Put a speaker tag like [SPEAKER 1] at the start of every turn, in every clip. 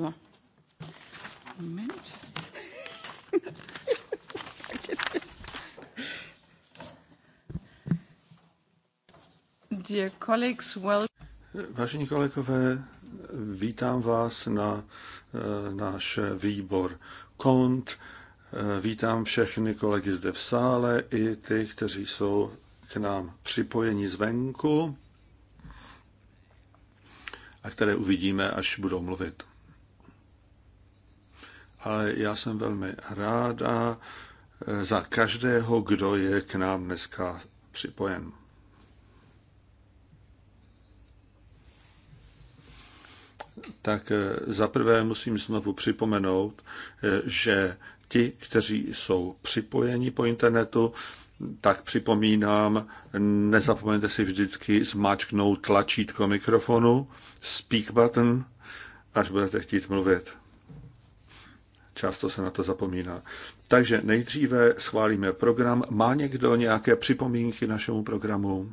[SPEAKER 1] So. Moment.
[SPEAKER 2] Dear colleagues, well...
[SPEAKER 3] Vážení kolegové, vítám vás na e, náš výbor KONT. E, vítám všechny kolegy zde v sále i ty, kteří jsou k nám připojeni zvenku a které uvidíme, až budou mluvit ale já jsem velmi ráda eh, za každého, kdo je k nám dneska připojen. Tak eh, zaprvé musím znovu připomenout, eh, že ti, kteří jsou připojeni po internetu, tak připomínám, nezapomeňte si vždycky zmáčknout tlačítko mikrofonu, speak button, až budete chtít mluvit. Často se na to zapomíná. Takže nejdříve schválíme program. Má někdo nějaké připomínky našemu programu?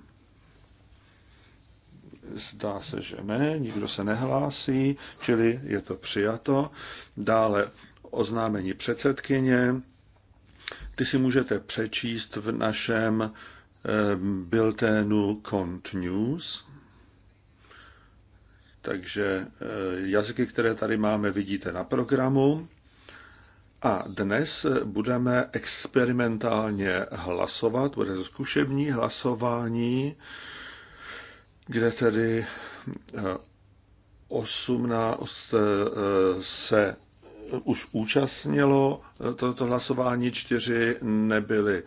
[SPEAKER 3] Zdá se, že ne, nikdo se nehlásí, čili je to přijato. Dále oznámení předsedkyně. Ty si můžete přečíst v našem eh, bilténu Cont News. Takže eh, jazyky, které tady máme, vidíte na programu. A dnes budeme experimentálně hlasovat, bude to zkušební hlasování, kde tedy 18 eh, eh, se už účastnilo eh, toto hlasování, čtyři nebyly,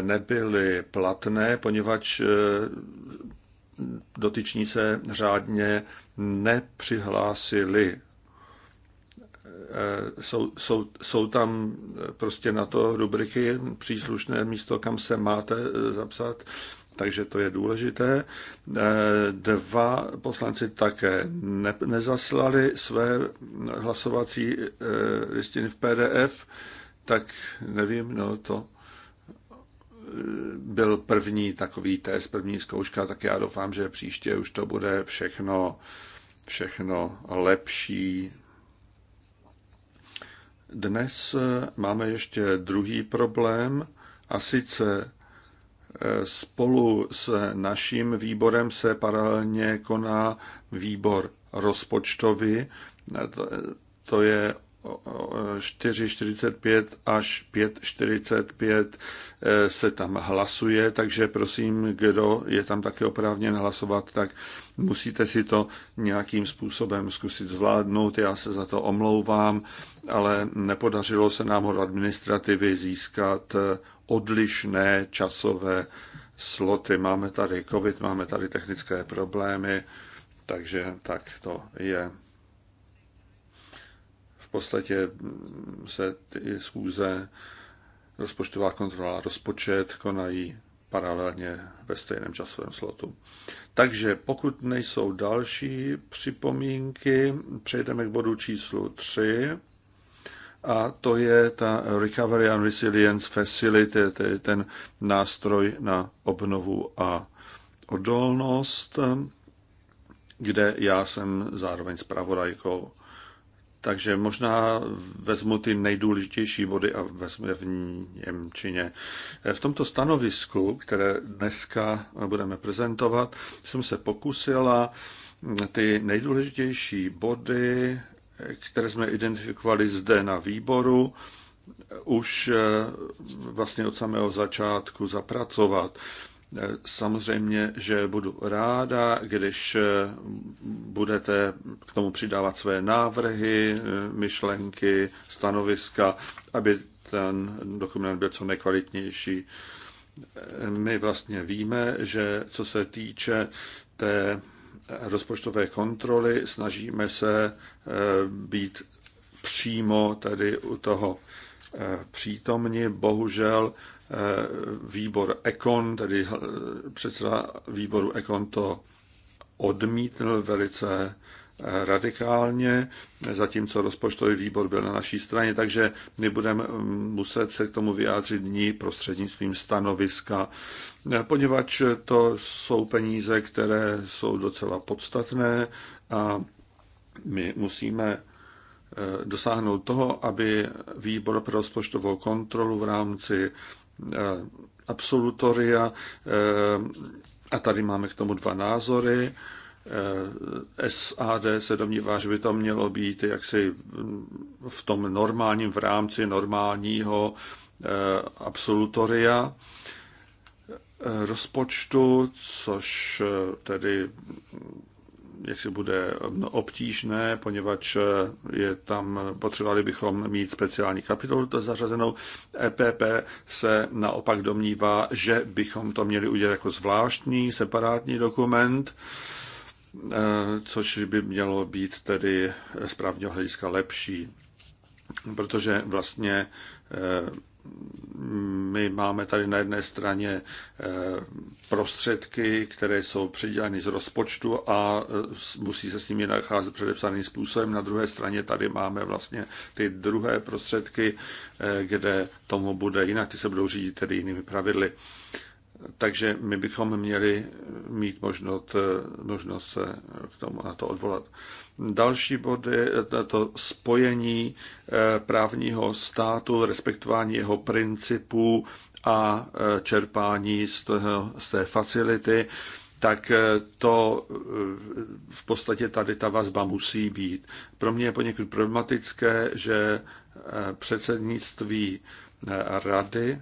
[SPEAKER 3] nebyly platné, poněvadž dotyční se řádně nepřihlásili Eh, jsou, jsou, jsou tam eh, prostě na to rubriky příslušné místo, kam se máte eh, zapsat, takže to je důležité. Dva poslanci také ne, nezaslali své hlasovací listiny v PDF, tak nevím, no to byl první takový test, první zkouška, tak já doufám, že příště už to bude všechno, všechno lepší, dnes eh, máme ještě druhý problém a sice eh, spolu s naším výborem se paralelně koná výbor rozpočtový, eh, to je 4.45 až 5.45 se tam hlasuje, takže prosím, kdo je tam také oprávněn hlasovat, tak musíte si to nějakým způsobem zkusit zvládnout. Já se za to omlouvám, ale nepodařilo se nám od administrativy získat eh, odlišné časové sloty. Máme tady COVID, máme tady technické problémy, takže tak to je. V podstatě mm, se ty schůze rozpočtová kontrola rozpočet konají paralelně ve stejném časovém slotu. Takže pokud nejsou další připomínky, přejdeme k bodu číslu 3 a to je ta Recovery and Resilience Facility, tedy ten nástroj na obnovu a odolnost, kde já jsem zároveň zpravodajkou. Takže možná vezmu ty nejdůležitější body a vezmu je v Němčině. V tomto stanovisku, které dneska budeme prezentovat, jsem se pokusila ty nejdůležitější body které jsme identifikovali zde na výboru, už eh, vlastně od samého začátku zapracovat. Eh, samozřejmě, že budu ráda, když eh, budete k tomu přidávat své návrhy, myšlenky, stanoviska, aby ten dokument byl co nejkvalitnější. My vlastně víme, že co se týče té rozpočtové kontroly, snažíme se eh, být přímo tedy u toho eh, přítomni. Bohužel eh, výbor Ekon, tedy předseda výboru Ekon to odmítl velice radikálně, zatímco rozpočtový výbor byl na naší straně, takže my budeme mm, muset se k tomu vyjádřit dní prostřednictvím stanoviska, poněvadž to jsou peníze, které jsou docela podstatné a my musíme eh, dosáhnout toho, aby výbor pro rozpočtovou kontrolu v rámci eh, absolutoria, eh, a tady máme k tomu dva názory, Eh, SAD se domnívá, že by to mělo být jaksi v tom normálním, v rámci normálního eh, absolutoria eh, rozpočtu, což tedy jak si bude obtížné, poněvadž je tam, potřebovali bychom mít speciální kapitolu to zařazenou. EPP se naopak domnívá, že bychom to měli udělat jako zvláštní, separátní dokument, Eh, což by mělo být tedy z právního hlediska lepší, protože vlastně eh, my máme tady na jedné straně eh, prostředky, které jsou přiděleny z rozpočtu a musí se s nimi nacházet předepsaným způsobem. Na druhé straně tady máme vlastně ty druhé prostředky, kde tomu bude jinak, ty se budou řídit tedy jinými pravidly. Takže my bychom měli mít možnost, možnost se k tomu na to odvolat. Další bod je to spojení eh, právního státu, respektování jeho principů a eh, čerpání z, toho, z té facility, tak eh, to v podstatě tady ta vazba musí být. Pro mě je poněkud problematické, že předsednictví rady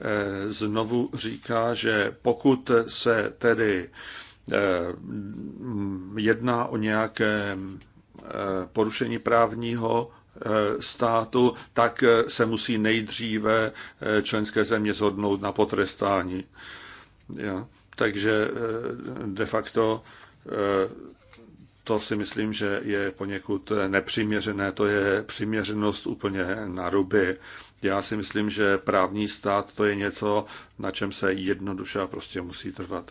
[SPEAKER 3] Eh, znovu říká, že pokud se tedy eh, jedná o nějaké eh, porušení právního státu, tak se musí nejdříve členské země zhodnout na potrestání. Ja? Takže de facto to si myslím, že je poněkud nepřiměřené, to je přiměřenost úplně na ruby. Já si myslím, že právní stát to je něco, na čem se jednoduše a prostě musí trvat.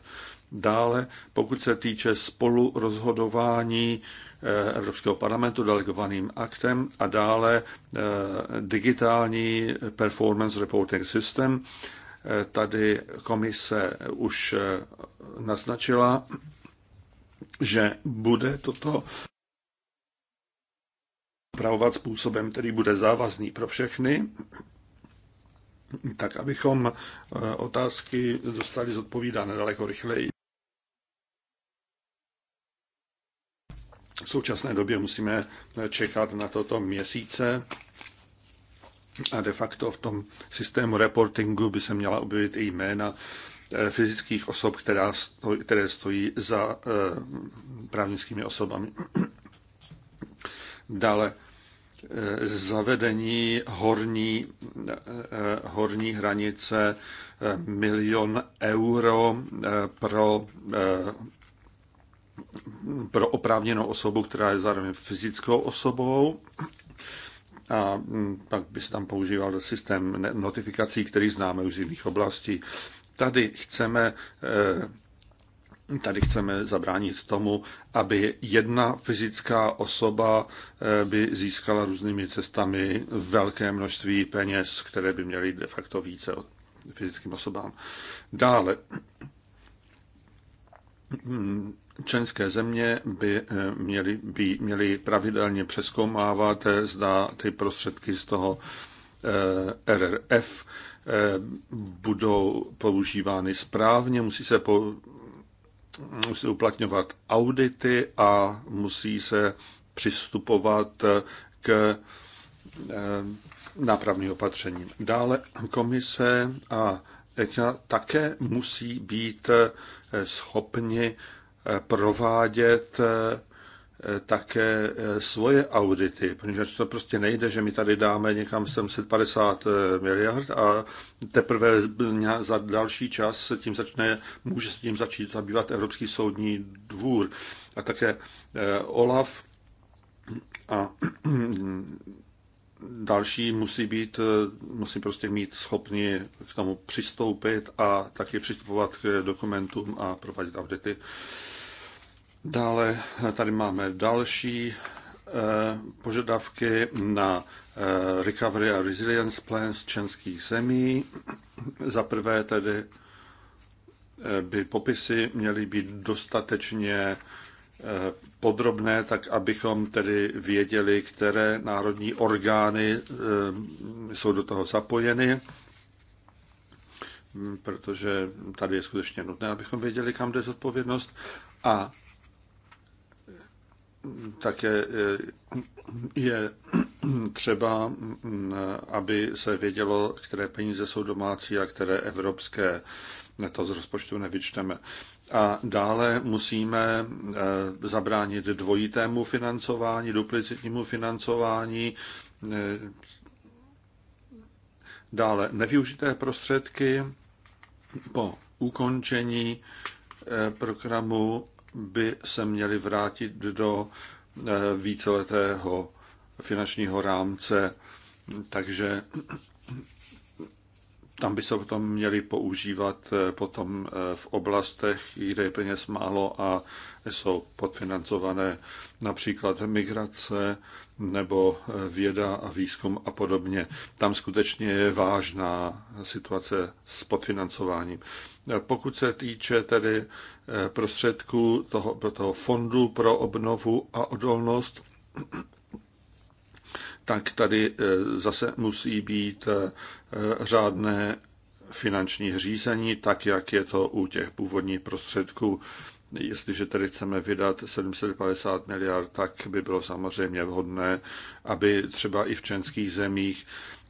[SPEAKER 3] Dále, pokud se týče spolurozhodování eh, Evropského parlamentu delegovaným aktem a dále eh, digitální performance reporting system, eh, tady komise už naznačila, že bude toto upravovat způsobem, který bude závazný pro všechny, tak abychom eh, otázky dostali zodpovídané daleko rychleji. V současné době musíme eh, čekat na toto měsíce a de facto v tom systému reportingu by se měla objevit i jména eh, fyzických osob, která stojí, které stojí za právnickými osobami. Dále eh, zavedení horní, eh, horní hranice eh, milion euro pro, pro oprávněnou osobu, která je zároveň fyzickou osobou. A hm, pak by se tam používal systém notifikací, který známe už z jiných oblastí. Tady chceme tady chceme zabránit tomu, aby jedna fyzická osoba eh, by získala různými cestami velké množství peněz, které by měly de facto více od fyzickým osobám. Dále, mm, členské země by eh, měly, by měly pravidelně přeskoumávat, eh, zda ty prostředky z toho RRF budou používány správně, musí se po, musí uplatňovat audity a musí se přistupovat k eh, nápravným opatřením. Dále komise a ECHA také musí být eh, schopni eh, provádět Eh, také eh, svoje audity, protože to prostě nejde, že my tady dáme někam 750 eh, miliard a teprve za další čas se tím začne, může se tím začít zabývat Evropský soudní dvůr a také OLAF a další musí být, musí prostě mít schopni k tomu přistoupit a taky přistupovat k dokumentům a provádět audity. Dále tady máme další eh, požadavky na eh, Recovery a Resilience Plans členských zemí. Za prvé tedy eh, by popisy měly být dostatečně podrobné, tak abychom tedy věděli, které národní orgány jsou do toho zapojeny, hm, protože tady je skutečně nutné, abychom věděli, kam jde zodpovědnost. A také eh, je třeba, eh, aby se vědělo, které peníze jsou domácí a které evropské. To z rozpočtu nevyčteme. A dále musíme eh, zabránit dvojitému financování, duplicitnímu financování. Dále nevyužité prostředky po ukončení programu by se měly vrátit do eh, víceletého finančního rámce, takže tam by se potom měly používat eh, potom eh, v oblastech, kde je peněz málo a jsou podfinancované, například migrace nebo eh, věda a výzkum a podobně. Tam skutečně je vážná situace s podfinancováním. Eh, pokud se týče tedy eh, prostředků toho, toho fondu pro obnovu a odolnost, tak tady zase musí být řádné finanční řízení, tak jak je to u těch původních prostředků. Jestliže tedy chceme vydat 750 miliard, tak by bylo samozřejmě vhodné, aby třeba i v členských zemích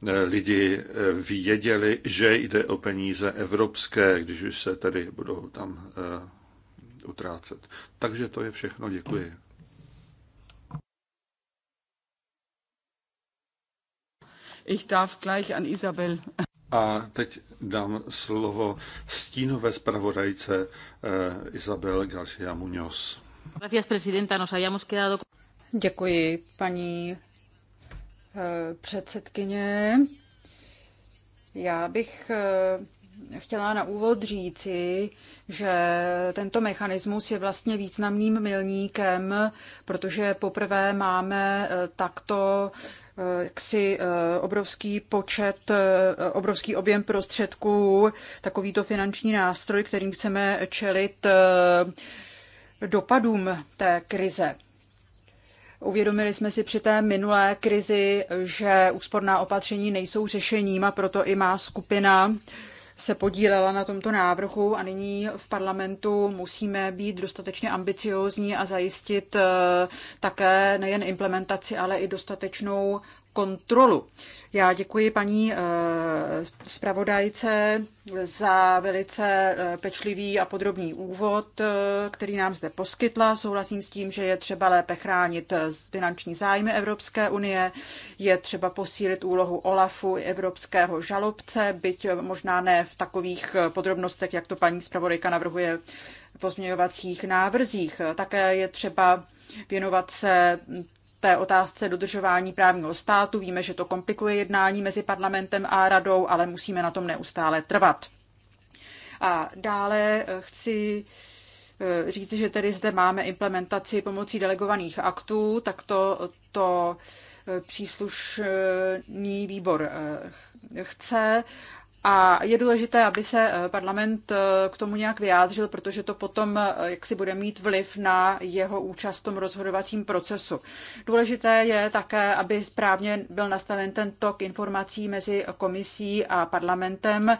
[SPEAKER 3] eh, lidi eh, věděli, že jde o peníze evropské, když už se tedy budou tam eh, utrácet. Takže to je všechno, děkuji.
[SPEAKER 1] Ich darf gleich an
[SPEAKER 3] Isabel a teď dám slovo stínové zpravodajce eh, Isabel García Muñoz.
[SPEAKER 1] Gracias, presidenta. Nos habíamos quedado... Děkuji, paní eh, předsedkyně. Já bych eh, chtěla na úvod říci, že tento mechanismus je vlastně významným milníkem, protože poprvé máme eh, takto eh, jaksi eh, obrovský počet, obrovský objem prostředků, takovýto finanční nástroj, kterým chceme čelit dopadům té krize. Uvědomili jsme si při té minulé krizi, že úsporná opatření nejsou řešením a proto i má skupina se podílela na tomto návrhu a nyní v parlamentu musíme být dostatečně ambiciózní a zajistit eh, také nejen implementaci, ale i dostatečnou kontrolu. Já děkuji paní eh, zpravodajce za velice eh, pečlivý a podrobný úvod, eh, který nám zde poskytla. Souhlasím s tím, že je třeba lépe chránit finanční zájmy Evropské unie, je třeba posílit úlohu OLAFu evropského žalobce, byť možná ne v takových podrobnostech, jak to paní zpravodajka navrhuje v pozměňovacích návrzích. Také je třeba věnovat se té otázce dodržování právního státu. Víme, že to komplikuje jednání mezi parlamentem a radou, ale musíme na tom neustále trvat. A dále eh, chci eh, říci, že tedy zde máme implementaci pomocí delegovaných aktů, tak to, to eh, příslušný výbor chce a je důležité, aby se eh, parlament eh, k tomu nějak vyjádřil, protože to potom eh, jak si bude mít vliv na jeho účast v tom rozhodovacím procesu. Důležité je také, aby správně byl nastaven ten tok informací mezi komisí a parlamentem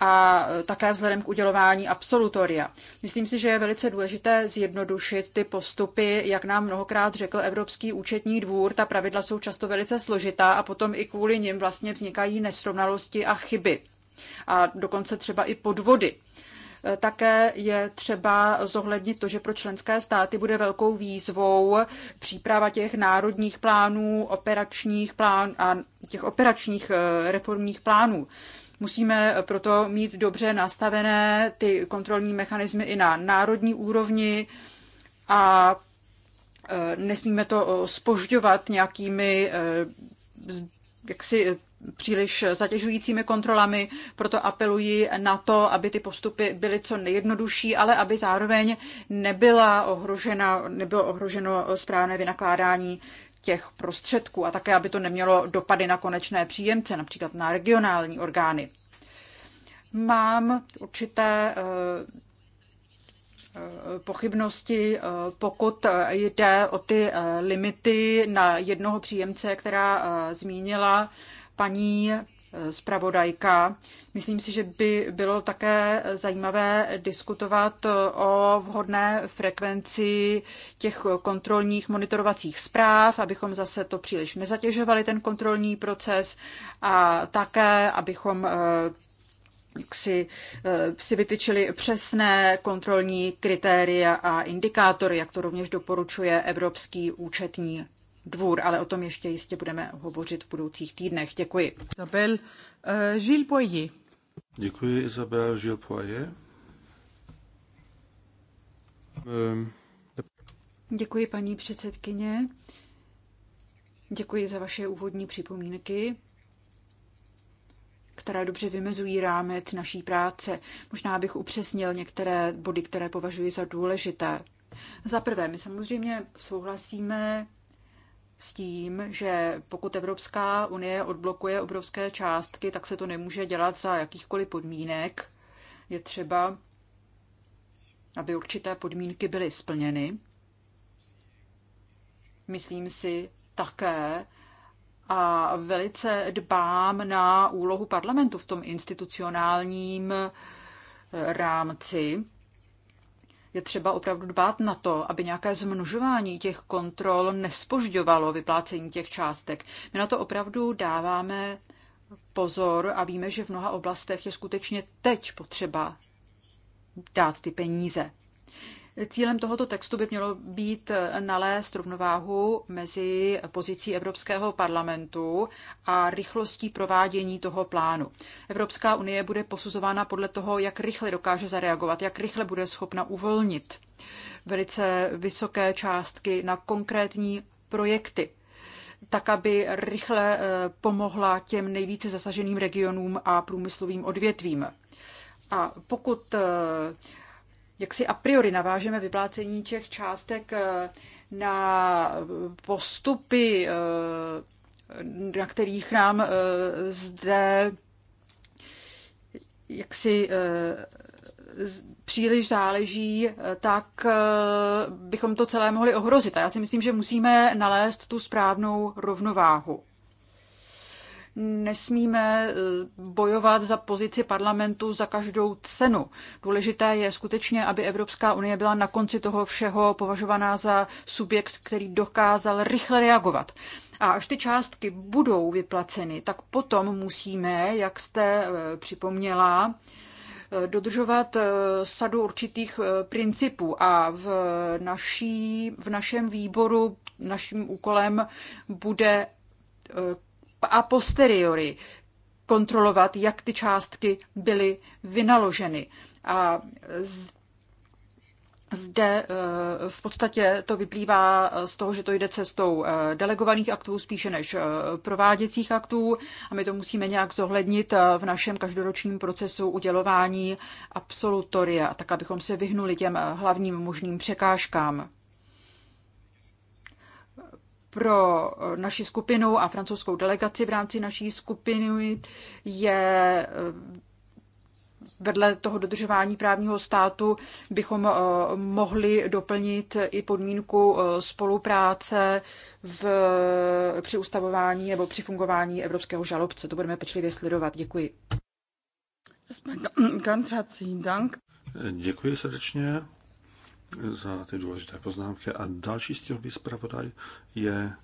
[SPEAKER 1] a také vzhledem k udělování absolutoria. Myslím si, že je velice důležité zjednodušit ty postupy, jak nám mnohokrát řekl Evropský účetní dvůr, ta pravidla jsou často velice složitá a potom i kvůli nim vlastně vznikají nesrovnalosti a chyby a dokonce třeba i podvody. E, také je třeba zohlednit to, že pro členské státy bude velkou výzvou příprava těch národních plánů, operačních plánů a těch operačních e, reformních plánů. Musíme proto mít dobře nastavené ty kontrolní mechanismy i na národní úrovni a e, nesmíme to spožďovat nějakými jaksi příliš zatěžujícími kontrolami, proto apeluji na to, aby ty postupy byly co nejjednodušší, ale aby zároveň nebyla ohrožena, nebylo ohroženo správné vynakládání těch prostředků a také, aby to nemělo dopady na konečné příjemce, například na regionální orgány. Mám určité eh, eh, pochybnosti, eh, pokud jde o ty limity na jednoho příjemce, která zmínila paní eh, zpravodajka. Myslím si, že by bylo také zajímavé diskutovat eh, o vhodné frekvenci těch kontrolních monitorovacích zpráv, abychom zase to příliš nezatěžovali, ten kontrolní proces, a také, abychom eh, si, si vytyčili přesné kontrolní kritéria a indikátory, jak to rovněž doporučuje Evropský účetní dvůr, ale o tom ještě jistě budeme hovořit v budoucích týdnech. Děkuji. Isabel uh, eh, Gilles
[SPEAKER 3] Děkuji, Isabel Gilles eh,
[SPEAKER 1] Děkuji, paní předsedkyně. Děkuji za vaše úvodní připomínky, které dobře vymezují rámec naší práce. Možná bych upřesnil některé body, které považuji za důležité. Za prvé, my samozřejmě souhlasíme s tím, že pokud Evropská unie odblokuje obrovské částky, tak se to nemůže dělat za jakýchkoliv podmínek. Je třeba, aby určité podmínky byly splněny. Myslím si také, a velice dbám na úlohu parlamentu v tom institucionálním eh, rámci je třeba opravdu dbát na to, aby nějaké zmnožování těch kontrol nespožďovalo vyplácení těch částek. My na to opravdu dáváme pozor a víme, že v mnoha oblastech je skutečně teď potřeba dát ty peníze. Cílem tohoto textu by mělo být nalézt rovnováhu mezi pozicí Evropského parlamentu a rychlostí provádění toho plánu. Evropská unie bude posuzována podle toho, jak rychle dokáže zareagovat, jak rychle bude schopna uvolnit velice vysoké částky na konkrétní projekty tak, aby rychle eh, pomohla těm nejvíce zasaženým regionům a průmyslovým odvětvím. A pokud eh, jak si a priori navážeme vyplácení těch částek eh, na postupy, eh, na kterých nám eh, zde jak si příliš záleží, tak bychom to celé mohli ohrozit. A já si myslím, že musíme nalézt tu správnou rovnováhu nesmíme eh, bojovat za pozici parlamentu za každou cenu. Důležité je skutečně, aby Evropská unie byla na konci toho všeho považovaná za subjekt, který dokázal rychle reagovat. A až ty částky budou vyplaceny, tak potom musíme, jak jste eh, připomněla, eh, dodržovat sadu určitých principů a v, naší, v našem výboru naším úkolem bude a posteriori kontrolovat, jak ty částky byly vynaloženy. A zde eh, v podstatě to vyplývá z toho, že to jde cestou eh, delegovaných aktů spíše než eh, prováděcích aktů a my to musíme nějak zohlednit v našem každoročním procesu udělování absolutoria, tak abychom se vyhnuli těm hlavním možným překážkám pro eh, naši skupinu a francouzskou delegaci v rámci naší skupiny je eh, vedle toho dodržování právního státu bychom eh, mohli doplnit i podmínku spolupráce v, při ustavování nebo při fungování evropského žalobce. To budeme pečlivě sledovat. Děkuji.
[SPEAKER 3] Děkuji srdečně za ty důležité poznámky. A další stěhový zpravodaj je eh,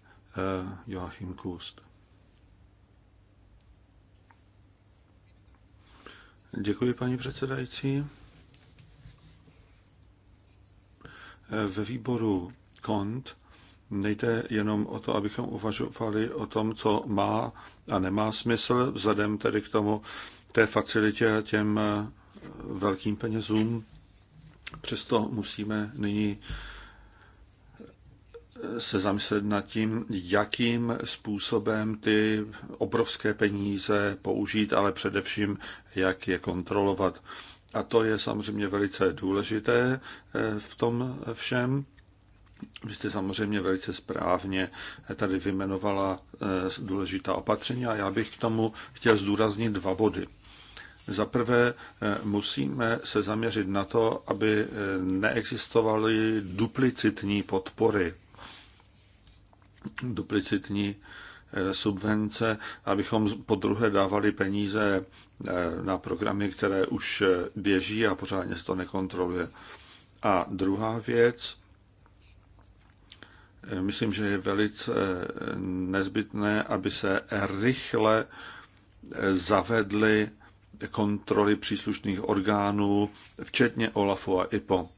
[SPEAKER 3] Joachim Kust. Děkuji, paní předsedající. Eh, ve výboru KONT nejde jenom o to, abychom uvažovali o tom, co má a nemá smysl, vzhledem tedy k tomu té facilitě a těm eh, velkým penězům, Přesto musíme nyní eh, se zamyslet nad tím, jakým způsobem ty obrovské peníze použít, ale především, jak je kontrolovat. A to je samozřejmě velice důležité eh, v tom všem. Vy jste samozřejmě velice správně tady vymenovala eh, důležitá opatření a já bych k tomu chtěl zdůraznit dva body. Za prvé eh, musíme se zaměřit na to, aby eh, neexistovaly duplicitní podpory, duplicitní eh, subvence, abychom po druhé dávali peníze na programy, které už běží a pořádně se to nekontroluje. A druhá věc, myslím, že je velice nezbytné, aby se rychle zavedly kontroly příslušných orgánů, včetně OLAFu a IPO.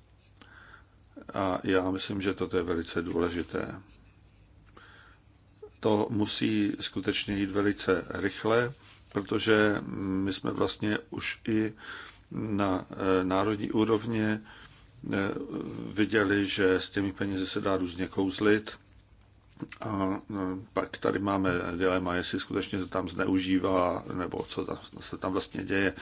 [SPEAKER 3] A já myslím, že toto je velice důležité. To musí skutečně jít velice rychle, protože my jsme vlastně už i na eh, národní úrovně eh, viděli, že s těmi penězi se dá různě kouzlit a e, pak tady máme dilema, jestli skutečně se tam zneužívá, nebo co se tam vlastně děje.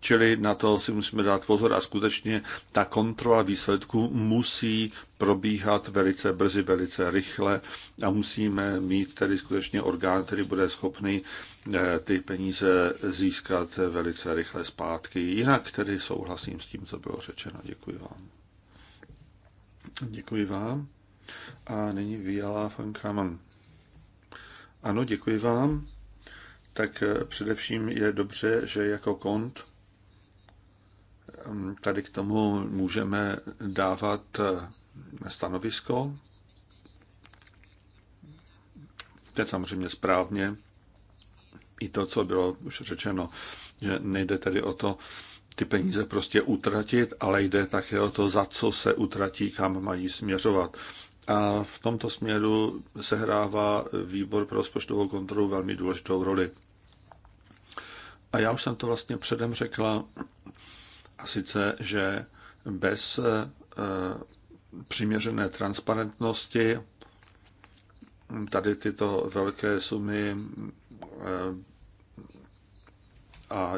[SPEAKER 3] Čili na to si musíme dát pozor a skutečně ta kontrola výsledků musí probíhat velice brzy, velice rychle a musíme mít tedy skutečně orgán, který bude schopný e, ty peníze získat velice rychle zpátky. Jinak tedy souhlasím s tím, co bylo řečeno. Děkuji vám. Děkuji vám. A nyní Viala van Kamen. Ano, děkuji vám. Tak eh, především je dobře, že jako kont ehm, tady k tomu můžeme dávat eh, stanovisko. To je samozřejmě správně. I to, co bylo už řečeno, že nejde tady o to ty peníze prostě utratit, ale jde také o to, za co se utratí, kam mají směřovat. A v tomto směru sehrává výbor pro rozpočtovou kontrolu velmi důležitou roli. A já už jsem to vlastně předem řekla, a sice, že bez eh, přiměřené transparentnosti tady tyto velké sumy eh, a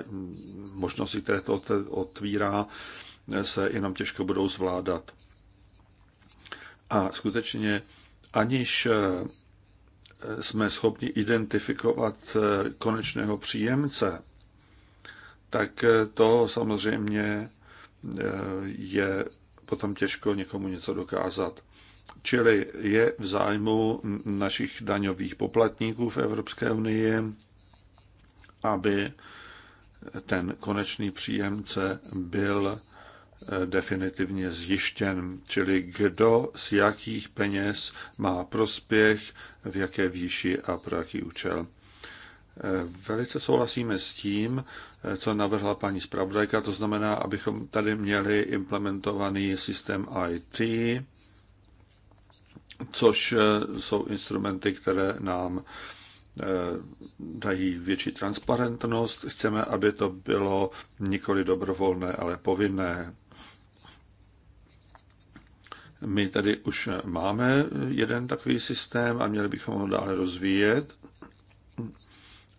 [SPEAKER 3] možnosti, které to otvírá, se jenom těžko budou zvládat. A skutečně aniž eh, jsme schopni identifikovat eh, konečného příjemce, tak eh, to samozřejmě je potom těžko někomu něco dokázat. Čili je v zájmu našich daňových poplatníků v Evropské unii, aby ten konečný příjemce byl definitivně zjištěn, čili kdo z jakých peněz má prospěch, v jaké výši a pro jaký účel. Velice souhlasíme s tím, co navrhla paní zpravodajka, to znamená, abychom tady měli implementovaný systém IT, což eh, jsou instrumenty, které nám eh, dají větší transparentnost. Chceme, aby to bylo nikoli dobrovolné, ale povinné. My tady už máme jeden takový systém a měli bychom ho dále rozvíjet,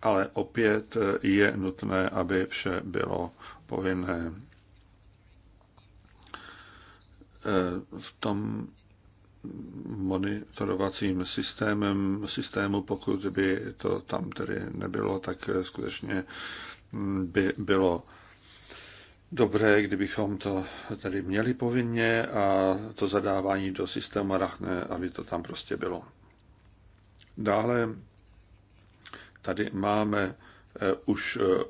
[SPEAKER 3] ale opět je nutné, aby vše bylo povinné. V tom monitorovacím systémem, systému, pokud by to tam tedy nebylo, tak skutečně by bylo dobré, kdybychom to tady měli povinně a to zadávání do systému Rachne, aby to tam prostě bylo. Dále tady máme eh, už eh,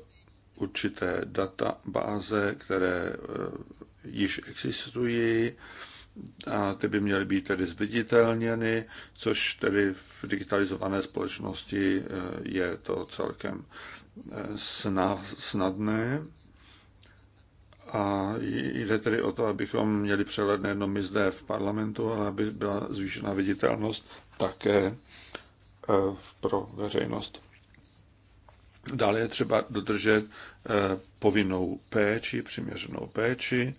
[SPEAKER 3] určité databáze, které eh, již existují a ty by měly být tedy zviditelněny, což tedy v digitalizované společnosti je to celkem snadné. A jde tedy o to, abychom měli přehled nejenom my zde v parlamentu, ale aby byla zvýšená viditelnost také e, pro veřejnost. Dále je třeba dodržet e, povinnou péči, přiměřenou péči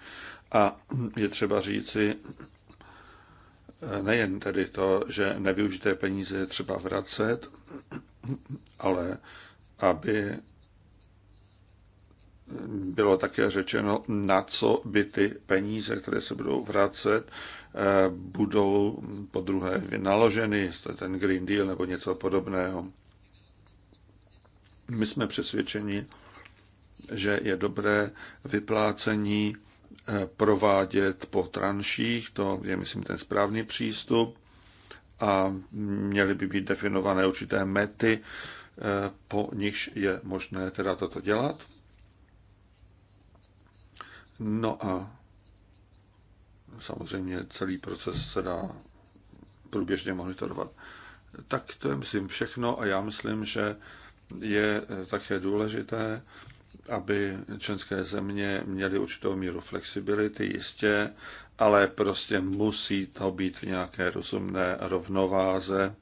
[SPEAKER 3] a je třeba říci e, nejen tedy to, že nevyužité peníze je třeba vracet, ale aby bylo také řečeno, na co by ty peníze, které se budou vracet, eh, budou po druhé vynaloženy, jestli ten Green Deal nebo něco podobného. My jsme přesvědčeni, že je dobré vyplácení eh, provádět po tranších, to je, myslím, ten správný přístup, a měly by být definované určité mety, eh, po nichž je možné teda toto dělat. No a samozřejmě celý proces se dá průběžně monitorovat. Tak to je, myslím, všechno a já myslím, že je také důležité, aby členské země měly určitou míru flexibility, jistě, ale prostě musí to být v nějaké rozumné rovnováze,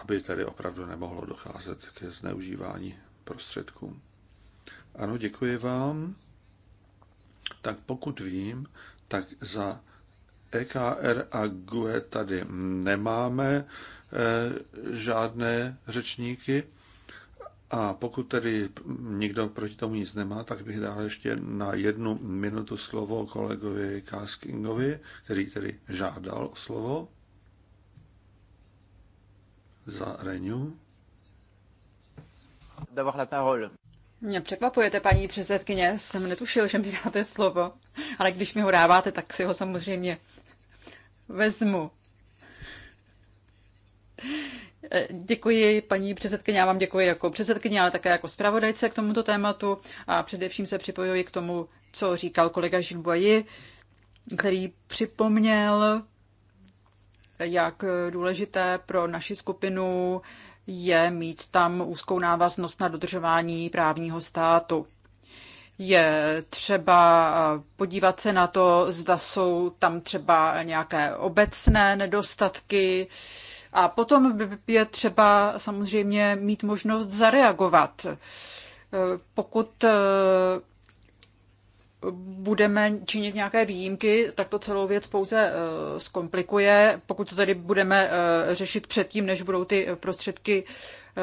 [SPEAKER 3] aby tedy opravdu nemohlo docházet ke zneužívání prostředků. Ano, děkuji vám. Tak pokud vím, tak za EKR a GUE tady nemáme eh, žádné řečníky. A pokud tedy nikdo proti tomu nic nemá, tak bych dal ještě na jednu minutu slovo kolegovi Kaskingovi, který tedy žádal o slovo za Renew. D'avoir la parole.
[SPEAKER 1] Mě překvapujete, paní předsedkyně, jsem netušil, že mi dáte slovo, ale když mi ho dáváte, tak si ho samozřejmě vezmu. Děkuji, paní předsedkyně, já vám děkuji jako předsedkyně, ale také jako zpravodajce k tomuto tématu a především se připojuji k tomu, co říkal kolega Žilboji, který připomněl, jak důležité pro naši skupinu je mít tam úzkou návaznost na dodržování právního státu. Je třeba eh, podívat se na to, zda jsou tam třeba nějaké obecné nedostatky, a potom je třeba samozřejmě mít možnost zareagovat. Eh, Pokud eh, budeme činit nějaké výjimky, tak to celou věc pouze eh, zkomplikuje. Pokud to tedy budeme eh, řešit předtím, než budou ty prostředky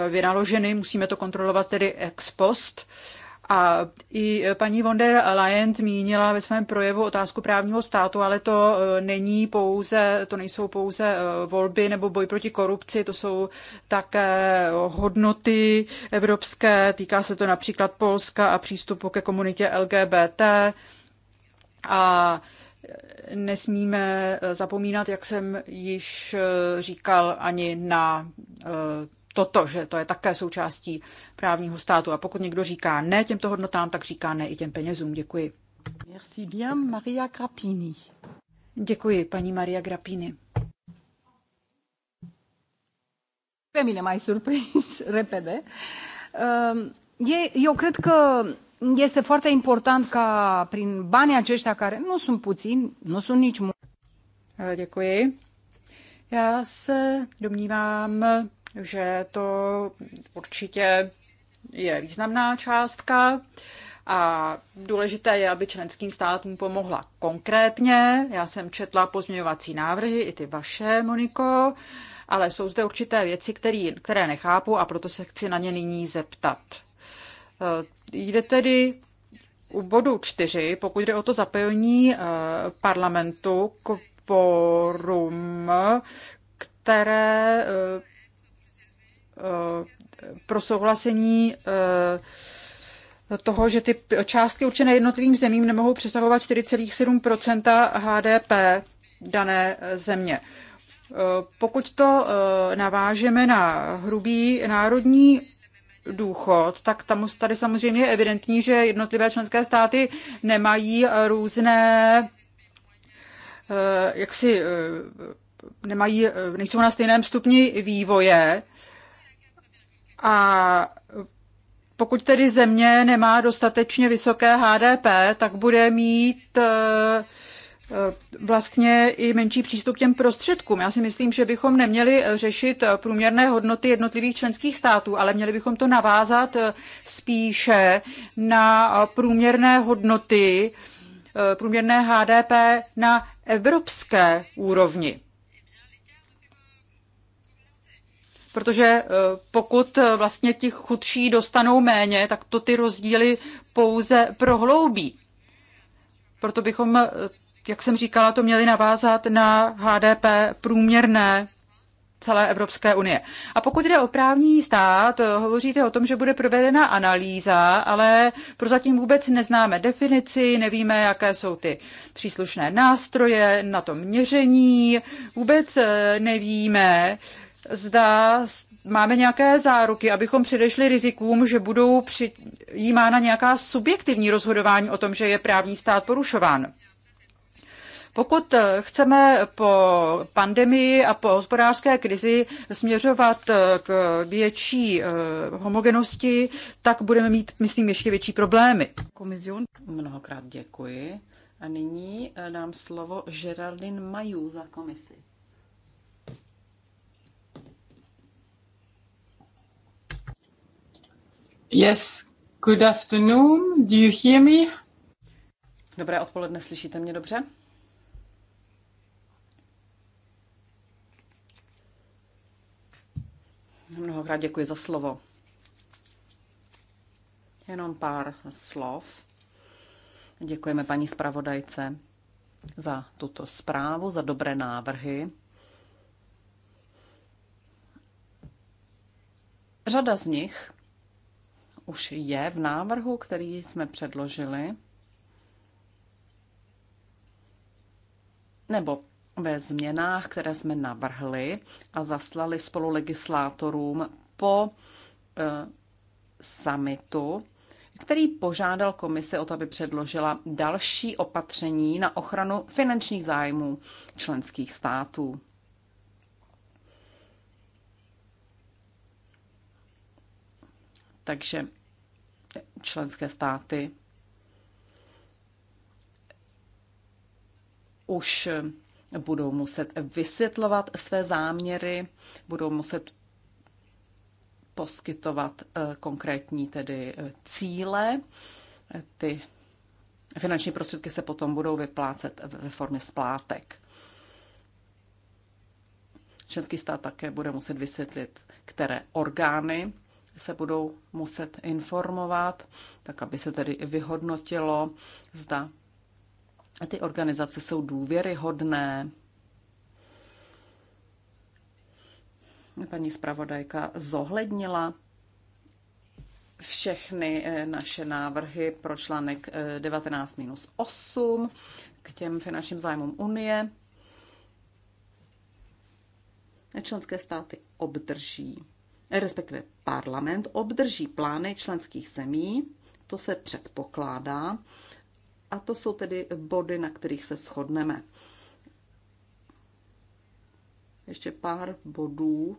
[SPEAKER 1] eh, vynaloženy, musíme to kontrolovat tedy ex post. A i paní von der Leyen zmínila ve svém projevu otázku právního státu, ale to e, není pouze, to nejsou pouze e, volby nebo boj proti korupci, to jsou také hodnoty evropské, týká se to například Polska a přístupu ke komunitě LGBT. A nesmíme e, zapomínat, jak jsem již říkal, ani na toto, že to je také součástí právního státu. A pokud někdo říká ne těmto hodnotám, tak říká ne i těm penězům. Děkuji. Merci bien, Maria Grappini. Děkuji, paní Maria Grappini.
[SPEAKER 2] Pe mine mai surprins repede. Uh, e, Eu cred că este foarte important ca prin banii aceștia care nu sunt puțini, nu sunt nici mulți. Eh, děkuji. Já
[SPEAKER 1] se domnívám, že to určitě je významná částka a důležité je, aby členským státům pomohla konkrétně. Já jsem četla pozměňovací návrhy, i ty vaše, Moniko, ale jsou zde určité věci, který, které nechápu a proto se chci na ně nyní zeptat. Eh, jde tedy u bodu čtyři, pokud jde o to zapojení eh, parlamentu, kvorum, které eh, pro souhlasení eh, toho, že ty částky určené jednotlivým zemím nemohou přesahovat 4,7 HDP dané eh, země. Eh, pokud to navážeme na hrubý národní důchod, tak tam tady samozřejmě je evidentní, že jednotlivé členské státy nemají různé jaksi nemají, nejsou na stejném stupni vývoje a pokud tedy země nemá dostatečně vysoké HDP, tak bude mít eh, eh, vlastně i menší přístup k těm prostředkům. Já si myslím, že bychom neměli řešit průměrné hodnoty jednotlivých členských států, ale měli bychom to navázat eh, spíše na průměrné hodnoty, průměrné HDP na evropské úrovni. protože eh, pokud eh, vlastně ti chudší dostanou méně, tak to ty rozdíly pouze prohloubí. Proto bychom, eh, jak jsem říkala, to měli navázat na HDP průměrné celé Evropské unie. A pokud jde o právní stát, hovoříte o tom, že bude provedena analýza, ale prozatím vůbec neznáme definici, nevíme, jaké jsou ty příslušné nástroje na to měření, vůbec nevíme, zda máme nějaké záruky, abychom předešli rizikům, že budou přijímána nějaká subjektivní rozhodování o tom, že je právní stát porušován. Pokud chceme po pandemii a po hospodářské krizi směřovat k větší eh, homogenosti, tak budeme mít, myslím, ještě větší problémy.
[SPEAKER 2] Komision, mnohokrát děkuji. A nyní eh, dám slovo Geraldine Majů za komisi. Yes, good afternoon. Do you hear me? Dobré odpoledne, slyšíte mě dobře? Mnohokrát děkuji za slovo. Jenom pár slov. Děkujeme paní zpravodajce za tuto zprávu, za dobré návrhy. Řada z nich už je v návrhu, který jsme předložili, nebo ve změnách, které jsme navrhli a zaslali legislátorům po e, summitu, který požádal komise o to, aby předložila další opatření na ochranu finančních zájmů členských států. Takže členské státy už budou muset vysvětlovat své záměry, budou muset poskytovat eh, konkrétní tedy eh, cíle. Ty finanční prostředky se potom budou vyplácet ve formě splátek. Členský stát také bude muset vysvětlit, které orgány se budou muset informovat, tak aby se tedy vyhodnotilo, zda ty organizace jsou důvěryhodné. Paní zpravodajka zohlednila všechny eh, naše návrhy pro článek 19-8 eh, k těm finančním zájmům Unie. Členské státy obdrží respektive parlament obdrží plány členských zemí, to se předpokládá, a to jsou tedy body, na kterých se shodneme. Ještě pár bodů.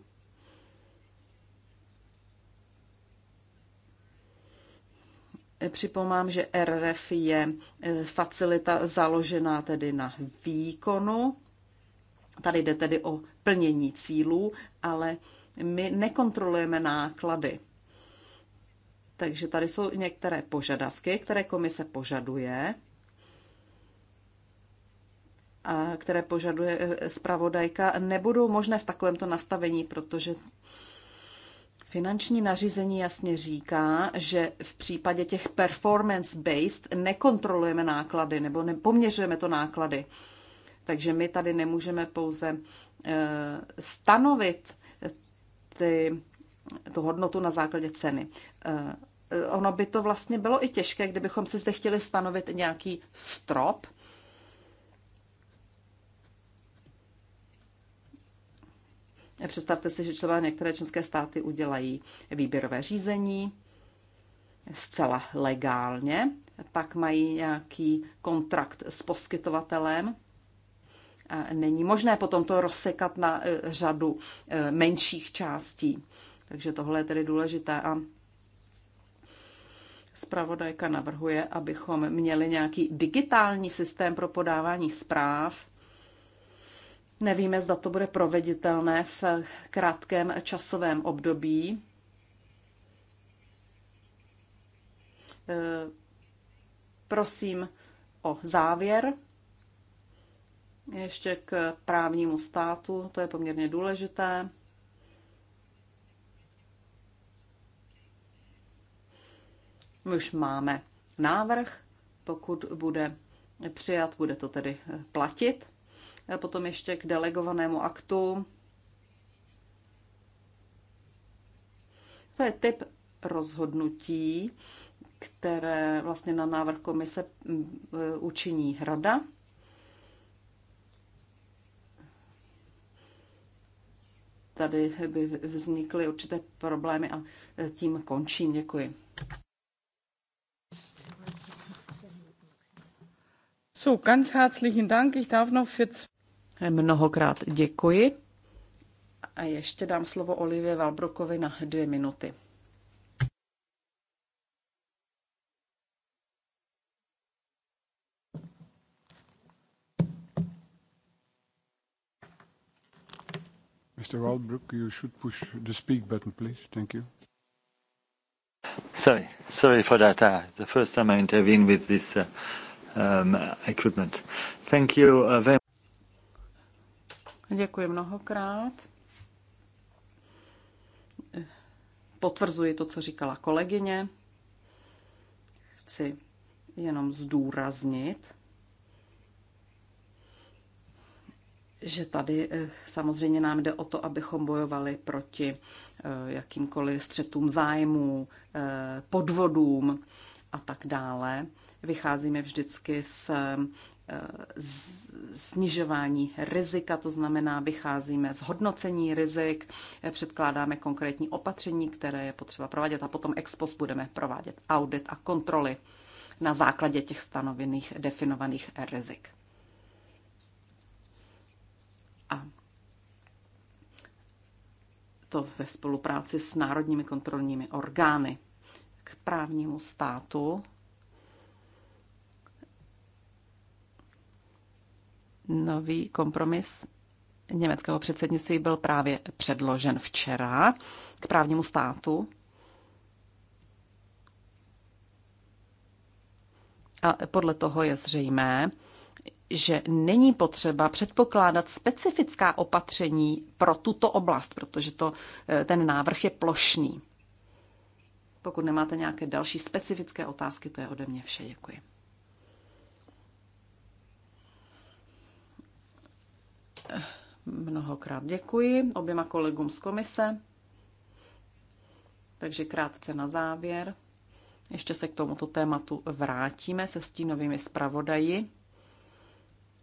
[SPEAKER 2] Připomám, že RRF je e, facilita založená tedy na výkonu. Tady jde tedy o plnění cílů, ale my nekontrolujeme náklady. Takže tady jsou některé požadavky, které komise požaduje, a které požaduje eh, zpravodajka, nebudou možné v takovémto nastavení, protože Finanční nařízení jasně říká, že v případě těch performance-based nekontrolujeme náklady nebo nepoměřujeme to náklady. Takže my tady nemůžeme pouze eh, stanovit ty, tu hodnotu na základě ceny. Eh, ono by to vlastně bylo i těžké, kdybychom si zde chtěli stanovit nějaký strop, Představte si, že třeba některé členské státy udělají výběrové řízení zcela legálně, pak mají nějaký kontrakt s poskytovatelem není možné potom to rozsekat na e, řadu e, menších částí. Takže tohle je tedy důležité a zpravodajka navrhuje, abychom měli nějaký digitální systém pro podávání zpráv. Nevíme, zda to bude proveditelné v krátkém časovém období. E, prosím o závěr. Ještě k právnímu státu, to je poměrně důležité. My už máme návrh, pokud bude přijat, bude to tedy platit. A potom ještě k delegovanému aktu. To je typ rozhodnutí, které vlastně na návrh komise učiní rada tady by vznikly určité problémy a tím končím. Děkuji. So, ganz herzlichen Dank. Ich darf noch für... Mnohokrát děkuji. A ještě dám slovo Olivě Valbrokovi na dvě minuty.
[SPEAKER 3] Mr. Waldbrook, you should push the speak button, please. Thank you. Sorry, sorry for that. Uh, the first time I intervene with this uh, um, equipment. Thank you uh, very
[SPEAKER 2] Děkuji mnohokrát. Potvrzuji to, co říkala kolegyně. Chci jenom zdůraznit, že tady eh, samozřejmě nám jde o to, abychom bojovali proti eh, jakýmkoliv střetům zájmů, eh, podvodům a tak dále. Vycházíme vždycky z snižování rizika, to znamená, vycházíme z hodnocení rizik, předkládáme konkrétní opatření, které je potřeba provádět a potom ex post budeme provádět audit a kontroly na základě těch stanovených, definovaných rizik. A to ve spolupráci s národními kontrolními orgány k právnímu státu. Nový kompromis německého předsednictví byl právě předložen včera k právnímu státu. A podle toho je zřejmé, že není potřeba předpokládat specifická opatření pro tuto oblast, protože to, eh, ten návrh je plošný. Pokud nemáte nějaké další specifické otázky, to je ode mě vše. Děkuji. Eh, mnohokrát děkuji oběma kolegům z komise. Takže krátce na závěr. Ještě se k tomuto tématu vrátíme se stínovými zpravodaji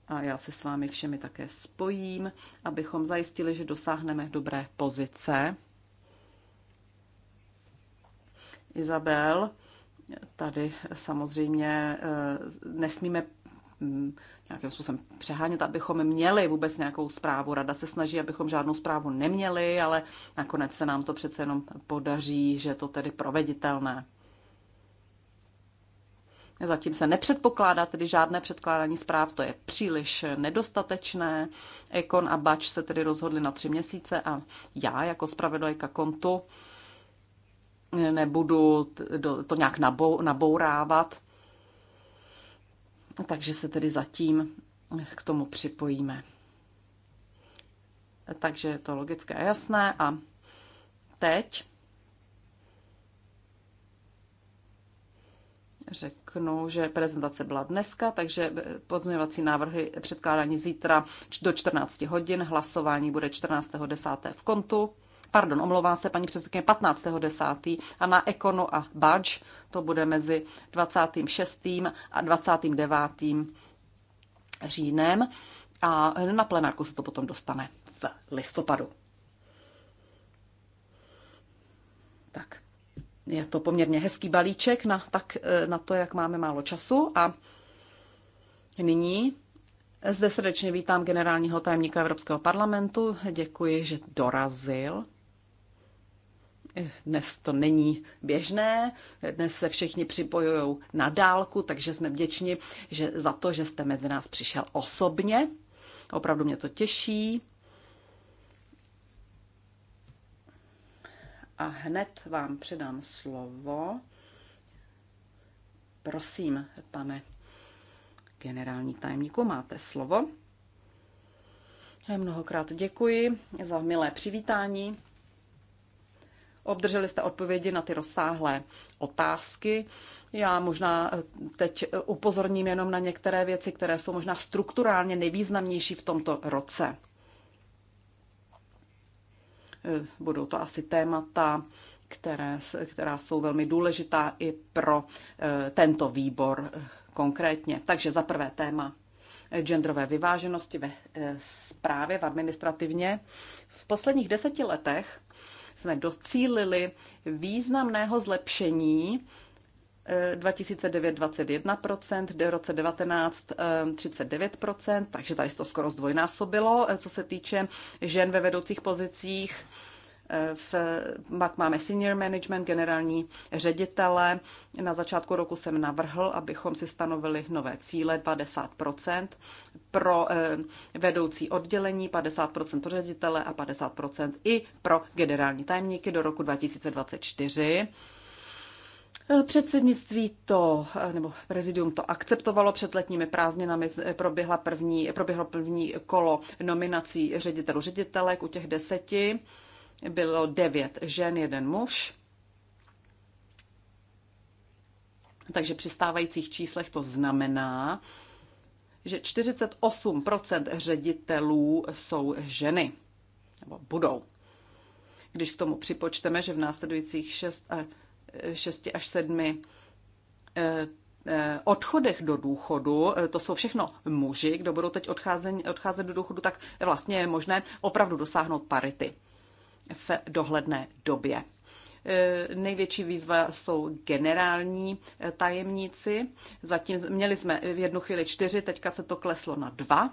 [SPEAKER 2] a já se s vámi všemi také spojím, abychom zajistili, že dosáhneme dobré pozice. Izabel, tady samozřejmě eh, nesmíme hm, nějakým způsobem přehánět, abychom měli vůbec nějakou zprávu. Rada se snaží, abychom žádnou zprávu neměli, ale nakonec se nám to přece jenom podaří, že to tedy proveditelné. Zatím se nepředpokládá tedy žádné předkládání zpráv, to je příliš nedostatečné. Ekon a Bač se tedy rozhodli na tři měsíce a já jako zpravodajka kontu nebudu to nějak nabourávat. Takže se tedy zatím k tomu připojíme. Takže je to logické a jasné. A teď řeknu, že prezentace byla dneska, takže pozměňovací návrhy předkládání zítra do 14 hodin, hlasování bude 14.10. v kontu. Pardon, omlouvám se paní předsedkyně 15.10. a na Ekonu a Budge to bude mezi 26. a 29. říjnem a na plenárku se to potom dostane v listopadu. Tak, je to poměrně hezký balíček na, tak, e, na to, jak máme málo času. A nyní zde srdečně vítám generálního tajemníka Evropského parlamentu. Děkuji, že dorazil. E, dnes to není běžné, dnes se všichni připojují na dálku, takže jsme vděční že za to, že jste mezi nás přišel osobně. Opravdu mě to těší. a hned vám předám slovo. Prosím, pane generální tajemníku, máte slovo. Mnohokrát děkuji za milé přivítání. Obdrželi jste odpovědi na ty rozsáhlé otázky. Já možná eh, teď upozorním jenom na některé věci, které jsou možná strukturálně nejvýznamnější v tomto roce. Eh, budou to asi témata, které, která jsou velmi důležitá i pro eh, tento výbor eh, konkrétně. Takže za prvé téma genderové vyváženosti ve správě, v administrativně. V posledních deseti letech jsme docílili významného zlepšení 2009 21%, v roce 19 39%, eh, takže tady se to skoro zdvojnásobilo, eh, co se týče žen ve vedoucích pozicích. Eh, v, pak máme senior management, generální ředitele. Na začátku roku jsem navrhl, abychom si stanovili nové cíle 50 pro eh, vedoucí oddělení, 50 pro ředitele a 50 i pro generální tajemníky do roku 2024. Předsednictví to, nebo prezidium to akceptovalo před letními prázdninami, proběhla první, proběhlo první kolo nominací ředitelů ředitelek u těch deseti. Bylo devět žen, jeden muž. Takže při stávajících číslech to znamená, že 48% ředitelů jsou ženy, nebo budou. Když k tomu připočteme, že v následujících 6 6 až 7 eh, eh, odchodech do důchodu, eh, to jsou všechno muži, kdo budou teď odcházet, do důchodu, tak vlastně je možné opravdu dosáhnout parity v dohledné době. Největší výzva jsou generální tajemníci. Zatím měli jsme v jednu chvíli čtyři, teďka se to kleslo na dva.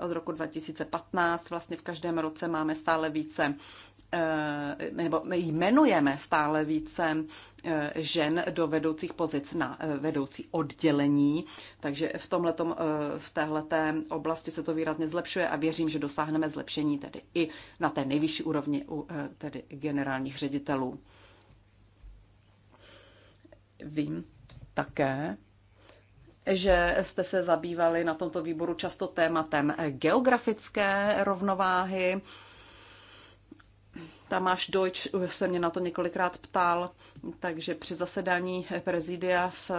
[SPEAKER 2] Od roku 2015 vlastně v každém roce máme stále více Eh, nebo jmenujeme stále více eh, žen do vedoucích pozic na eh, vedoucí oddělení, takže v tomhletom, v téhleté oblasti se to výrazně zlepšuje a věřím, že dosáhneme zlepšení tedy i na té nejvyšší úrovni u tedy generálních ředitelů. Vím také, že jste se zabývali na tomto výboru často tématem geografické rovnováhy. Tamáš Deutsch se mě na to několikrát ptal, takže při zasedání prezidia v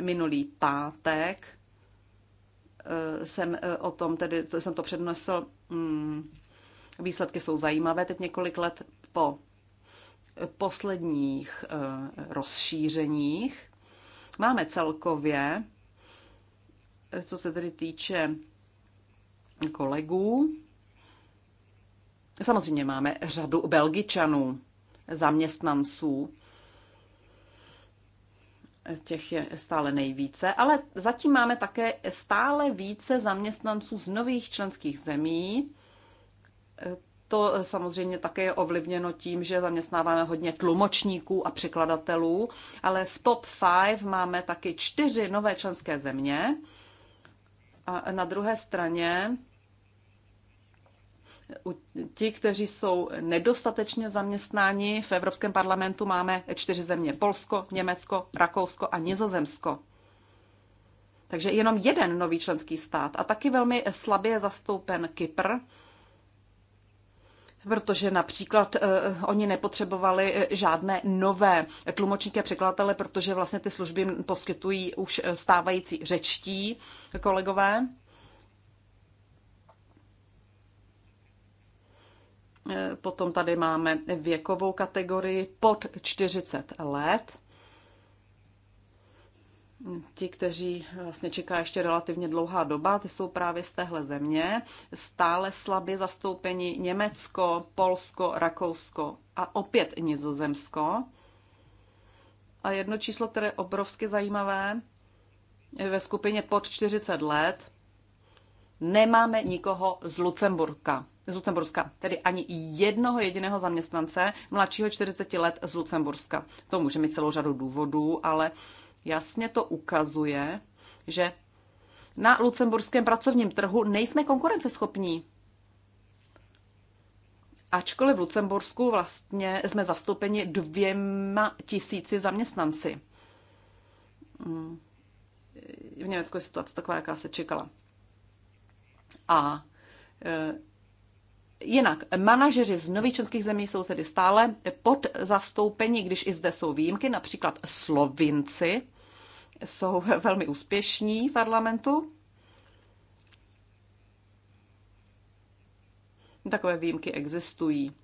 [SPEAKER 2] minulý pátek eh, jsem eh, o tom, tedy to jsem to přednesl, mm, výsledky jsou zajímavé, teď několik let po eh, posledních rozšířeních máme celkově, co se tedy týče kolegů, Samozřejmě máme řadu Belgičanů, zaměstnanců, těch je stále nejvíce, ale zatím máme také stále více zaměstnanců z nových členských zemí. To samozřejmě také je ovlivněno tím, že zaměstnáváme hodně tlumočníků a překladatelů, ale v top 5 máme taky čtyři nové členské země. A na druhé straně ti, kteří jsou nedostatečně zaměstnáni, v Evropském parlamentu máme čtyři země. Polsko, Německo, Rakousko a Nizozemsko. Takže jenom jeden nový členský stát a taky velmi slabě zastoupen Kypr, protože například eh, oni nepotřebovali eh, žádné nové tlumočníky a překladatele, protože vlastně ty služby poskytují už eh, stávající řečtí kolegové. Eh, potom tady máme věkovou kategorii pod 40 let. Ti, kteří vlastně čeká ještě relativně dlouhá doba, ty jsou právě z téhle země. Stále slabě zastoupení Německo, Polsko, Rakousko a opět Nizozemsko. A jedno číslo, které je obrovsky zajímavé, ve skupině pod 40 let nemáme nikoho z Lucemburka. Z Lucemburska, tedy ani jednoho jediného zaměstnance mladšího 40 let z Lucemburska. To může mít celou řadu důvodů, ale jasně to ukazuje, že na lucemburském pracovním trhu nejsme konkurenceschopní. Ačkoliv v Lucembursku vlastně jsme zastoupeni dvěma tisíci zaměstnanci. Hmm. V Německu je situace taková, jaká se čekala. A e, Jinak, manažeři z nových členských zemí jsou tedy stále pod zastoupení, když i zde jsou výjimky, například Slovinci jsou velmi úspěšní v parlamentu. Takové výjimky existují.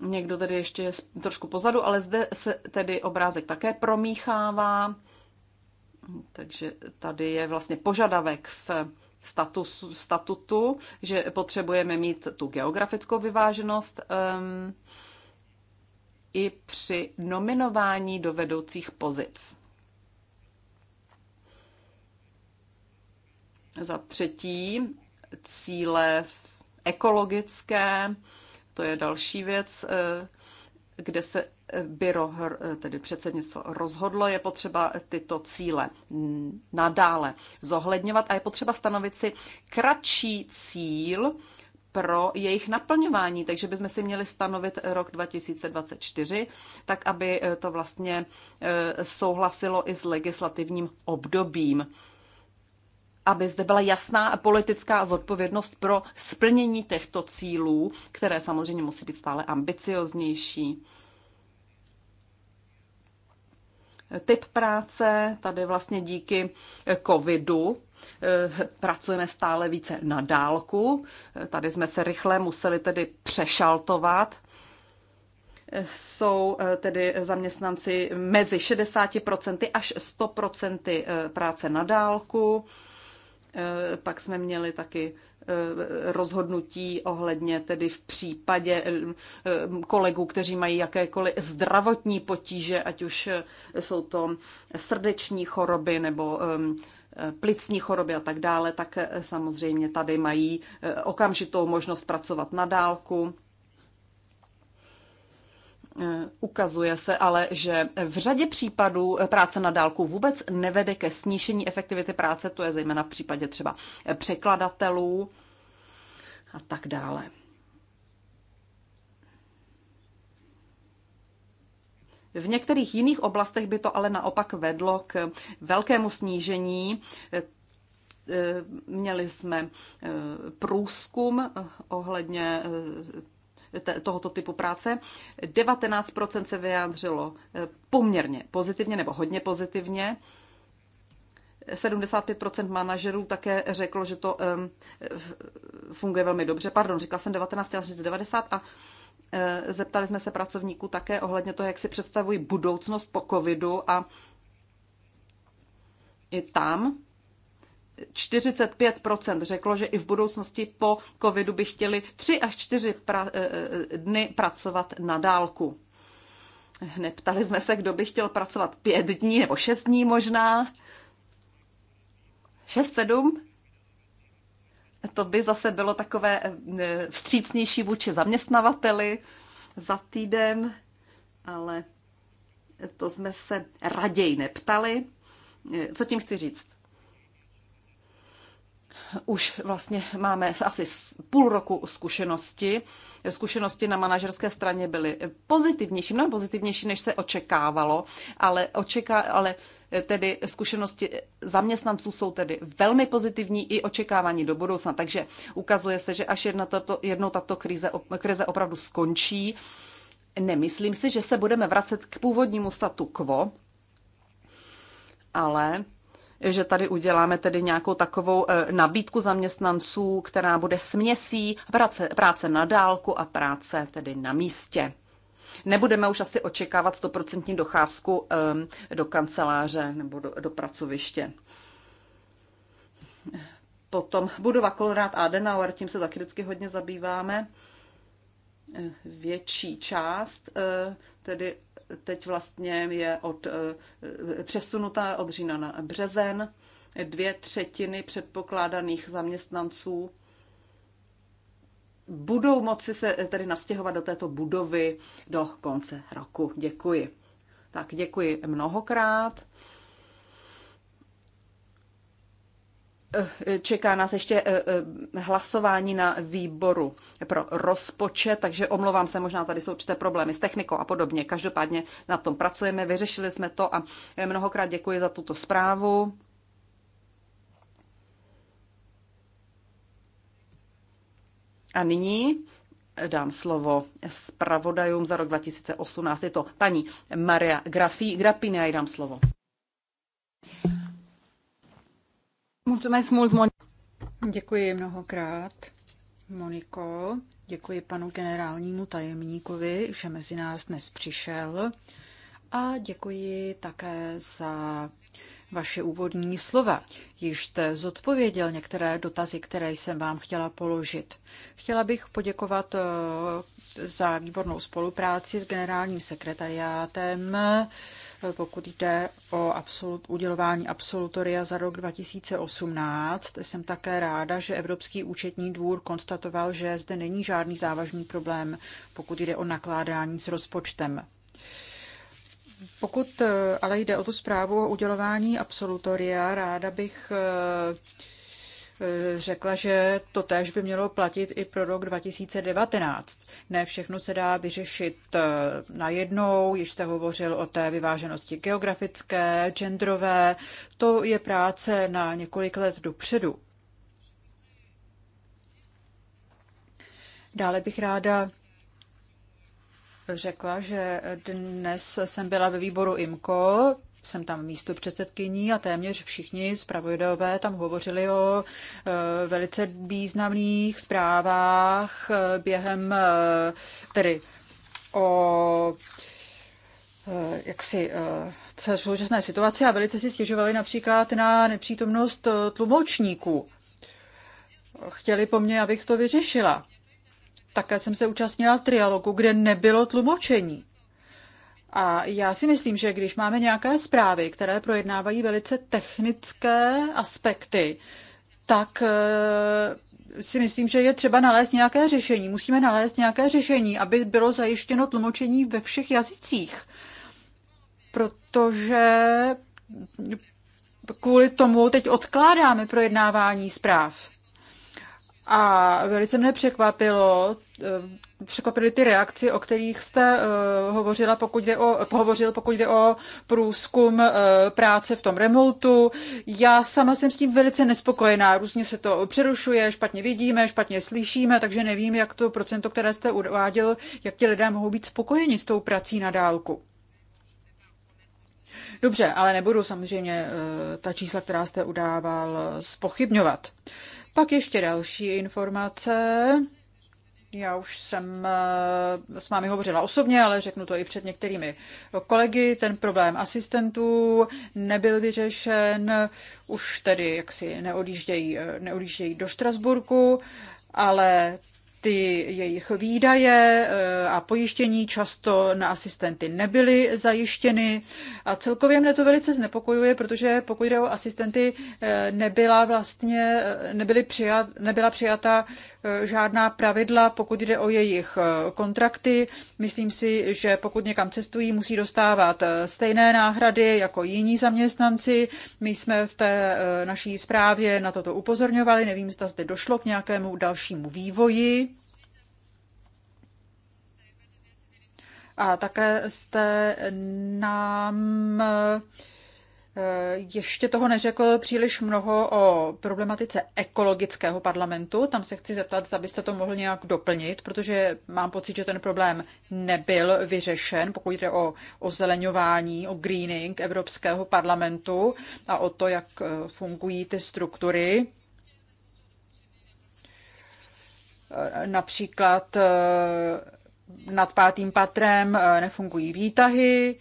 [SPEAKER 2] Někdo tedy ještě je trošku pozadu, ale zde se tedy obrázek také promíchává. Takže tady je vlastně požadavek v status, statutu, že potřebujeme mít tu geografickou vyváženost um, i při nominování do vedoucích pozic. Za třetí, cíle ekologické, to je další věc, uh, kde se eh, byro, eh, tedy předsednictvo rozhodlo, je potřeba tyto cíle mm, nadále zohledňovat a je potřeba stanovit si kratší cíl pro jejich naplňování. Takže bychom si měli stanovit rok 2024, tak aby eh, to vlastně souhlasilo i s legislativním obdobím aby zde byla jasná politická zodpovědnost pro splnění těchto cílů, které samozřejmě musí být stále ambicioznější. Typ práce tady vlastně díky covidu eh, pracujeme stále více na dálku. Tady jsme se rychle museli tedy přešaltovat jsou eh, tedy zaměstnanci mezi 60% až 100% eh, práce na dálku. Eh, pak jsme měli taky eh, rozhodnutí ohledně tedy v případě eh, kolegů, kteří mají jakékoliv zdravotní potíže, ať už jsou to srdeční choroby nebo ehm, plicní choroby a tak dále, tak samozřejmě tady mají okamžitou možnost pracovat na dálku. Eh, ukazuje se ale, že v řadě případů eh, práce na dálku vůbec nevede ke snížení efektivity práce, to je zejména v případě třeba eh, překladatelů a tak dále. V některých jiných oblastech by to ale naopak vedlo k velkému snížení. Měli jsme průzkum ohledně tohoto typu práce. 19% se vyjádřilo eh, poměrně pozitivně nebo hodně pozitivně. 75% manažerů také řeklo, že to um, funguje velmi dobře. Pardon, říkala jsem 19, já 90 a eh, Zeptali jsme se pracovníků také ohledně toho, jak si představují budoucnost po covidu a i tam 45 řeklo, že i v budoucnosti po covidu by chtěli 3 až 4 pra, eh, eh, dny pracovat na dálku. Neptali jsme se, kdo by chtěl pracovat pět dní nebo šest dní možná. Šest, sedm? To by zase bylo takové eh, vstřícnější vůči zaměstnavateli za týden, ale to jsme se raději neptali. Co tím chci říct? už vlastně máme asi půl roku zkušenosti. Zkušenosti na manažerské straně byly pozitivnější, mnohem pozitivnější, než se očekávalo, ale, očeká, ale eh, tedy zkušenosti zaměstnanců jsou tedy velmi pozitivní i očekávání do budoucna. Takže ukazuje se, že až jedna tato, jednou tato krize, krize opravdu skončí, nemyslím si, že se budeme vracet k původnímu statu quo, ale že tady uděláme tedy nějakou takovou e, nabídku zaměstnanců, která bude směsí práce, práce na dálku a práce tedy na místě. Nebudeme už asi očekávat stoprocentní docházku do kanceláře nebo do, do pracoviště. Potom budova Kolorát Adenauer, tím se taky vždycky hodně zabýváme. E, větší část, e, tedy teď vlastně je od, eh, přesunutá od října na březen. Dvě třetiny předpokládaných zaměstnanců budou moci se eh, tedy nastěhovat do této budovy do konce roku. Děkuji. Tak děkuji mnohokrát. Eh, čeká nás ještě eh, eh, hlasování na výboru pro rozpočet, takže omlouvám se, možná tady jsou určité problémy s technikou a podobně. Každopádně na tom pracujeme, vyřešili jsme to a mnohokrát děkuji za tuto zprávu. A nyní dám slovo zpravodajům za rok 2018. Je to paní Maria Grafí. Grapina, já jí dám slovo.
[SPEAKER 1] Děkuji mnohokrát, Moniko. Děkuji panu generálnímu tajemníkovi, že mezi nás dnes přišel. A děkuji také za vaše úvodní slova. Již jste zodpověděl některé dotazy, které jsem vám chtěla položit. Chtěla bych poděkovat eh, za výbornou spolupráci s generálním sekretariátem pokud jde o absolut, udělování absolutoria za rok 2018. Jsem také ráda, že Evropský účetní dvůr konstatoval, že zde není žádný závažný problém, pokud jde o nakládání s rozpočtem. Pokud eh, ale jde o tu zprávu o udělování absolutoria, ráda bych eh, Eh, řekla, že to též by mělo platit i pro rok 2019. Ne všechno se dá vyřešit eh, najednou, již jste hovořil o té vyváženosti geografické, genderové, to je práce na několik let dopředu. Dále bych ráda řekla, že dnes jsem byla ve výboru IMCO, jsem tam místo předsedkyní a téměř všichni zpravodajové tam hovořili o e, velice významných zprávách e, během, e, tedy o jaksi současné situaci a velice si stěžovali například na nepřítomnost tlumočníků. Chtěli po mně, abych to vyřešila. Také jsem se účastnila trialogu, kde nebylo tlumočení. A já si myslím, že když máme nějaké zprávy, které projednávají velice technické aspekty, tak eh, si myslím, že je třeba nalézt nějaké řešení. Musíme nalézt nějaké řešení, aby bylo zajištěno tlumočení ve všech jazycích. Protože kvůli tomu teď odkládáme projednávání zpráv. A velice mne překvapilo eh, překvapily ty reakce, o kterých jste uh, hovořila, pokud jde o, hovořil, pokud jde o průzkum uh, práce v tom remoutu. Já sama jsem s tím velice nespokojená. Různě se to přerušuje, špatně vidíme, špatně slyšíme, takže nevím, jak to procento, které jste uváděl, jak ti lidé mohou být spokojeni s tou prací na dálku. Dobře, ale nebudu samozřejmě uh, ta čísla, která jste udával, spochybňovat. Pak ještě další informace. Já už jsem eh, s vámi hovořila osobně, ale řeknu to i před některými kolegy. Ten problém asistentů nebyl vyřešen, už tedy jaksi neodjíždějí, eh, neodjíždějí do Štrasburku, ale ty jejich výdaje eh, a pojištění často na asistenty nebyly zajištěny. A celkově mne to velice znepokojuje, protože pokud jde o asistenty, eh, nebyla vlastně, eh, nebyly přijat, nebyla přijata žádná pravidla, pokud jde o jejich kontrakty. Myslím si, že pokud někam cestují, musí dostávat stejné náhrady jako jiní zaměstnanci. My jsme v té naší zprávě na toto upozorňovali. Nevím, zda zde došlo k nějakému dalšímu vývoji. A také jste nám eh, ještě toho neřekl příliš mnoho o problematice ekologického parlamentu. Tam se chci zeptat, zda byste to mohl nějak doplnit, protože mám pocit, že ten problém nebyl vyřešen, pokud jde o ozeleňování, o greening Evropského parlamentu a o to, jak eh, fungují ty struktury. Eh, například nad pátým patrem eh, nefungují výtahy.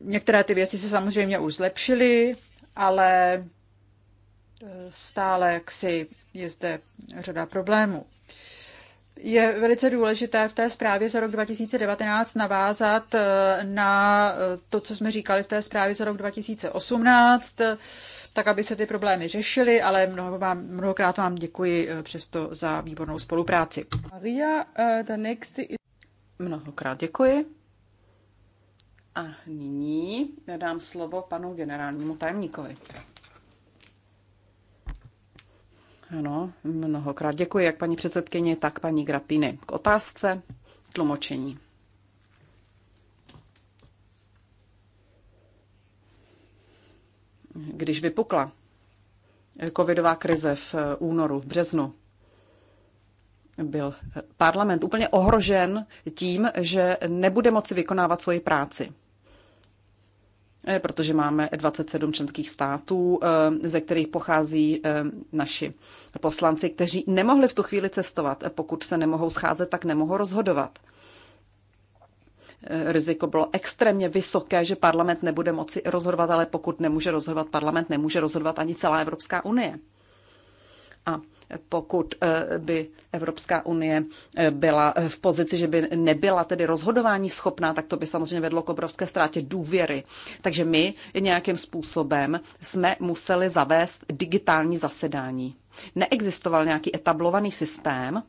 [SPEAKER 1] Některé ty věci se samozřejmě už zlepšily, ale eh, stále jaksi je zde řada problémů. Je velice důležité v té zprávě za rok 2019 navázat eh, na to, co jsme říkali v té zprávě za rok 2018 tak aby se ty problémy řešily, ale mnoho vám, mnohokrát vám děkuji eh, přesto za výbornou spolupráci. Maria, uh, next is...
[SPEAKER 2] Mnohokrát děkuji. A nyní dám slovo panu generálnímu tajemníkovi. Ano, mnohokrát děkuji jak paní předsedkyně, tak paní Grapiny. K otázce tlumočení. když vypukla covidová krize v eh, únoru, v březnu, byl eh, parlament úplně ohrožen tím, že nebude moci vykonávat svoji práci. Eh, protože máme 27 členských států, ze kterých pochází naši poslanci, kteří nemohli v tu chvíli cestovat. Pokud se nemohou scházet, tak nemohou rozhodovat riziko bylo extrémně vysoké, že parlament nebude moci rozhodovat, ale pokud nemůže rozhodovat parlament, nemůže rozhodovat ani celá Evropská unie. A pokud eh, by Evropská unie eh, byla eh, v pozici, že by nebyla tedy rozhodování schopná, tak to by samozřejmě vedlo k obrovské ztrátě důvěry. Takže my nějakým způsobem jsme museli zavést digitální zasedání. Neexistoval nějaký etablovaný systém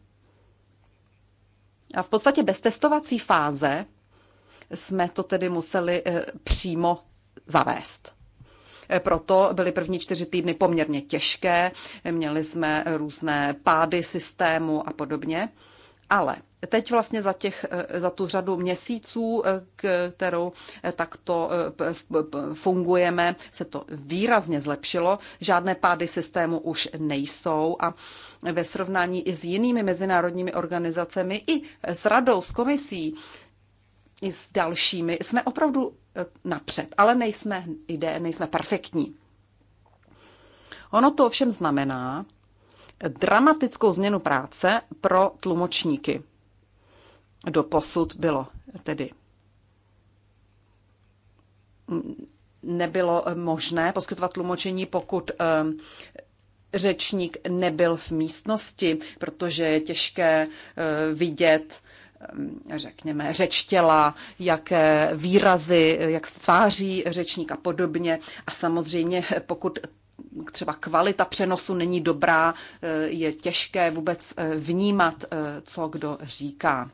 [SPEAKER 2] a v podstatě bez testovací fáze jsme to tedy museli eh, přímo zavést. Eh, proto byly první čtyři týdny poměrně těžké, měli jsme různé pády systému a podobně. Ale teď vlastně za, těch, eh, za tu řadu měsíců, kterou takto fungujeme, se to výrazně zlepšilo. Žádné pády systému už nejsou a ve srovnání i s jinými mezinárodními organizacemi, i s radou, s komisí, i s dalšími jsme opravdu eh, napřed, ale nejsme ide, nejsme perfektní. Ono to ovšem znamená dramatickou změnu práce pro tlumočníky. Do posud bylo tedy mm, nebylo možné poskytovat tlumočení, pokud eh, řečník nebyl v místnosti, protože je těžké eh, vidět Eh, řekněme, řečtěla, jaké výrazy, jak stváří řečník a podobně. A samozřejmě, pokud třeba kvalita přenosu není dobrá, eh, je těžké vůbec eh, vnímat, co kdo říká.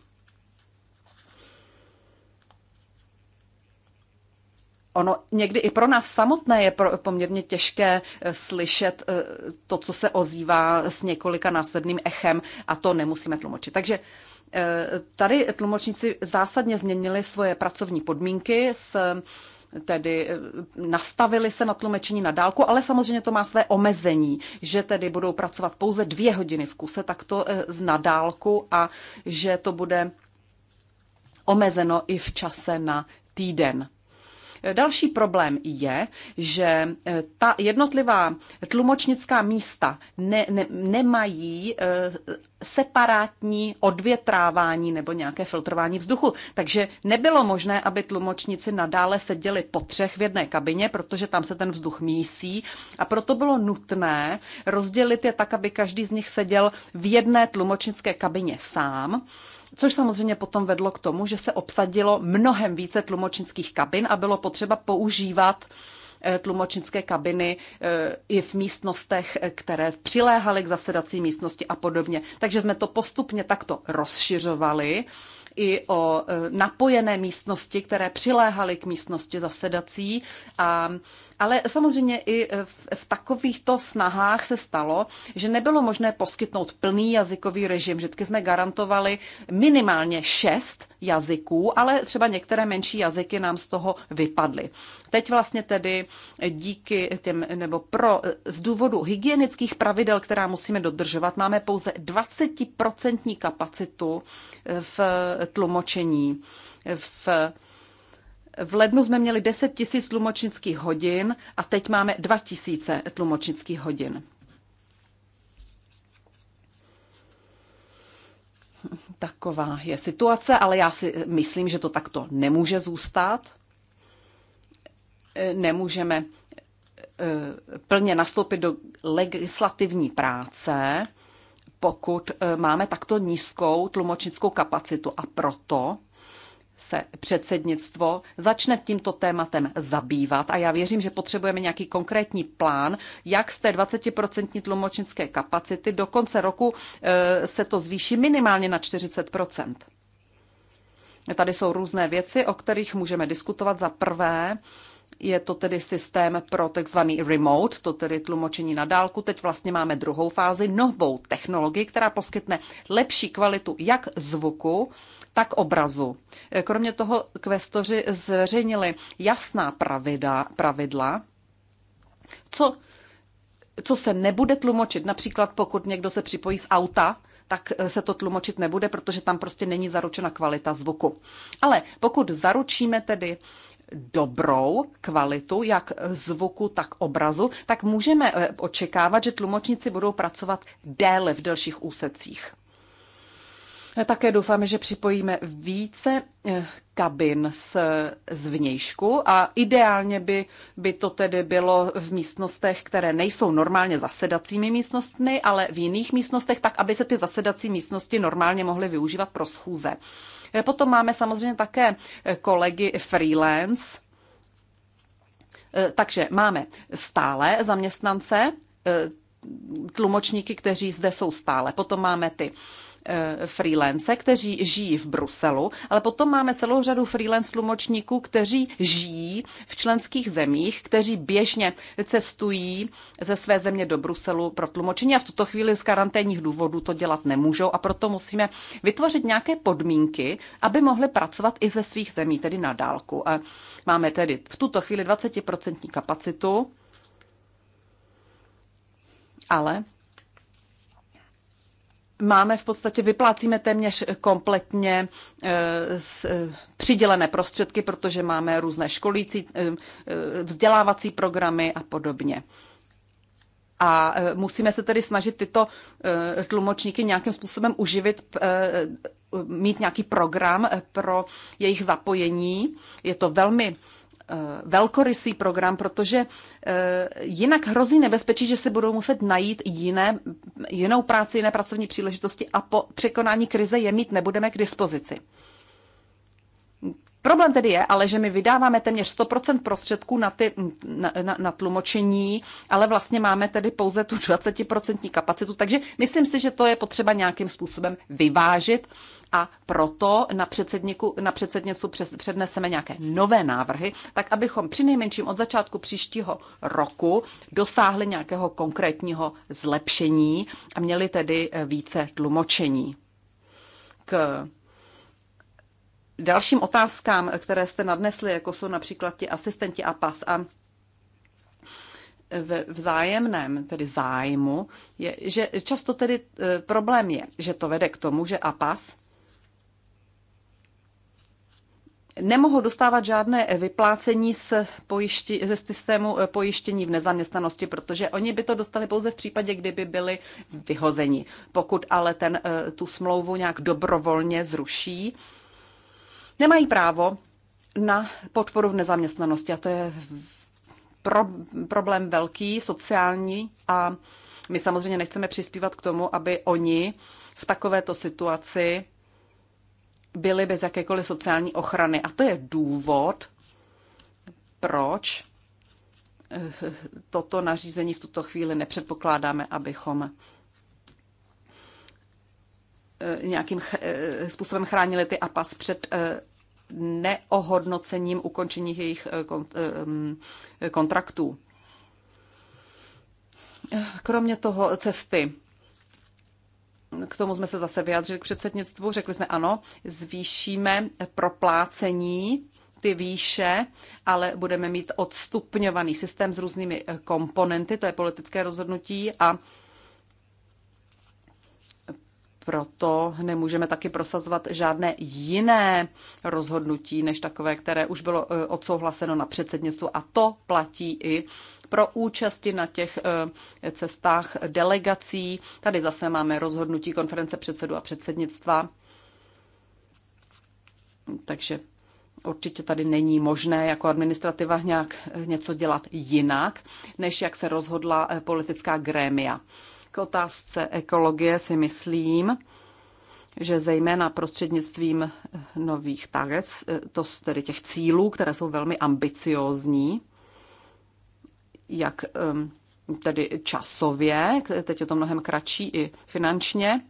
[SPEAKER 2] Ono někdy i pro nás samotné je poměrně těžké slyšet to, co se ozývá s několika následným echem a to nemusíme tlumočit. Takže Tady tlumočníci zásadně změnili svoje pracovní podmínky s tedy eh, nastavili se na tlumečení na dálku, ale samozřejmě to má své omezení, že tedy budou pracovat pouze dvě hodiny v kuse takto eh, na dálku a že to bude omezeno i v čase na týden. Další problém je, že eh, ta jednotlivá tlumočnická místa ne, ne, nemají eh, separátní odvětrávání nebo nějaké filtrování vzduchu. Takže nebylo možné, aby tlumočníci nadále seděli po třech v jedné kabině, protože tam se ten vzduch mísí a proto bylo nutné rozdělit je tak, aby každý z nich seděl v jedné tlumočnické kabině sám Což samozřejmě potom vedlo k tomu, že se obsadilo mnohem více tlumočnických kabin a bylo potřeba používat eh, tlumočnické kabiny eh, i v místnostech, eh, které přiléhaly k zasedací místnosti a podobně. Takže jsme to postupně takto rozšiřovali i o napojené místnosti, které přiléhaly k místnosti zasedací a ale samozřejmě i e, v, v takovýchto snahách se stalo, že nebylo možné poskytnout plný jazykový režim. Vždycky jsme garantovali minimálně šest jazyků, ale třeba některé menší jazyky nám z toho vypadly. Teď vlastně tedy díky těm, nebo pro, e, z důvodu hygienických pravidel, která musíme dodržovat, máme pouze 20% kapacitu e, v tlumočení v v lednu jsme měli 10 tisíc tlumočnických hodin a teď máme 2 000 tlumočnických hodin. Taková je situace, ale já si myslím, že to takto nemůže zůstat. Nemůžeme eh, plně nastoupit do legislativní práce, pokud eh, máme takto nízkou tlumočnickou kapacitu. A proto se předsednictvo začne tímto tématem zabývat a já věřím, že potřebujeme nějaký konkrétní plán, jak z té 20% tlumočnické kapacity do konce roku e, se to zvýší minimálně na 40%. Tady jsou různé věci, o kterých můžeme diskutovat. Za prvé, je to tedy systém pro takzvaný remote, to tedy tlumočení na dálku. Teď vlastně máme druhou fázi, novou technologii, která poskytne lepší kvalitu jak zvuku, tak obrazu. Kromě toho kvestoři zveřejnili jasná pravidla, pravidla co, co se nebude tlumočit. Například pokud někdo se připojí z auta, tak se to tlumočit nebude, protože tam prostě není zaručena kvalita zvuku. Ale pokud zaručíme tedy dobrou kvalitu, jak zvuku, tak obrazu, tak můžeme eh, očekávat, že tlumočníci budou pracovat déle v delších úsecích. Také doufáme, že připojíme více eh, kabin z, z vnějšku a ideálně by, by to tedy bylo v místnostech, které nejsou normálně zasedacími místnostmi, ale v jiných místnostech, tak aby se ty zasedací místnosti normálně mohly využívat pro schůze. Eh, potom máme samozřejmě také eh, kolegy freelance, takže máme stále zaměstnance, tlumočníky, kteří zde jsou stále. Potom máme ty Eh, freelance, kteří žijí v Bruselu, ale potom máme celou řadu freelance tlumočníků, kteří žijí v členských zemích, kteří běžně cestují ze své země do Bruselu pro tlumočení a v tuto chvíli z karanténních důvodů to dělat nemůžou a proto musíme vytvořit nějaké podmínky, aby mohli pracovat i ze svých zemí, tedy na dálku. A máme tedy v tuto chvíli 20% kapacitu, ale máme v podstatě, vyplácíme téměř kompletně eh, eh, přidělené prostředky, protože máme různé školící, eh, vzdělávací programy a podobně. A musíme se tedy snažit tyto tlumočníky nějakým způsobem uživit, mít nějaký program pro jejich zapojení. Je to velmi Eh, velkorysý program, protože eh, jinak hrozí nebezpečí, že se budou muset najít jiné, jinou práci, jiné pracovní příležitosti a po překonání krize je mít nebudeme k dispozici. Problém tedy je, ale že my vydáváme téměř 100% prostředků na, ty, na, na, na tlumočení, ale vlastně máme tedy pouze tu 20% kapacitu, takže myslím si, že to je potřeba nějakým způsobem vyvážit a proto na, předsedniku, na předsednicu přes, předneseme nějaké nové návrhy, tak abychom při nejmenším od začátku příštího roku dosáhli nějakého konkrétního zlepšení a měli tedy eh, více tlumočení. K dalším otázkám, které jste nadnesli, jako jsou například ti asistenti a pas a v vzájemném tedy zájmu, je, že často tedy eh, problém je, že to vede k tomu, že APAS nemohou dostávat žádné vyplácení z pojišti, ze systému eh, pojištění v nezaměstnanosti, protože oni by to dostali pouze v případě, kdyby byli vyhozeni. Pokud ale ten, eh, tu smlouvu nějak dobrovolně zruší, nemají právo na podporu v nezaměstnanosti a to je pro, problém velký, sociální a my samozřejmě nechceme přispívat k tomu, aby oni v takovéto situaci byli bez jakékoliv sociální ochrany. A to je důvod, proč eh, toto nařízení v tuto chvíli nepředpokládáme, abychom eh, nějakým eh, způsobem chránili ty APAS před neohodnocením ukončení jejich eh, eh, mm, eh, kontraktů. Kromě toho cesty. K tomu jsme se zase vyjádřili k předsednictvu. Řekli jsme ano, zvýšíme proplácení ty výše, ale budeme mít odstupňovaný systém s různými komponenty, to je politické rozhodnutí a proto nemůžeme taky prosazovat žádné jiné rozhodnutí než takové, které už bylo e, odsouhlaseno na předsednictvu. A to platí i pro účasti na těch e, cestách delegací. Tady zase máme rozhodnutí konference předsedu a předsednictva. Takže určitě tady není možné jako administrativa nějak e, něco dělat jinak, než jak se rozhodla politická grémia k otázce ekologie si myslím, že zejména prostřednictvím nových tarec, to tedy těch cílů, které jsou velmi ambiciózní, jak ehm, tedy časově, teď je to mnohem kratší i finančně,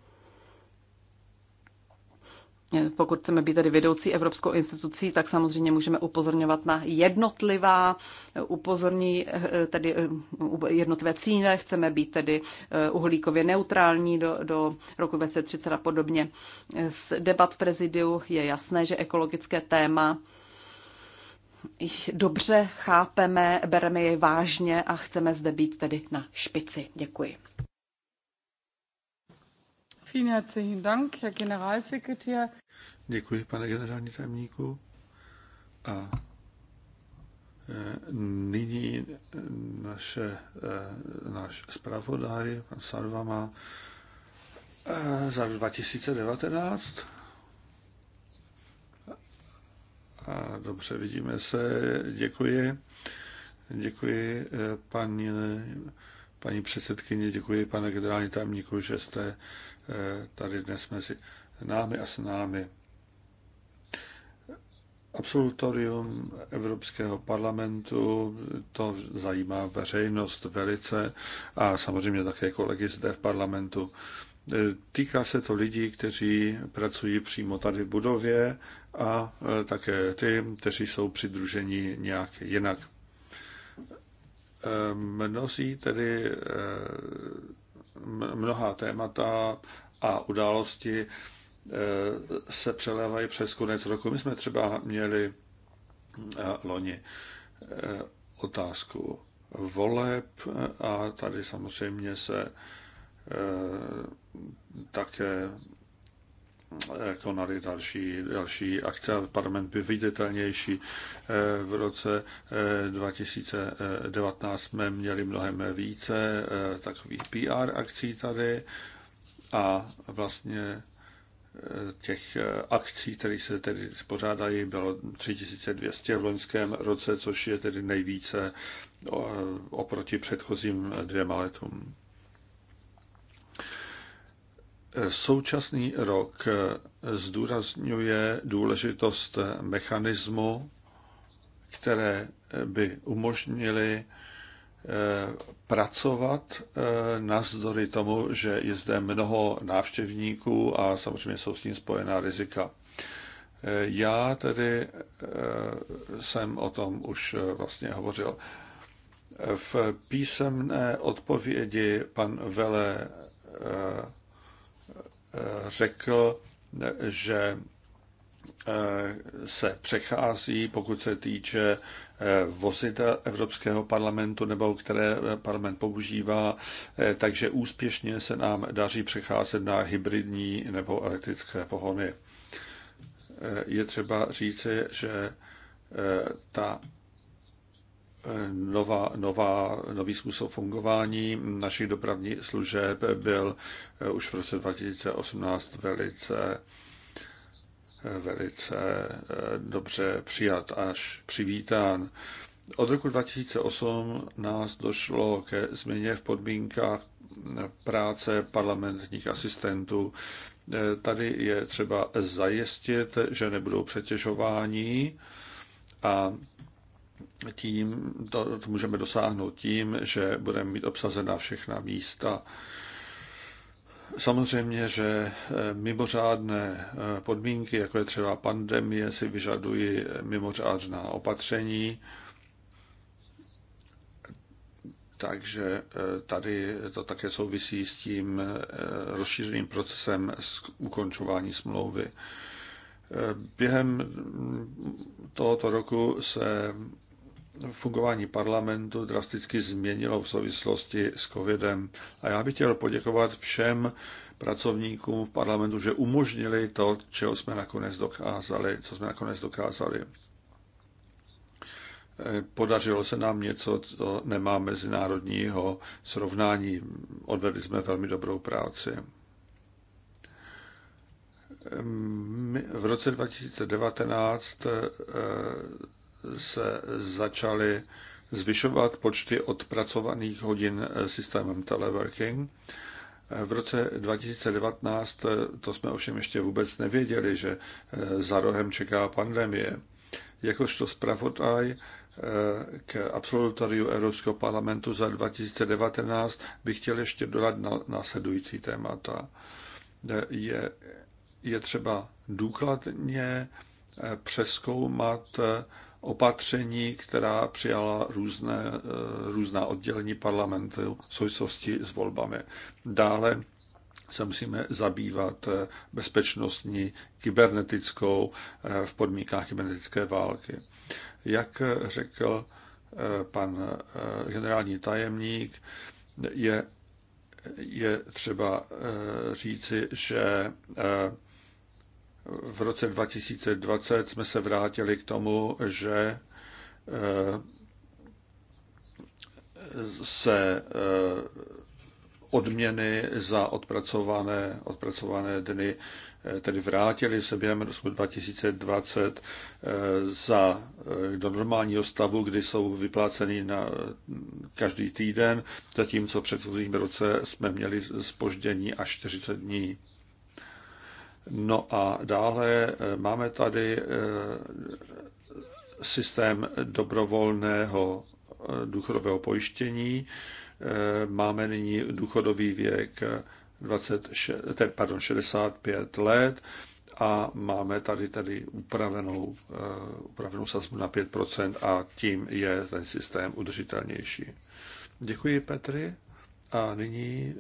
[SPEAKER 2] pokud chceme být tedy vedoucí evropskou institucí, tak samozřejmě můžeme upozorňovat na jednotlivá upozorní, eh, tedy eh, jednotlivé cíle. Chceme být tedy eh, uhlíkově neutrální do, do roku 2030 a podobně. Z debat v prezidiu je jasné, že ekologické téma dobře chápeme, bereme je vážně a chceme zde být tedy na špici. Děkuji.
[SPEAKER 3] Děkuji, pane generální tajemníku. A e, nyní naše, e, náš zpravodaj, pan Sarvama, má e, za 2019. A dobře, vidíme se. Děkuji. Děkuji paní, paní předsedkyně, děkuji pane generální tajemníku, že jste Eh, tady dnes mezi námi a s námi. Absolutorium Evropského parlamentu, to zajímá veřejnost velice a samozřejmě také kolegy zde v parlamentu. Eh, týká se to lidí, kteří pracují přímo tady v budově a eh, také ty, kteří jsou přidruženi nějak jinak. Mnozí tedy mnoha témata a události eh, se přelévají přes konec roku. My jsme třeba měli eh, loni eh, otázku voleb a tady samozřejmě se také konali jako další, další akce. Parlament byl viditelnější. Eh, v roce 2019 eh, jsme měli mnohem více eh, takových PR akcí tady a vlastně těch akcí, které se tedy spořádají, bylo 3200 v loňském roce, což je tedy nejvíce oproti předchozím dvěma letům. Současný rok zdůrazňuje důležitost mechanismu, které by umožnili eh, pracovat eh, navzdory tomu, že je zde mnoho návštěvníků a samozřejmě jsou s tím spojená rizika. Eh, já tedy jsem o tom už vlastně hovořil. V písemné odpovědi pan Vele řekl, že eh, se přechází, pokud se týče eh, vozidel Evropského parlamentu nebo které eh, parlament používá, takže úspěšně se nám daří přecházet na hybridní nebo elektrické pohony. Je třeba říci, že ta nová, nová, nový způsob fungování našich dopravních služeb byl eh, už v roce 2018 velice eh, velice eh, dobře přijat až přivítán. Od roku 2008 nás došlo ke změně v podmínkách práce parlamentních asistentů. Tady je třeba zajistit, že nebudou přetěžování a tím, to, to můžeme dosáhnout tím, že budeme mít obsazena všechna místa. Samozřejmě, že eh, mimořádné eh, podmínky, jako je třeba pandemie, si vyžadují eh, mimořádná opatření. Takže tady to také souvisí s tím rozšířeným procesem ukončování smlouvy. Během mm, tohoto roku se fungování parlamentu drasticky změnilo v souvislosti s covidem. A já bych chtěl poděkovat všem pracovníkům v parlamentu, že umožnili to, čeho jsme nakonec dokázali, co jsme nakonec dokázali. Podařilo se nám něco, co nemá mezinárodního srovnání. Odvedli jsme velmi dobrou práci. v roce 2019 se začaly zvyšovat počty odpracovaných hodin systémem teleworking. V roce 2019, to jsme ovšem ještě vůbec nevěděli, že eh, za rohem čeká pandemie. Jakožto zpravodaj eh, k absolutoriu Evropského parlamentu za 2019 bych chtěl ještě dodat na následující témata. Eh, je, je třeba důkladně přeskoumat opatření, která přijala různé, eh, různá oddělení parlamentu v souvislosti s volbami. Dále se musíme zabývat eh, bezpečnostní, kybernetickou eh, v podmínkách kybernetické války. Jak řekl pan generální tajemník, je, je třeba říci, že v roce 2020 jsme se vrátili k tomu, že eh, se eh, odměny za odpracované, odpracované dny eh, tedy vrátili se během roku 2020 za, do normálního stavu, kdy jsou vypláceny na mm, každý týden, zatímco v předchozím roce jsme měli spoždění až 40 dní. No a dále eh, máme tady eh, systém dobrovolného eh, důchodového pojištění. Máme nyní důchodový věk 26, pardon, 65 let a máme tady tady upravenou, upravenou sazbu na 5% a tím je ten systém udržitelnější. Děkuji Petri a nyní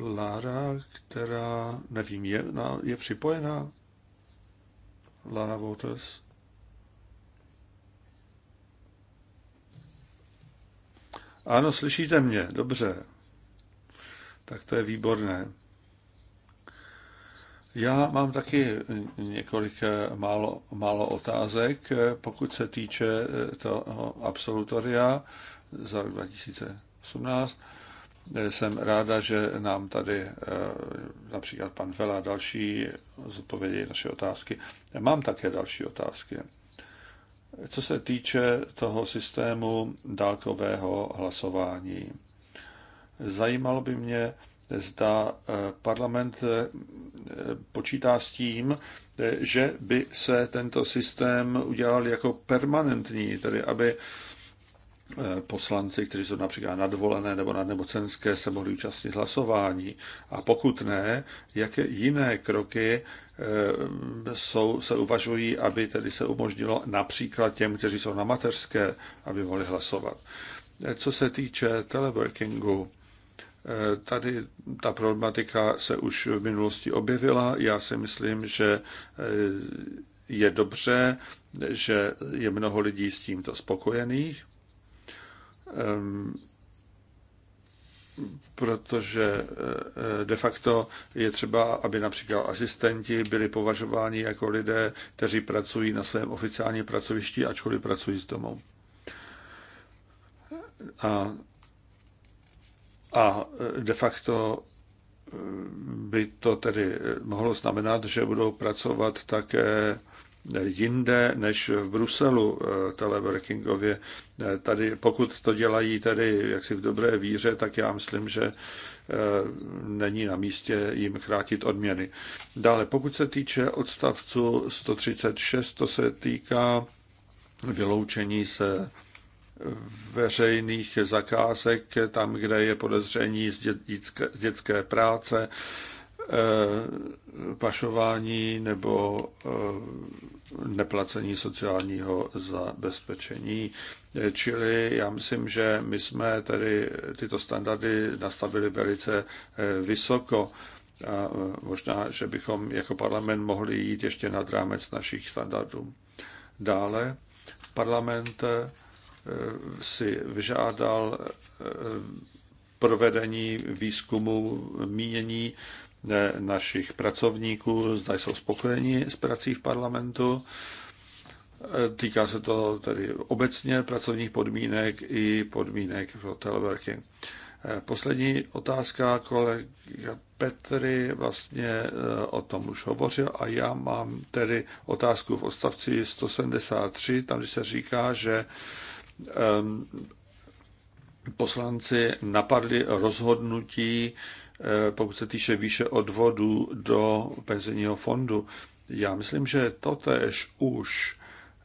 [SPEAKER 3] Lara, která, nevím, je, na, je připojená? Lara Waters? Ano, slyšíte mě, dobře. Tak to je výborné. Já mám taky několik eh, málo, málo otázek, eh, pokud se týče eh, toho absolutoria za rok 2018. Jsem ráda, že nám tady eh, například pan Vela další zodpovědí naše otázky. Mám také další otázky. Co se týče toho systému dálkového hlasování, zajímalo by mě, zda eh, parlament eh, počítá s tím, že by se tento systém udělal jako permanentní, tedy aby Eh, poslanci, kteří jsou například nadvolené nebo nemocenské, se mohli účastnit hlasování. A pokud ne, jaké jiné kroky eh, jsou, se uvažují, aby tedy se umožnilo například těm, kteří jsou na mateřské, aby mohli hlasovat. Eh, co se týče teleworkingu, Tady ta problematika se už v minulosti objevila. Já si myslím, že je dobře, že je mnoho lidí s tímto spokojených. Ehm, protože eh, de facto je třeba, aby například asistenti byli považováni jako lidé, kteří pracují na svém oficiálním pracovišti, ačkoliv pracují z domu. A, a eh, de facto eh, by to tedy mohlo znamenat, že budou pracovat také jinde než v Bruselu eh, teleworkingově. Eh, tady, pokud to dělají tady jaksi v dobré víře, tak já myslím, že eh, není na místě jim krátit odměny. Dále, pokud se týče odstavcu 136, to se týká vyloučení se veřejných zakázek tam, kde je podezření z dětské, z dětské práce Eh, pašování nebo eh, neplacení sociálního zabezpečení. Eh, čili já myslím, že my jsme tady tyto standardy nastavili velice vysoko. A možná, že bychom jako parlament mohli jít ještě nad rámec našich standardů. Dále parlament si vyžádal provedení výzkumu mínění našich pracovníků, zda jsou spokojeni s prací v parlamentu. Týká se to tedy obecně pracovních podmínek i podmínek pro teleworking. Poslední otázka kolega Petry vlastně eh, o tom už hovořil a já mám tedy otázku v odstavci 173, tam se říká, že ehm, poslanci napadli rozhodnutí Eh, pokud se týče výše odvodu do penzijního fondu. Já myslím, že to tež už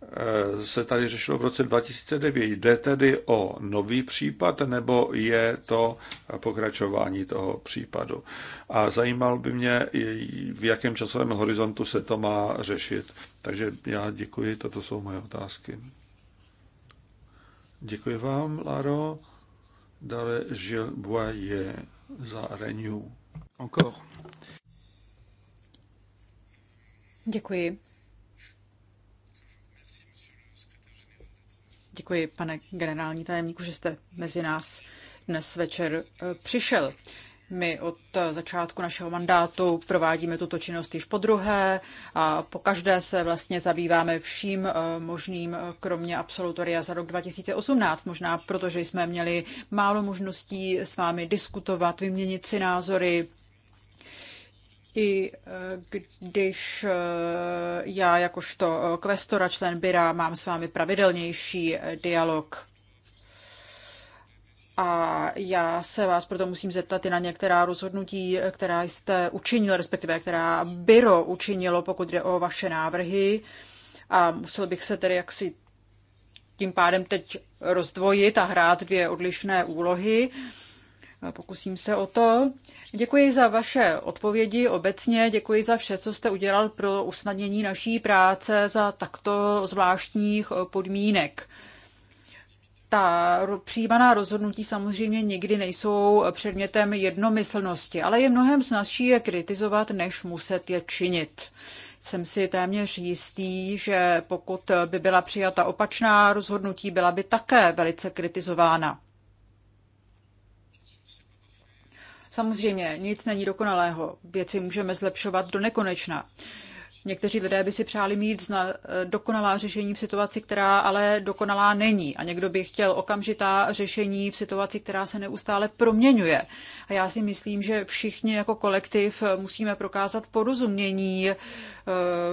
[SPEAKER 3] eh, se tady řešilo v roce 2009. Jde tedy o nový případ, nebo je to pokračování toho případu? A zajímal by mě, v jakém časovém horizontu se to má řešit. Takže já děkuji, toto jsou moje otázky. Děkuji vám, Laro. Dále Žil Boyer za Renew. Encore.
[SPEAKER 1] Děkuji. Děkuji, pane generální tajemníku, že jste mezi nás dnes večer eh, přišel. My od začátku našeho mandátu provádíme tuto činnost již po druhé a po každé se vlastně zabýváme vším eh, možným, eh, kromě absolutoria za rok 2018. Možná protože jsme měli málo možností s vámi diskutovat, vyměnit si názory, i eh, když já jakožto kvestora člen Byra mám s vámi pravidelnější dialog. A já se vás proto musím zeptat i na některá rozhodnutí, která jste učinil, respektive která byro učinilo, pokud jde o vaše návrhy. A musel bych se tedy jaksi tím pádem teď rozdvojit a hrát dvě odlišné úlohy. Pokusím se o to. Děkuji za vaše odpovědi obecně, děkuji za vše, co jste udělal pro usnadnění naší práce za takto zvláštních podmínek ta přijímaná rozhodnutí samozřejmě nikdy nejsou předmětem jednomyslnosti, ale je mnohem snazší je kritizovat, než muset je činit. Jsem si téměř jistý, že pokud by byla přijata opačná rozhodnutí, byla by také velice kritizována. Samozřejmě, nic není dokonalého, věci můžeme zlepšovat do nekonečna. Někteří lidé by si přáli mít zna, eh, dokonalá řešení v situaci, která ale dokonalá není. A někdo by chtěl okamžitá řešení v situaci, která se neustále proměňuje. A já si myslím, že všichni jako kolektiv musíme prokázat porozumění eh,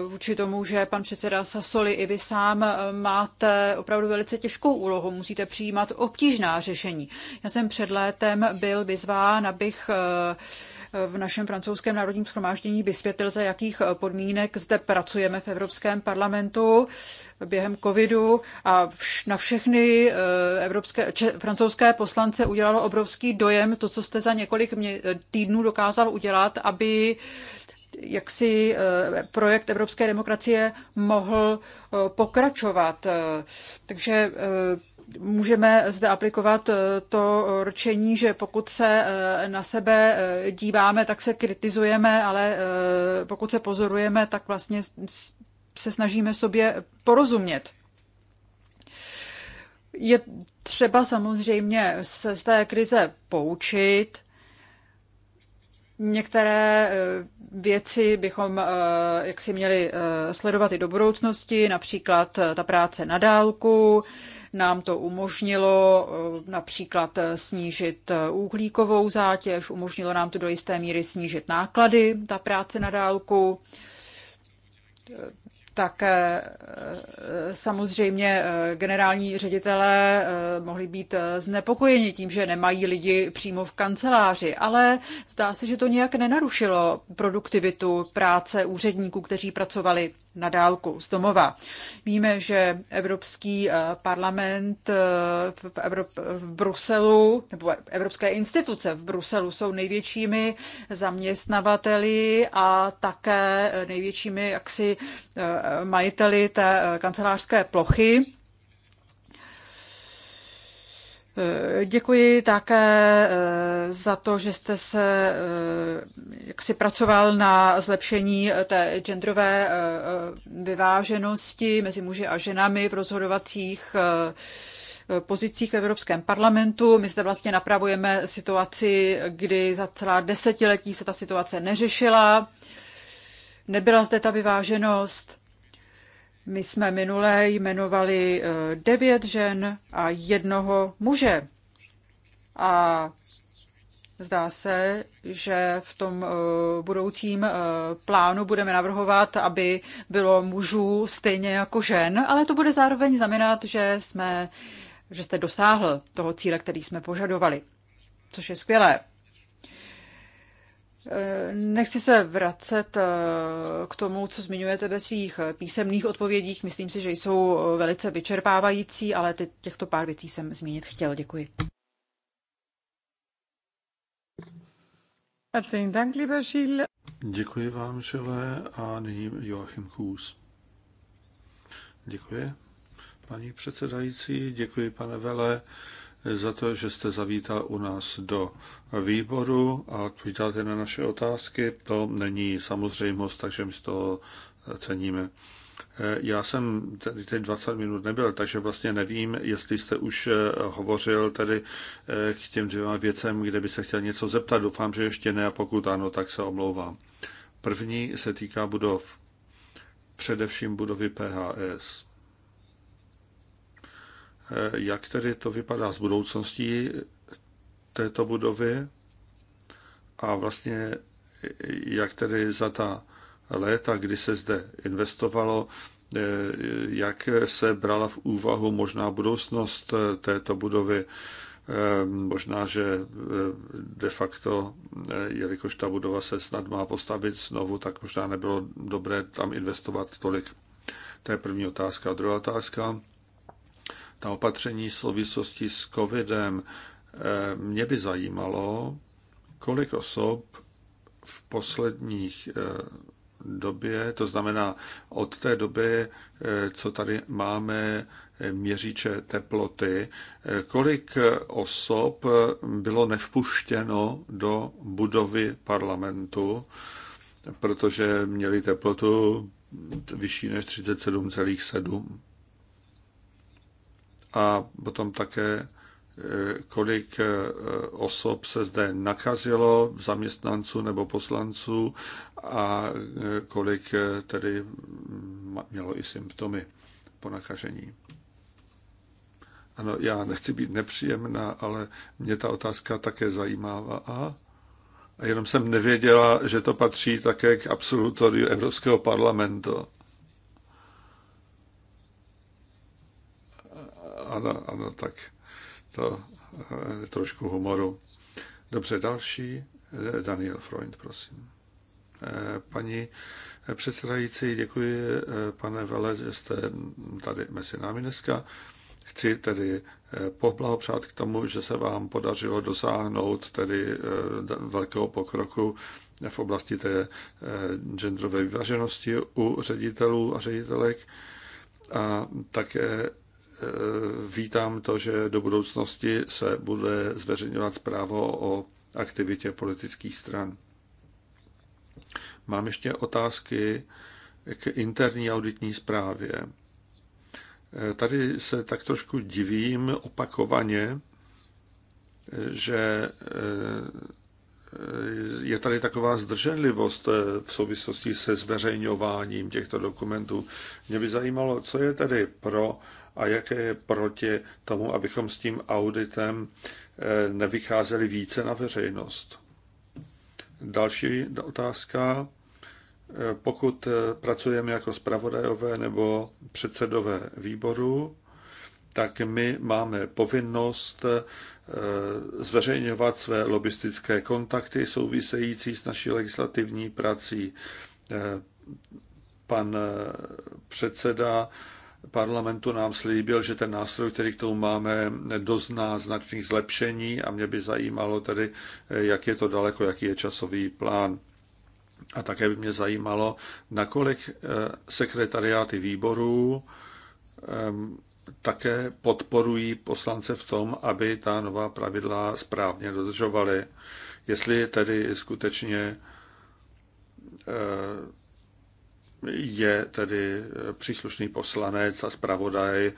[SPEAKER 1] vůči tomu, že pan předseda Sasoli i vy sám eh, máte opravdu velice těžkou úlohu. Musíte přijímat obtížná řešení. Já jsem před létem byl vyzván, abych v našem francouzském národním schromáždění vysvětlil, za jakých podmínek zde pracujeme v Evropském parlamentu během covidu a na všechny eh, evropské, če, francouzské poslance udělalo obrovský dojem to, co jste za několik mě, týdnů dokázal udělat, aby jak si eh, projekt evropské demokracie mohl eh, pokračovat. Eh, takže můžeme zde aplikovat to ročení, že pokud se na sebe díváme, tak se kritizujeme, ale pokud se pozorujeme, tak vlastně se snažíme sobě porozumět. Je třeba samozřejmě se z té krize poučit, Některé eh, věci bychom eh, jak si měli eh, sledovat i do budoucnosti, například ta práce na dálku. Nám to umožnilo například snížit uhlíkovou zátěž, umožnilo nám to do jisté míry snížit náklady, ta práce na dálku. Tak eh, eh, samozřejmě eh, generální ředitelé mohli být znepokojeni tím, že nemají lidi přímo v kanceláři, ale zdá se, že to nějak nenarušilo produktivitu práce úředníků, kteří pracovali na dálku z domova. Víme, že Evropský parlament v, Evrop- v Bruselu, nebo evropské instituce v Bruselu jsou největšími zaměstnavateli a také největšími jaksi majiteli té eh, kancelářské plochy. Eh, děkuji také eh, za to, že jste se jaksi pracoval na zlepšení té genderové vyváženosti mezi muži a ženami v rozhodovacích pozicích v Evropském parlamentu. My zde vlastně napravujeme situaci, kdy za celá desetiletí se ta situace neřešila. Nebyla zde ta vyváženost. My jsme minulé jmenovali eh, devět žen a jednoho muže. A zdá se, že v tom eh, budoucím eh, plánu budeme navrhovat, aby bylo mužů stejně jako žen, ale to bude zároveň znamenat, že jsme že jste dosáhl toho cíle, který jsme požadovali, což je skvělé. Nechci se vracet eh, k tomu, co zmiňujete ve svých písemných odpovědích. Myslím si, že jsou velice vyčerpávající, ale těchto pár věcí jsem zmínit chtěl. Děkuji.
[SPEAKER 3] Děkuji vám, Žile, a nyní Joachim Kůz. Děkuji. Paní předsedající, děkuji, pane Vele za to, že jste zavítal u nás do výboru a odpovídáte na naše otázky. To není samozřejmost, takže my to ceníme. Eh, já jsem tady teď 20 minut nebyl, takže vlastně nevím, jestli jste už eh, hovořil tady eh, k těm dvěma věcem, kde by se chtěl něco zeptat. Doufám, že ještě ne a pokud ano, tak se omlouvám. První se týká budov, především budovy PHS. Eh, jak tedy to vypadá s budoucností této budovy a vlastně eh, jak tedy za ta léta, kdy se zde investovalo, eh, jak se brala v úvahu možná budoucnost této budovy. Možná, že de facto, jelikož ta budova se snad má postavit znovu, tak možná nebylo dobré tam investovat tolik. To je první otázka. A druhá otázka ta opatření v souvislosti s covidem. Eh, mě by zajímalo, kolik osob v posledních eh, době, to znamená od té doby, eh, co tady máme měříče teploty, kolik osob bylo nevpuštěno do budovy parlamentu, protože měli teplotu vyšší než 37,7 a potom také, e, kolik e, osob se zde nakazilo, zaměstnanců nebo poslanců a e, kolik tedy mělo i symptomy po nakažení. Ano, já nechci být nepříjemná, ale mě ta otázka také zajímává. A jenom jsem nevěděla, že to patří také k absolutoriu Evropského parlamentu. ano, ano, tak to je eh, trošku humoru. Dobře, další. Eh, Daniel Freund, prosím. Eh, paní předsedající, děkuji, pane Vele, že jste tady mezi námi dneska. Chci tedy poblahopřát k tomu, že se vám podařilo dosáhnout tedy velkého pokroku v oblasti té genderové vyvaženosti u ředitelů a ředitelek a také Eh, vítám to, že do budoucnosti se bude zveřejňovat zprávo o aktivitě politických stran. Mám ještě otázky k interní auditní zprávě. Eh, tady se tak trošku divím opakovaně, eh, že je tady taková zdrženlivost v souvislosti se zveřejňováním těchto dokumentů. Mě by zajímalo, co je tedy pro a jaké je proti tomu, abychom s tím auditem eh, nevycházeli více na veřejnost. Další otázka. Eh, pokud eh, pracujeme jako zpravodajové nebo předsedové výboru, tak my máme povinnost zveřejňovat své lobistické kontakty související s naší legislativní prací. Pan předseda parlamentu nám slíbil, že ten nástroj, který k tomu máme, dozná značných zlepšení a mě by zajímalo tedy, jak je to daleko, jaký je časový plán. A také by mě zajímalo, nakolik eh, sekretariáty výborů ehm, také podporují poslance v tom, aby ta nová pravidla správně dodržovaly. Jestli tedy skutečně eh, je tedy eh, příslušný poslanec a zpravodaj eh,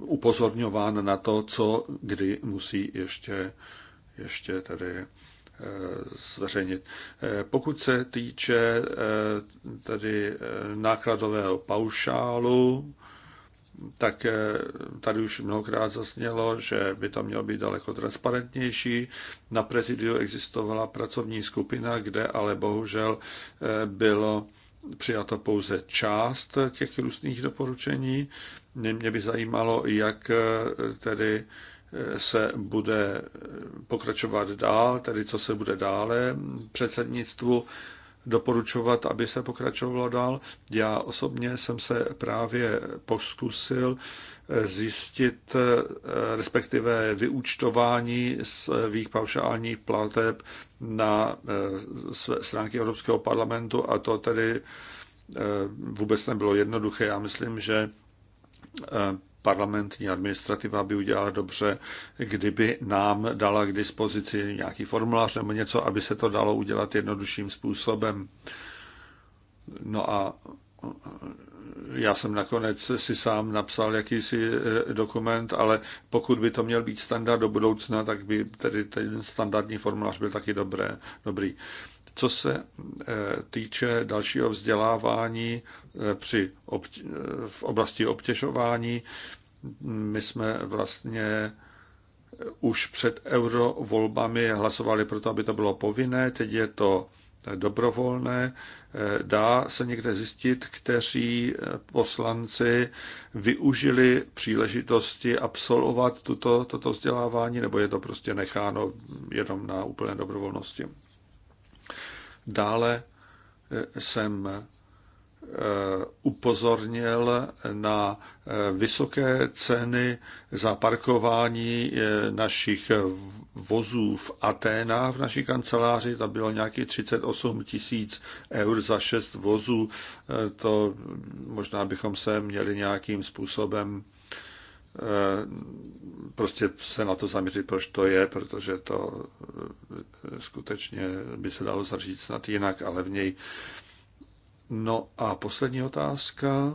[SPEAKER 3] upozorňován na to, co kdy musí ještě, ještě tedy eh, zveřejnit. Pokud se týče tedy nákladového paušálu, tak tady už mnohokrát zasnělo, že by to mělo být daleko transparentnější. Na prezidiu existovala pracovní skupina, kde ale bohužel bylo přijato pouze část těch různých doporučení. Mě by zajímalo, jak eh, tedy eh, se bude eh, pokračovat dál, tedy co se bude dále předsednictvu doporučovat, aby se pokračovalo dál. Já osobně jsem se právě poskusil eh, zjistit, eh, respektive vyúčtování svých eh, paušálních plateb na stránky Evropského parlamentu a to tedy vůbec nebylo jednoduché. Já myslím, že parlamentní administrativa by udělala dobře, kdyby nám dala k dispozici nějaký formulář nebo něco, aby se to dalo udělat jednodušším způsobem. No a já jsem nakonec si sám napsal jakýsi e, dokument, ale pokud by to měl být standard do budoucna, tak by tedy ten standardní formulář byl taky dobré, dobrý. Co se eh, týče dalšího vzdělávání eh, při eh, v oblasti obtěžování, my jsme vlastně už před eurovolbami hlasovali pro to, aby to bylo povinné, teď je to dobrovolné. Dá se někde zjistit, kteří poslanci využili příležitosti absolvovat tuto, toto vzdělávání, nebo je to prostě necháno jenom na úplné dobrovolnosti? Dále eh, jsem eh, upozornil na eh, vysoké ceny za parkování našich vozů v Aténách v naší kanceláři. To bylo nějakých 38 tisíc eur za šest vozů. To možná bychom se měli nějakým způsobem Eh, prostě se na to zaměřit, proč to je, protože to eh, skutečně by se dalo zařídit snad jinak a levněji. No a poslední otázka.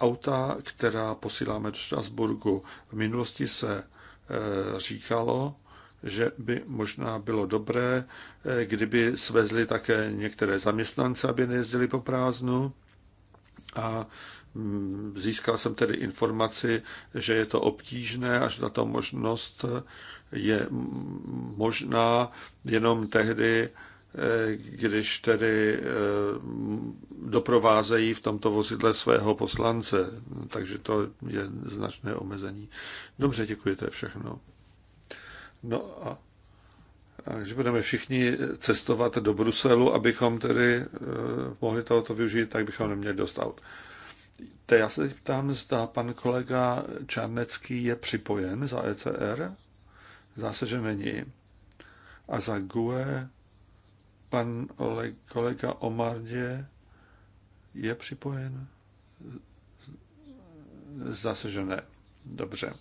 [SPEAKER 3] Auta, která posíláme do Štrasburgu. V minulosti se eh, říkalo, že by možná bylo dobré, kdyby svezli také některé zaměstnance, aby nejezdili po prázdnu. A Získal jsem tedy informaci, že je to obtížné a že tato možnost je možná jenom tehdy, když tedy eh, doprovázejí v tomto vozidle svého poslance. Takže to je značné omezení. Dobře, děkuji, to je všechno. No a takže budeme všichni cestovat do Bruselu, abychom tedy eh, mohli tohoto využít, tak bychom neměli dost aut. To já se ptám, zda pan kolega Čarnecký je připojen za ECR. Zdá se, že není. A za GUE pan kolega Omardě je připojen? Zdá se, že ne. Dobře.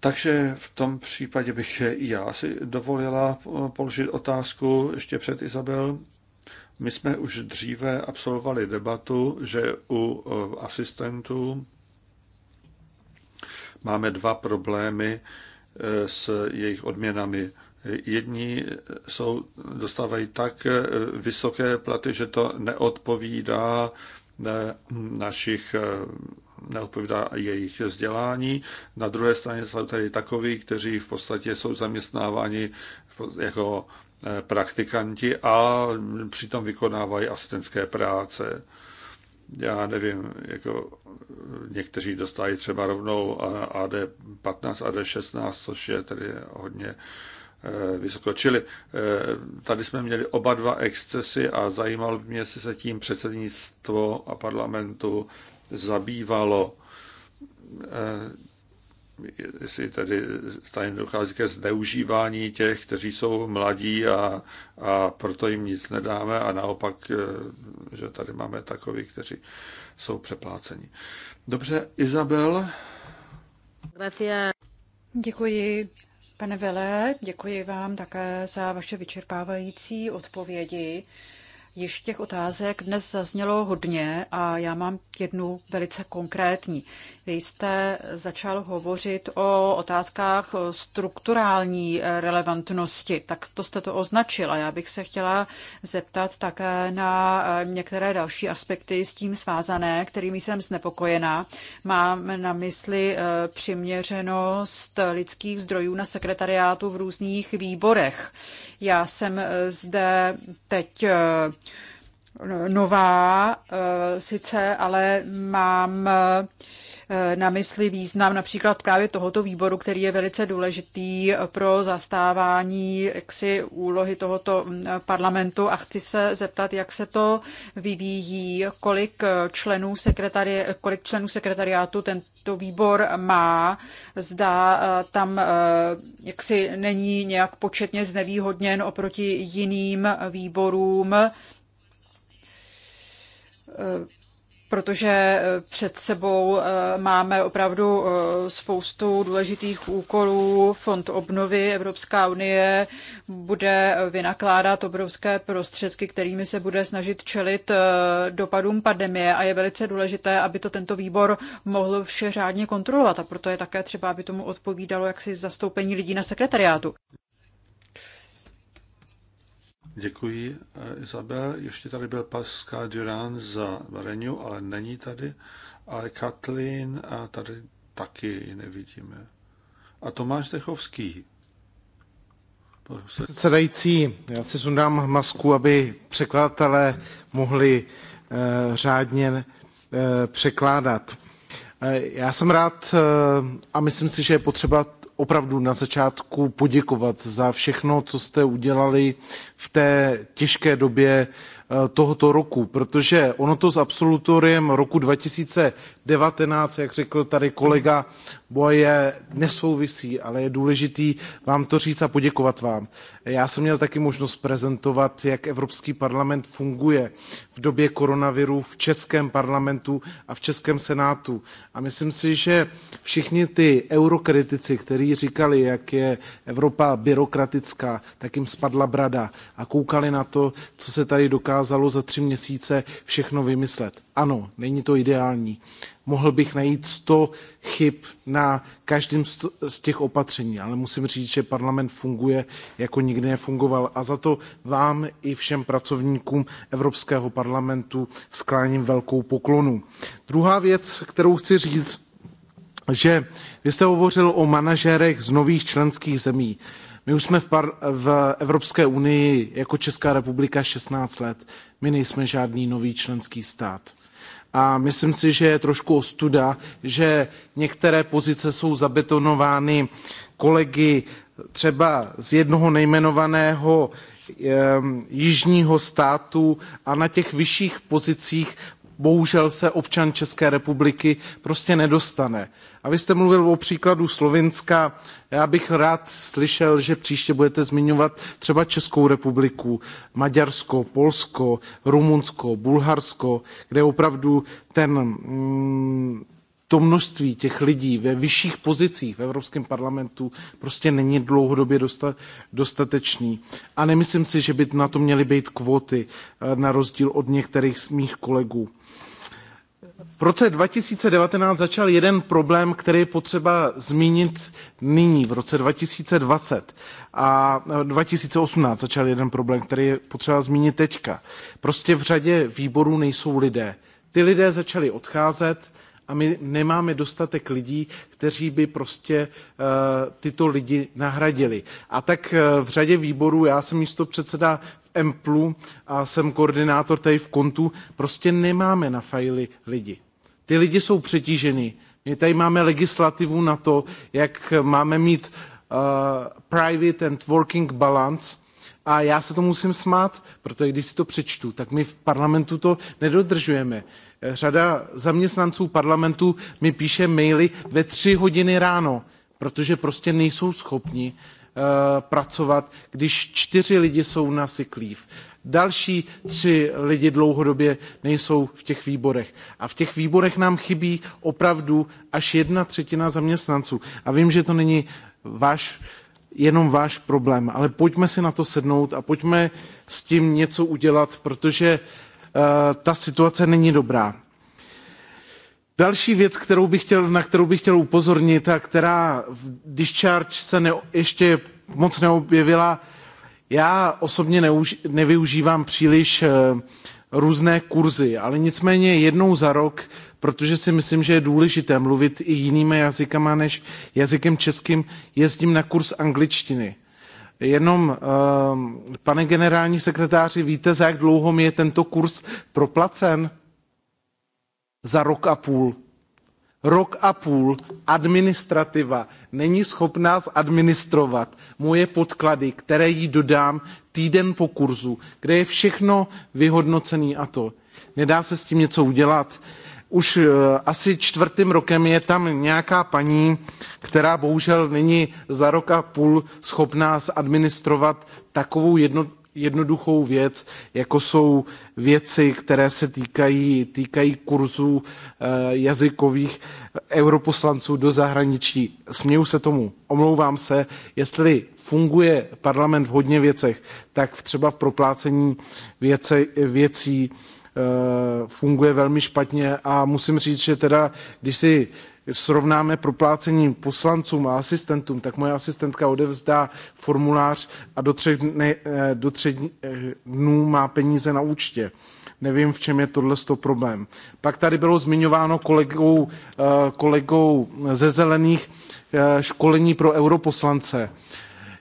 [SPEAKER 3] Takže v tom případě bych i já si dovolila položit otázku ještě před Izabel. My jsme už dříve absolvovali debatu, že u e, asistentů máme dva problémy e, s jejich odměnami. Jedni jsou, dostávají tak e, vysoké platy, že to neodpovídá našich neodpovídá jejich vzdělání. Na druhé straně jsou tady takoví, kteří v podstatě jsou zaměstnáváni jako Eh, praktikanti a přitom vykonávají asistentské práce. Já nevím, jako eh, někteří dostávají třeba rovnou AD15, AD16, což je tedy hodně eh, vysoko. Čili tady jsme měli oba dva excesy a zajímalo mě, jestli se tím předsednictvo a parlamentu zabývalo jestli tady, tady dochází ke zneužívání těch, kteří jsou mladí a, a proto jim nic nedáme a naopak, eh, že tady máme takový, kteří jsou přepláceni. Dobře, Izabel.
[SPEAKER 1] Děkuji, pane Vele, děkuji vám také za vaše vyčerpávající odpovědi. Již těch otázek dnes zaznělo hodně a já mám jednu velice konkrétní. Vy jste začal hovořit o otázkách strukturální relevantnosti, tak to jste to označil a já bych se chtěla zeptat také na eh, některé další aspekty s tím svázané, kterými jsem znepokojená. Mám na mysli eh, přiměřenost lidských zdrojů na sekretariátu v různých výborech. Já jsem eh, zde teď nová, eh, sice, ale mám eh, Eh, na mysli význam například právě tohoto výboru, který je velice důležitý eh, pro zastávání jaksi, úlohy tohoto mm, eh, parlamentu a chci se zeptat, jak se to vyvíjí, kolik členů, sekretari, kolik členů sekretariátu tento výbor má, zda tam jaksi není nějak početně znevýhodněn oproti jiným výborům, protože eh, před sebou eh, máme opravdu eh, spoustu důležitých úkolů. Fond obnovy Evropská unie bude vynakládat obrovské prostředky, kterými se bude snažit čelit dopadům pandemie a je velice důležité, aby to tento výbor mohl vše řádně kontrolovat a proto je také třeba, aby tomu odpovídalo jaksi zastoupení lidí na sekretariátu.
[SPEAKER 3] Děkuji, eh, Izabel. Ještě tady byl Pascal Durán za Vareniu, ale není tady. Ale Katlin a tady taky ji nevidíme. A Tomáš Dechovský.
[SPEAKER 4] Předsedající, já si sundám masku, aby překladatelé mohli eh, řádně eh, překládat. Eh, já jsem rád eh, a myslím si, že je potřeba opravdu na začátku poděkovat za všechno, co jste udělali v té těžké době eh, tohoto roku, protože ono to s absolutoriem roku 2019, jak řekl tady kolega boje nesouvisí, ale je důležitý vám to říct a poděkovat vám. Já jsem měl taky možnost prezentovat, jak Evropský parlament funguje v době koronaviru v Českém parlamentu a v Českém senátu. A myslím si, že všichni ty eurokritici, kteří říkali, jak je Evropa byrokratická, tak jim spadla brada a koukali na to, co se tady dokázalo za tři měsíce všechno vymyslet. Ano, není to ideální, mohl bych najít 100 chyb na každém z těch opatření, ale musím říct, že parlament funguje jako nikdy nefungoval a za to vám i všem pracovníkům Evropského parlamentu skláním velkou poklonu. Druhá věc, kterou chci říct, že vy jste hovořil o manažérech z nových členských zemí. My už jsme v, par, v Evropské unii jako Česká republika 16 let. My nejsme žádný nový členský stát a myslím si, že je trošku ostuda, že některé pozice jsou zabetonovány kolegy třeba z jednoho nejmenovaného ehm, jižního státu a na těch vyšších pozicích bohužel se občan České republiky prostě nedostane. A vy jste mluvil o příkladu Slovinska. Já bych rád slyšel, že příště budete zmiňovat třeba Českou republiku, Maďarsko, Polsko, Rumunsko, Bulharsko, kde opravdu ten mm, to množství těch lidí ve vyšších pozicích v Evropském parlamentu prostě není dlouhodobě dosta, dostatečný. A nemyslím si, že by na to měly být kvóty, eh, na rozdíl od některých z mých kolegů. V roce 2019 začal jeden problém, který je potřeba zmínit nyní, v roce 2020. A 2018 začal jeden problém, který je potřeba zmínit teďka. Prostě v řadě výborů nejsou lidé. Ty lidé začali odcházet, a my nemáme dostatek lidí, kteří by prostě uh, tyto lidi nahradili. A tak uh, v řadě výborů, já jsem místo předseda Emplu a jsem koordinátor tady v Kontu, prostě nemáme na fajly lidi. Ty lidi jsou přetížený. My tady máme legislativu na to, jak máme mít uh, private and working balance, a já se to musím smát, protože když si to přečtu, tak my v parlamentu to nedodržujeme. Eh, řada zaměstnanců parlamentu mi píše maily ve tři hodiny ráno, protože prostě nejsou schopni uh, pracovat, když čtyři lidi jsou na sick leave. Další tři lidi dlouhodobě nejsou v těch výborech. A v těch výborech nám chybí opravdu až jedna třetina zaměstnanců. A vím, že to není váš jenom váš problém, ale pojďme si na to sednout a pojďme s tím něco udělat, protože uh, ta situace není dobrá. Další věc, kterou bych chtěl, na kterou bych chtěl upozornit a která v Discharge se ne, ještě moc neobjevila, já osobně neuž, nevyužívám příliš uh, různé kurzy, ale nicméně jednou za rok protože si myslím, že je důležité mluvit i jinými jazykama než jazykem českým. Jezdím na kurz angličtiny. Jenom, ehm, pane generální sekretáři, víte, za jak dlouho mi je tento kurz proplacen? Za rok a půl. Rok a půl administrativa není schopná zadministrovat moje podklady, které jí dodám týden po kurzu, kde je všechno vyhodnocené a to. Nedá se s tím něco udělat? už eh, asi čtvrtým rokem je tam nějaká paní, která bohužel není za rok a půl schopná zadministrovat takovou jedno, jednoduchou věc, jako jsou věci, které se týkají, týkají kurzů eh, jazykových europoslanců do zahraničí. Směju se tomu, omlouvám se, jestli funguje parlament v hodně věcech, tak třeba v proplácení věce, věcí Eh, funguje velmi špatně a musím říct, že teda, když si srovnáme proplácení poslancům a asistentům, tak moje asistentka odevzdá formulář a do třech, dne, eh, do třech eh, dnů má peníze na účtě. Nevím, v čem je tohle to problém. Pak tady bylo zmiňováno kolegou, kolegou ze zelených školení pro europoslance.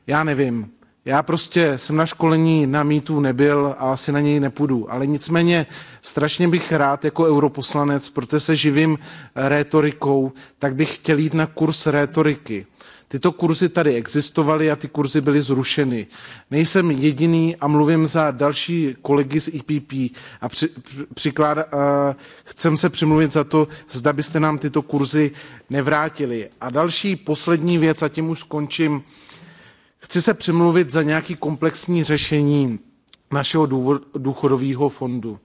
[SPEAKER 4] Já nevím já prostě jsem na školení na mítu nebyl a asi na něj nepůjdu, ale nicméně strašně bych rád jako europoslanec, protože se živím rétorikou, tak bych chtěl jít na kurz rétoriky. Tyto kurzy tady existovaly a ty kurzy byly zrušeny. Nejsem jediný a mluvím za další kolegy z IPP. E a při, přiklád, uh, chcem se přimluvit za to, zda byste nám tyto kurzy nevrátili. A další poslední věc, a tím už skončím, uh, Chci se přimluvit za nějaké komplexní řešení našeho důchodového fondu.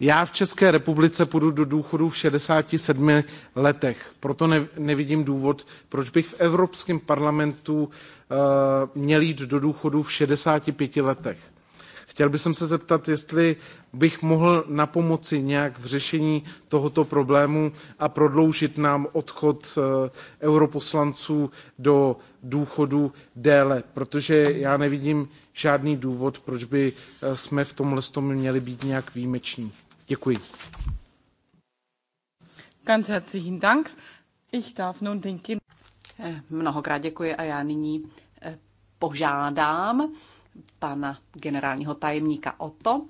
[SPEAKER 4] Já v České republice půjdu do důchodu v 67 letech, proto nevidím důvod, proč bych v Evropském parlamentu eh, měl jít do důchodu v 65 letech. Chtěl bych se zeptat, jestli bych mohl na pomoci nějak v řešení tohoto problému a prodloužit nám odchod eh, europoslanců do důchodu déle, protože já nevidím žádný důvod, proč by eh, jsme v tomhle tom měli být nějak výjimeční. Děkuji.
[SPEAKER 2] Ganz herzlichen Dank. Ich darf nun den eh, Mnohokrát děkuji a já nyní požádám pana generálního tajemníka o to,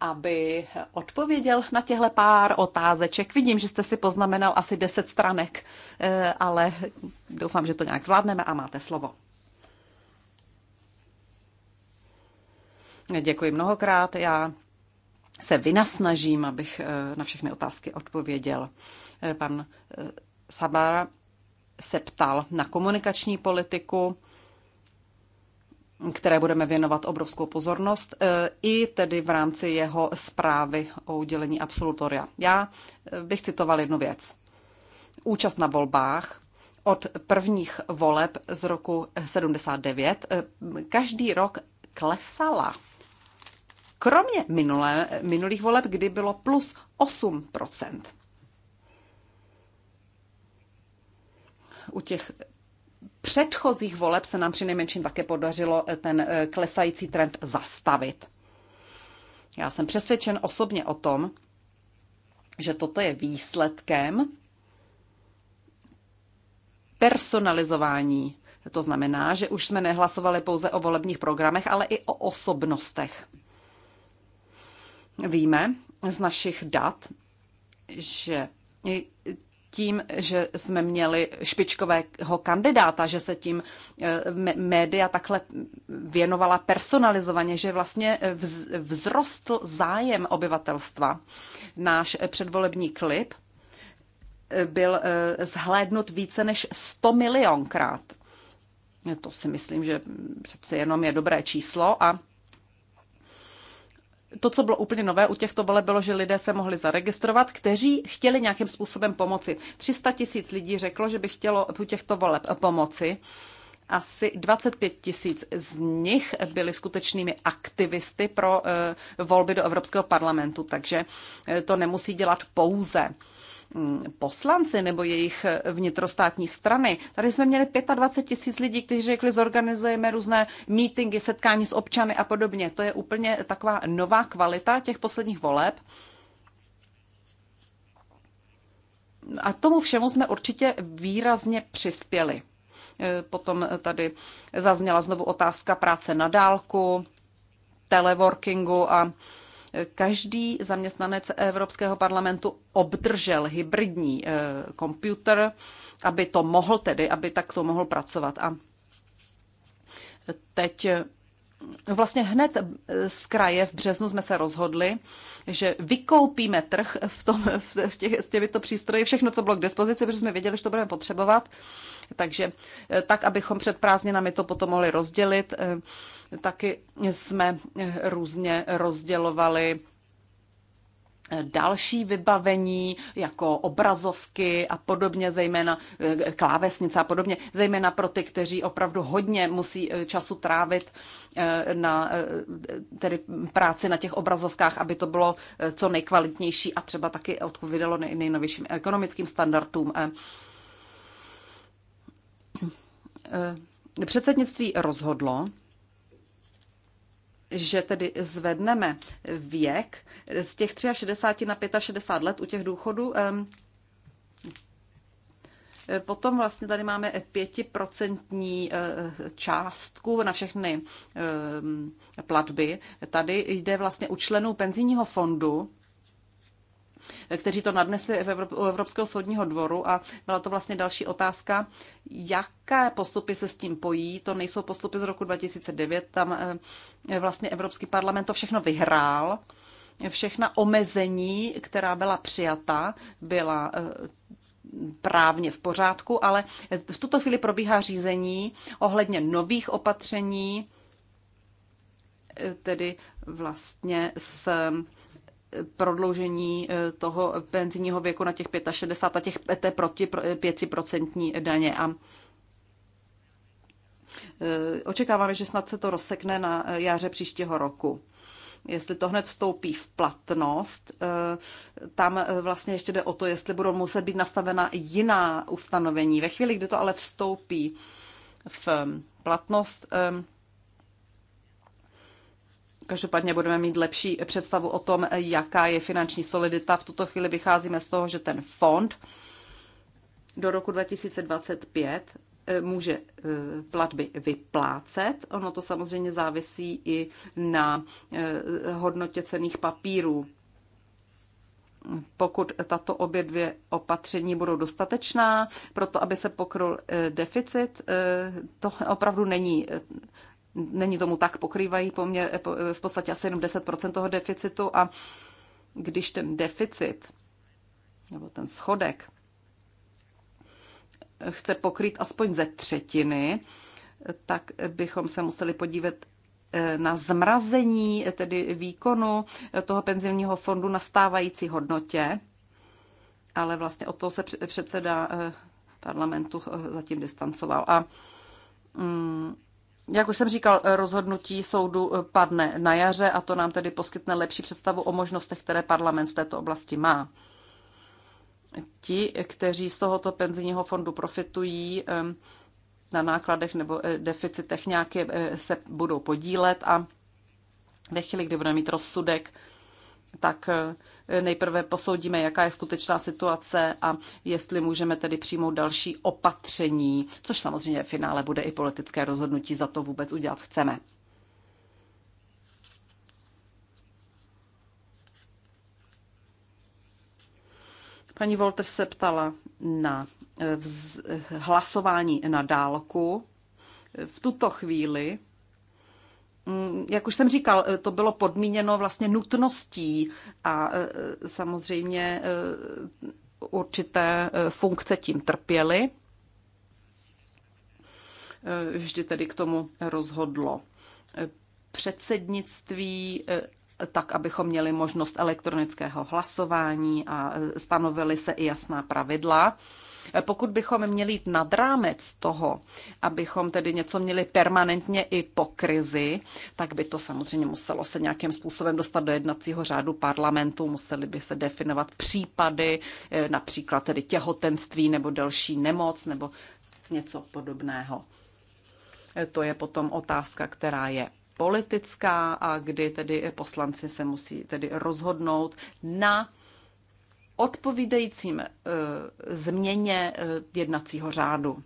[SPEAKER 2] aby odpověděl na těhle pár otázeček. Vidím, že jste si poznamenal asi deset stranek, eh, ale doufám, že to nějak zvládneme a máte slovo. Děkuji mnohokrát. Já se vynasnažím, abych eh, na všechny otázky odpověděl. Eh, pan Sabara se ptal na komunikační politiku které budeme věnovat obrovskou pozornost, eh, i tedy v rámci jeho zprávy o udělení absolutoria. Já eh, bych citoval jednu věc. Účast na volbách od prvních voleb z roku 79 eh, každý rok klesala. Kromě minulé, minulých voleb, kdy bylo plus 8 u těch předchozích voleb se nám přinejmenším také podařilo eh, ten eh, klesající trend zastavit. Já jsem přesvědčen osobně o tom, že toto je výsledkem personalizování. To znamená, že už jsme nehlasovali pouze o volebních programech, ale i o osobnostech. Víme z našich dat, že tím, že jsme měli špičkového kandidáta, že se tím eh, média takhle věnovala personalizovaně, že vlastně vzrostl zájem obyvatelstva. Náš předvolební klip eh, byl eh, zhlédnut více než 100 milionkrát. To si myslím, že přece jenom je dobré číslo a to, co bylo úplně nové u těchto voleb, bylo, že lidé se mohli zaregistrovat, kteří chtěli nějakým způsobem pomoci. 300 tisíc lidí řeklo, že by chtělo u těchto voleb pomoci. Asi 25 tisíc z nich byli skutečnými aktivisty pro eh, volby do Evropského parlamentu, takže eh, to nemusí dělat pouze Mm, poslanci nebo jejich vnitrostátní strany. Tady jsme měli 25 tisíc lidí, kteří řekli, zorganizujeme různé mítingy, setkání s občany a podobně. To je úplně taková nová kvalita těch posledních voleb. A tomu všemu jsme určitě výrazně přispěli. E, potom tady zazněla znovu otázka práce na dálku, teleworkingu a Každý zaměstnanec Evropského parlamentu obdržel hybridní eh, počítač, aby to mohl tedy, aby takto mohl pracovat. A teď eh, Vlastně hned eh, z kraje v březnu jsme se rozhodli, že vykoupíme trh v tom, v těch, s těmito přístroji, všechno, co bylo k dispozici, protože jsme věděli, že to budeme potřebovat. Takže eh, tak, abychom před prázdninami to potom mohli rozdělit, eh, taky jsme eh, různě rozdělovali další vybavení, jako obrazovky a podobně, zejména klávesnice a podobně, zejména pro ty, kteří opravdu hodně musí času trávit na tedy práci na těch obrazovkách, aby to bylo co nejkvalitnější a třeba taky odpovídalo nejnovějším ekonomickým standardům. Eh, předsednictví rozhodlo, že tedy zvedneme věk z těch 63 na 65 let u těch důchodů. Eh, potom vlastně tady máme pětiprocentní eh, částku na všechny platby. Tady jde vlastně u členů penzijního fondu kteří to nadnesli u Evropského soudního dvoru a byla to vlastně další otázka, jaké postupy se s tím pojí. To nejsou postupy z roku 2009, tam eh, vlastně Evropský parlament to všechno vyhrál. Všechna omezení, která byla přijata, byla eh, právně v pořádku, ale v tuto chvíli probíhá řízení ohledně nových opatření, eh, tedy vlastně s prodloužení eh, toho penzijního věku na těch 65 a těch eh, té proti 5% eh, daně. A očekáváme, že snad se to rozsekne na jaře příštího roku. Jestli to hned vstoupí v platnost, tam vlastně ještě jde o to, jestli budou muset být nastavena jiná ustanovení. Ve chvíli, kdy to ale vstoupí v platnost, Každopádně budeme mít lepší představu o tom, jaká je finanční solidita. V tuto chvíli vycházíme z toho, že ten fond do roku 2025 eh, může eh, platby vyplácet. Ono to samozřejmě závisí i na eh, hodnotě cených papírů. Pokud tato obě dvě opatření budou dostatečná pro to, aby se pokryl deficit, to opravdu není není tomu tak, pokrývají poměr, eh, eh, v podstatě asi jenom 10% toho deficitu a když ten deficit nebo ten schodek eh, chce pokrýt aspoň ze třetiny, tak bychom se museli podívat na zmrazení tedy výkonu toho penzijního fondu na stávající hodnotě, ale vlastně od toho se předseda parlamentu zatím distancoval. A mm, jak už jsem říkal, eh, rozhodnutí soudu eh, padne na jaře a to nám tedy poskytne lepší představu o možnostech, které parlament v této oblasti má. Ti, kteří z tohoto penzijního fondu profitují na nákladech nebo eh, deficitech nějaké, se budou podílet a ve chvíli, kdy budeme mít rozsudek, tak Nejprve posoudíme, jaká je skutečná situace a jestli můžeme tedy přijmout další opatření, což samozřejmě v finále bude i politické rozhodnutí, za to vůbec udělat chceme. Paní Volter se ptala na eh, eh, hlasování na dálku. V tuto chvíli Mm, jak už jsem říkal, eh, to bylo podmíněno vlastně nutností a eh, samozřejmě eh, určité funkce tím trpěly. Vždy tedy k tomu rozhodlo předsednictví, tak abychom měli možnost elektronického hlasování a stanovili se i jasná pravidla pokud bychom měli jít nad rámec toho, abychom tedy něco měli permanentně i po krizi, tak by to samozřejmě muselo se nějakým způsobem dostat do jednacího řádu parlamentu, museli by se definovat případy, eh, například tedy těhotenství nebo delší nemoc nebo něco podobného. Eh, to je potom otázka, která je politická a kdy tedy poslanci se musí tedy rozhodnout na odpovídajícím eh, změně eh, jednacího řádu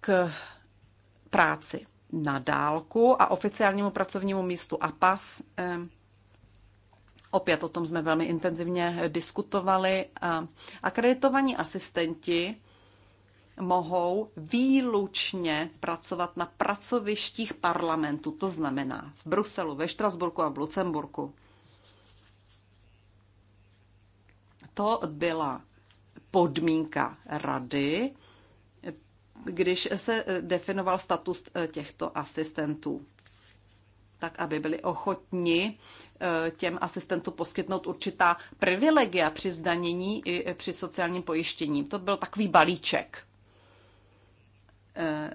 [SPEAKER 2] k práci na dálku a oficiálnímu pracovnímu místu APAS. Eh, opět o tom jsme velmi intenzivně diskutovali. Akreditovaní asistenti mohou výlučně pracovat na pracovištích parlamentu, to znamená v Bruselu, ve Štrasburku a v Lucemburku. to byla podmínka rady, když se eh, definoval status eh, těchto asistentů tak aby byli ochotni eh, těm asistentům poskytnout určitá privilegia při zdanění i při sociálním pojištění. To byl takový balíček.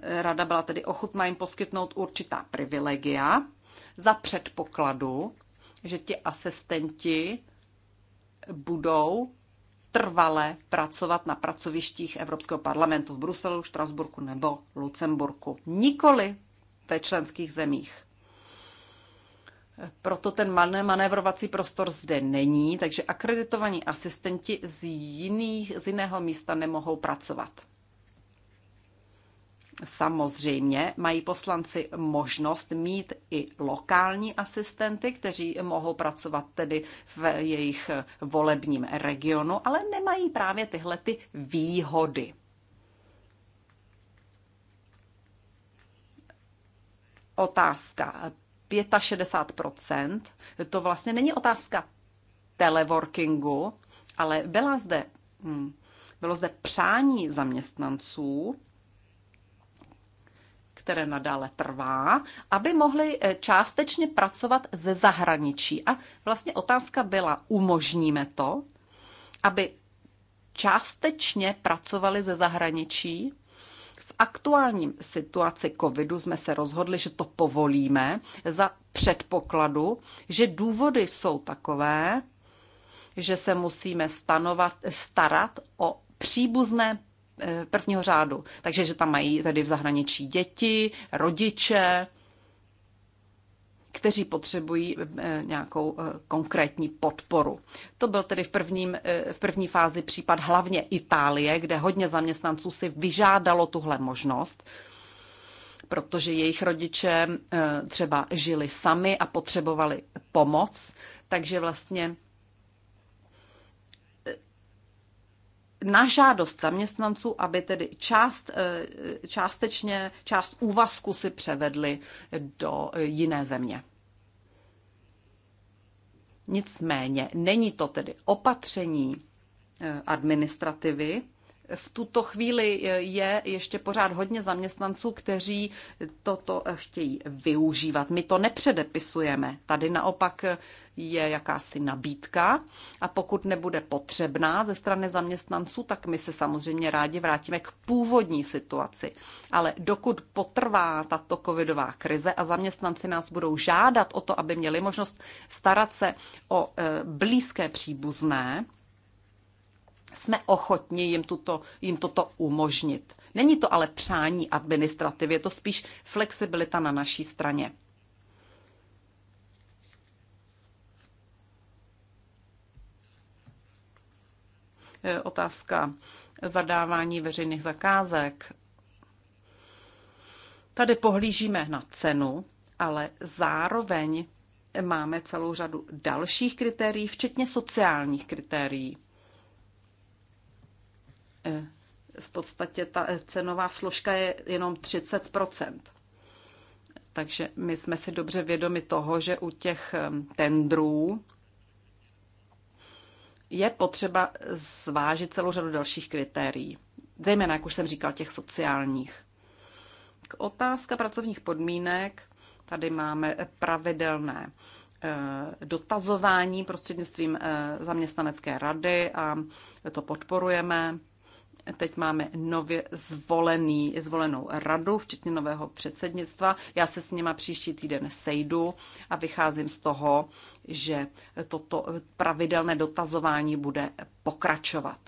[SPEAKER 2] Rada byla tedy ochotná jim poskytnout určitá privilegia za předpokladu, že ti asistenti budou trvale pracovat na pracovištích Evropského parlamentu v Bruselu, Štrasburku nebo Lucemburku. Nikoli ve členských zemích. Proto ten manévrovací prostor zde není, takže akreditovaní asistenti z, jiných, z jiného místa nemohou pracovat. Samozřejmě mají poslanci možnost mít i lokální asistenty, kteří mohou pracovat tedy v jejich volebním regionu, ale nemají právě tyhle ty výhody. Otázka 65%, to vlastně není otázka teleworkingu, ale byla zde, hmm, bylo zde přání zaměstnanců, které nadále trvá, aby mohli eh, částečně pracovat ze zahraničí. A vlastně otázka byla, umožníme to, aby částečně pracovali ze zahraničí. V aktuální situaci covidu jsme se rozhodli, že to povolíme za předpokladu, že důvody jsou takové, že se musíme stanovat, starat o příbuzné Eh, prvního řádu. Takže, že tam mají tady v zahraničí děti, rodiče, kteří potřebují eh, nějakou eh, konkrétní podporu. To byl tedy v, prvním, v první fázi případ hlavně Itálie, kde hodně zaměstnanců si vyžádalo tuhle možnost, protože jejich rodiče třeba žili sami a potřebovali pomoc, takže vlastně na žádost zaměstnanců, aby tedy část, eh, částečně část úvazku si převedli do jiné země. Nicméně není to tedy opatření eh, administrativy, v tuto chvíli je ještě pořád hodně zaměstnanců, kteří toto chtějí využívat. My to nepředepisujeme. Tady naopak je jakási nabídka a pokud nebude potřebná ze strany zaměstnanců, tak my se samozřejmě rádi vrátíme k původní situaci. Ale dokud potrvá tato covidová krize a zaměstnanci nás budou žádat o to, aby měli možnost starat se o e, blízké příbuzné, jsme ochotni jim, tuto, jim toto umožnit. Není to ale přání administrativy, je to spíš flexibilita na naší straně. Otázka zadávání veřejných zakázek. Tady pohlížíme na cenu, ale zároveň máme celou řadu dalších kritérií, včetně sociálních kritérií. Eh, v podstatě ta eh, cenová složka je jenom 30 Takže my jsme si dobře vědomi toho, že u těch eh, tendrů je potřeba zvážit celou řadu dalších kritérií, zejména, jak už jsem říkal, těch sociálních. K otázka pracovních podmínek, tady máme pravidelné dotazování prostřednictvím zaměstnanecké rady a to podporujeme teď máme nově zvolený, zvolenou radu, včetně nového předsednictva. Já se s nima příští týden sejdu a vycházím z toho, že toto pravidelné dotazování bude pokračovat.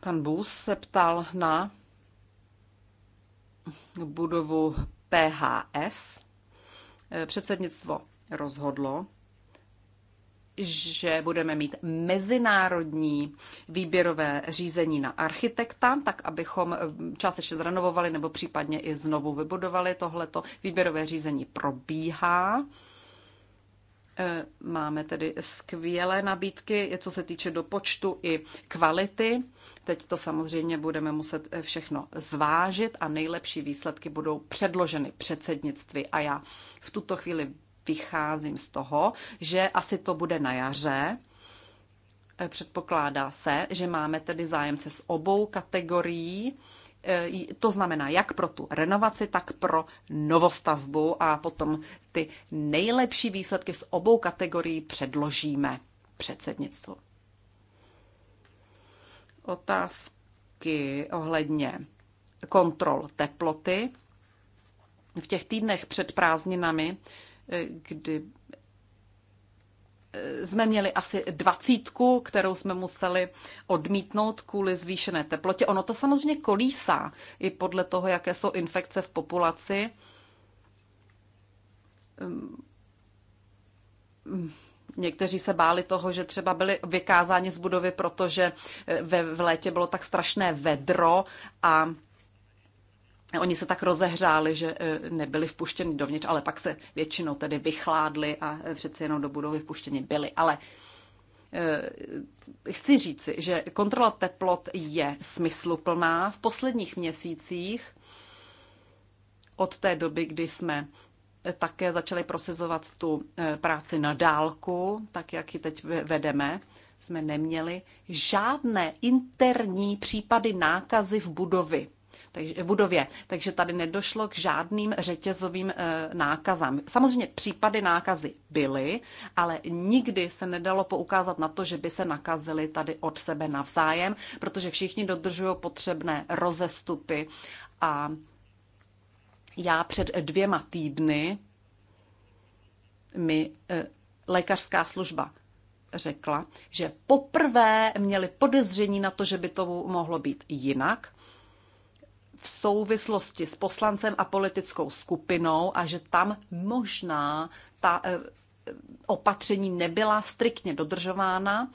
[SPEAKER 2] Pan Bůz se ptal na budovu PHS. Eh, předsednictvo rozhodlo, že budeme mít mezinárodní výběrové řízení na architekta, tak abychom eh, částečně zrenovovali nebo případně i znovu vybudovali. Tohleto výběrové řízení probíhá. Eh, máme tedy skvělé nabídky, co se týče do počtu i kvality. Teď to samozřejmě budeme muset eh, všechno zvážit a nejlepší výsledky budou předloženy předsednictví. A já v tuto chvíli vycházím z toho, že asi to bude na jaře. Eh, předpokládá se, že máme tedy zájemce z obou kategorií Eh, to znamená jak pro tu renovaci, tak pro novostavbu a potom ty nejlepší výsledky z obou kategorií předložíme předsednictvu. Otázky ohledně kontrol teploty. V těch týdnech před prázdninami, eh, kdy jsme měli asi dvacítku, kterou jsme museli odmítnout kvůli zvýšené teplotě. Ono to samozřejmě kolísá i podle toho, jaké jsou infekce v populaci. Někteří se báli toho, že třeba byli vykázáni z budovy, protože ve, v létě bylo tak strašné vedro a Oni se tak rozehřáli, že e, nebyli vpuštěni dovnitř, ale pak se většinou tedy vychládli a e, přeci jenom do budovy vpuštěni byli. Ale e, chci říci, že kontrola teplot je smysluplná. V posledních měsících od té doby, kdy jsme také začali prosizovat tu práci na dálku, tak jak ji teď vedeme, jsme neměli žádné interní případy nákazy v budově takže, eh, budově. Takže tady nedošlo k žádným řetězovým eh, nákazám. Samozřejmě případy nákazy byly, ale nikdy se nedalo poukázat na to, že by se nakazili tady od sebe navzájem, protože všichni dodržují potřebné rozestupy a já před dvěma týdny mi eh, lékařská služba řekla, že poprvé měli podezření na to, že by to mohlo být jinak, v souvislosti s poslancem a politickou skupinou a že tam možná ta eh, opatření nebyla striktně dodržována.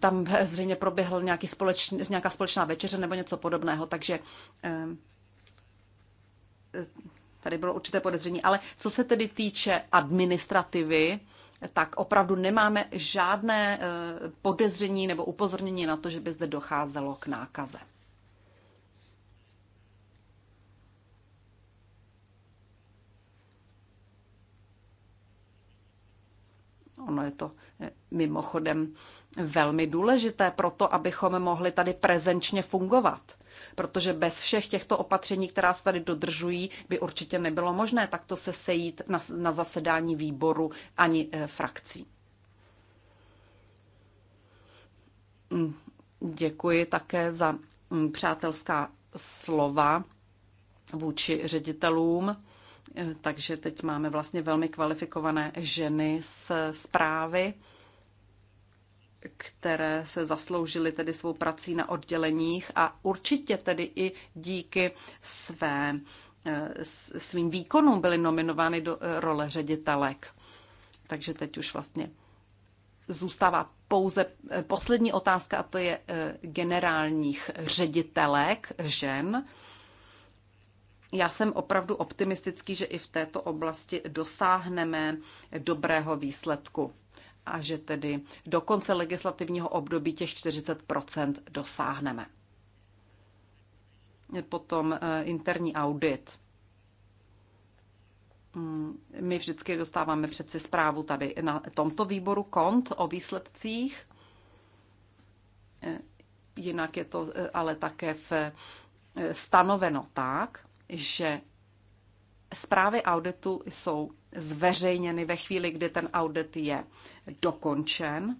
[SPEAKER 2] Tam eh, zřejmě proběhl nějaký společný, nějaká společná večeře nebo něco podobného, takže eh, tady bylo určité podezření. Ale co se tedy týče administrativy, tak opravdu nemáme žádné podezření nebo upozornění na to, že by zde docházelo k nákaze. Ono je to eh, mimochodem velmi důležité pro to, abychom mohli tady prezenčně fungovat. Protože bez všech těchto opatření, která se tady dodržují, by určitě nebylo možné takto se sejít na, na zasedání výboru ani e, frakcí. Mm, děkuji také za mm, přátelská slova vůči ředitelům Eh, takže teď máme vlastně velmi kvalifikované ženy z zprávy, které se zasloužily tedy svou prací na odděleních a určitě tedy i díky své, eh, svým výkonům byly nominovány do eh, role ředitelek. Takže teď už vlastně zůstává pouze poslední otázka, a to je generálních ředitelek žen já jsem opravdu optimistický, že i v této oblasti dosáhneme dobrého výsledku a že tedy do konce legislativního období těch 40 dosáhneme. Potom eh, interní audit. Mm, my vždycky dostáváme přeci zprávu tady na tomto výboru kont o výsledcích. Eh, jinak je to eh, ale také v stanoveno tak, že zprávy auditu jsou zveřejněny ve chvíli, kdy ten audit je dokončen.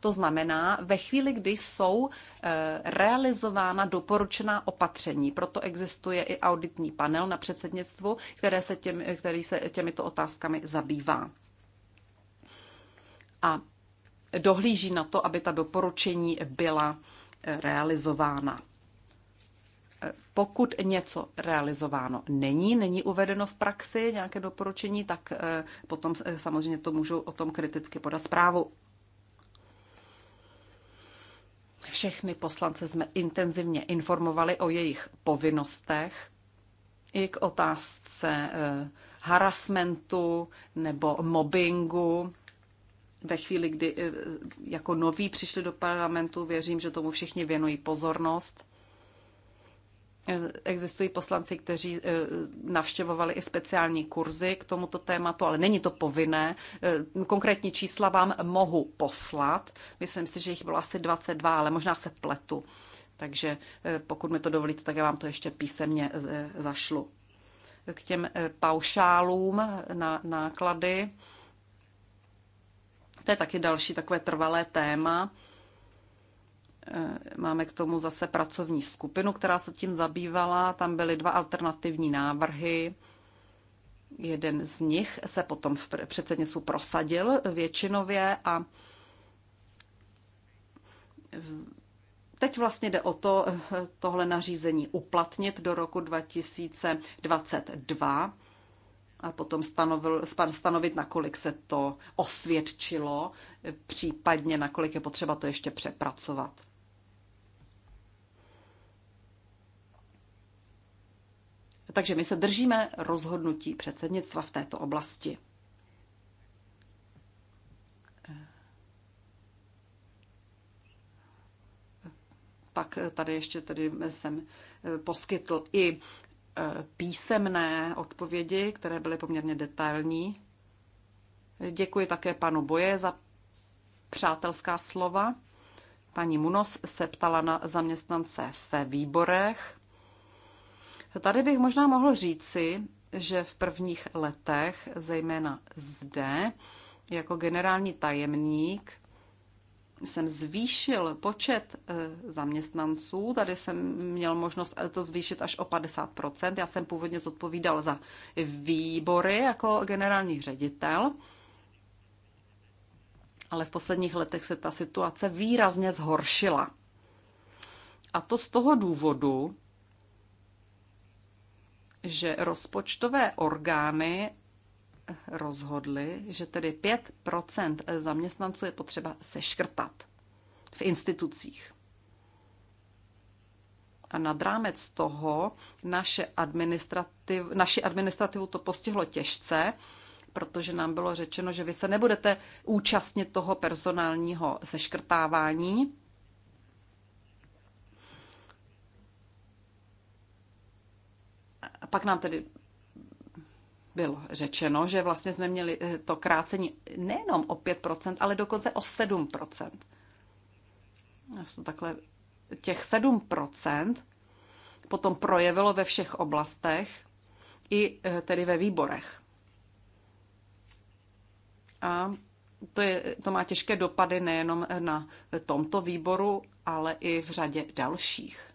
[SPEAKER 2] To znamená, ve chvíli, kdy jsou eh, realizována doporučená opatření. Proto existuje i auditní panel na předsednictvu, které se těmi eh, který se těmito otázkami zabývá. A dohlíží na to, aby ta doporučení byla eh, realizována pokud něco realizováno není, není uvedeno v praxi nějaké doporučení, tak eh, potom eh, samozřejmě to můžou o tom kriticky podat zprávu. Všechny poslance jsme intenzivně informovali o jejich povinnostech i k otázce eh, harasmentu nebo mobbingu. Ve chvíli, kdy jako noví přišli do parlamentu, věřím, že tomu všichni věnují pozornost. Existují poslanci, kteří eh, navštěvovali i speciální kurzy k tomuto tématu, ale není to povinné. Eh, konkrétní čísla vám mohu poslat. Myslím si, že jich bylo asi 22, ale možná se pletu. Takže eh, pokud mi to dovolíte, tak já vám to ještě písemně zašlu. K těm paušálům na náklady. To je taky další takové trvalé téma. Eh, máme k tomu zase pracovní skupinu, která se tím zabývala. Tam byly dva alternativní návrhy. Jeden z nich se potom v předsednictvu prosadil většinově a Teď vlastně jde o to, eh, tohle nařízení uplatnit do roku 2022 a potom stanovil, stanovit, nakolik se to osvědčilo, eh, případně nakolik je potřeba to ještě přepracovat. Takže my se držíme rozhodnutí předsednictva v této oblasti. Pak tady ještě tady jsem poskytl i e, písemné odpovědi, které byly poměrně detailní. Děkuji také panu Boje za přátelská slova. Paní Munos se ptala na zaměstnance ve výborech. No, tady bych možná mohl říci, že v prvních letech, zejména zde, jako generální tajemník, jsem zvýšil počet eh, zaměstnanců. Tady jsem měl možnost eh, to zvýšit až o 50%. Já jsem původně zodpovídal za výbory jako generální ředitel, ale v posledních letech se ta situace výrazně zhoršila. A to z toho důvodu, že rozpočtové orgány rozhodly, že tedy 5 zaměstnanců je potřeba seškrtat v institucích. A nad rámec toho naše administrativ, naši administrativu to postihlo těžce, protože nám bylo řečeno, že vy se nebudete účastnit toho personálního seškrtávání, pak nám tedy bylo řečeno, že vlastně jsme měli eh, to krácení nejenom o 5%, ale dokonce o 7%. To takhle těch 7% potom projevilo ve všech oblastech i eh, tedy ve výborech. A to, je, to má těžké dopady nejenom na tomto výboru, ale i v řadě dalších.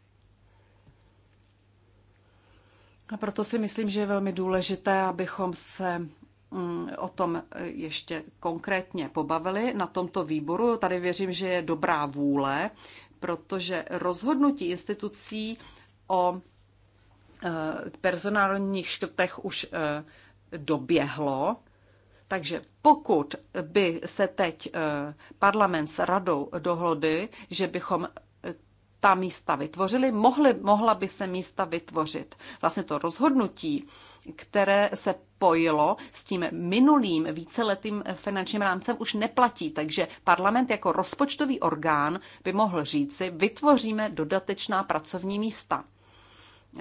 [SPEAKER 2] A proto si myslím, že je velmi důležité, abychom se mm, o tom e, ještě konkrétně pobavili na tomto výboru. Tady věřím, že je dobrá vůle, protože rozhodnutí institucí o e, personálních škrtech už e, doběhlo. Takže pokud by se teď parlament s radou dohodl, že bychom ta místa vytvořili, mohly, mohla by se místa vytvořit. Vlastně to rozhodnutí, které se pojilo s tím minulým víceletým finančním rámcem, už neplatí. Takže parlament jako rozpočtový orgán by mohl říci, vytvoříme dodatečná pracovní místa.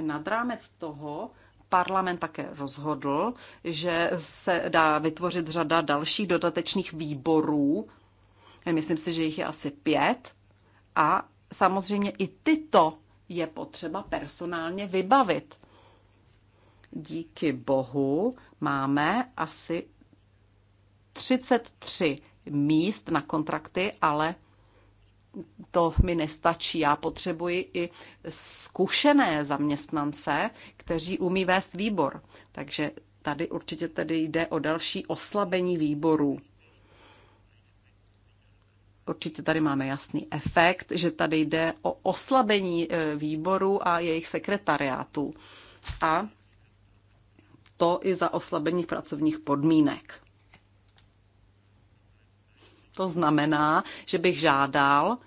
[SPEAKER 2] Nad rámec toho parlament také rozhodl, že se dá vytvořit řada dalších dodatečných výborů. Myslím si, že jich je asi pět. A samozřejmě i tyto je potřeba personálně vybavit. Díky bohu máme asi 33 míst na kontrakty, ale to mi nestačí. Já potřebuji i zkušené zaměstnance, kteří umí vést výbor. Takže tady určitě tedy jde o další oslabení výborů. Určitě tady máme jasný efekt, že tady jde o oslabení e, výboru a jejich sekretariátů. A to i za oslabení pracovních podmínek. To znamená, že bych žádal,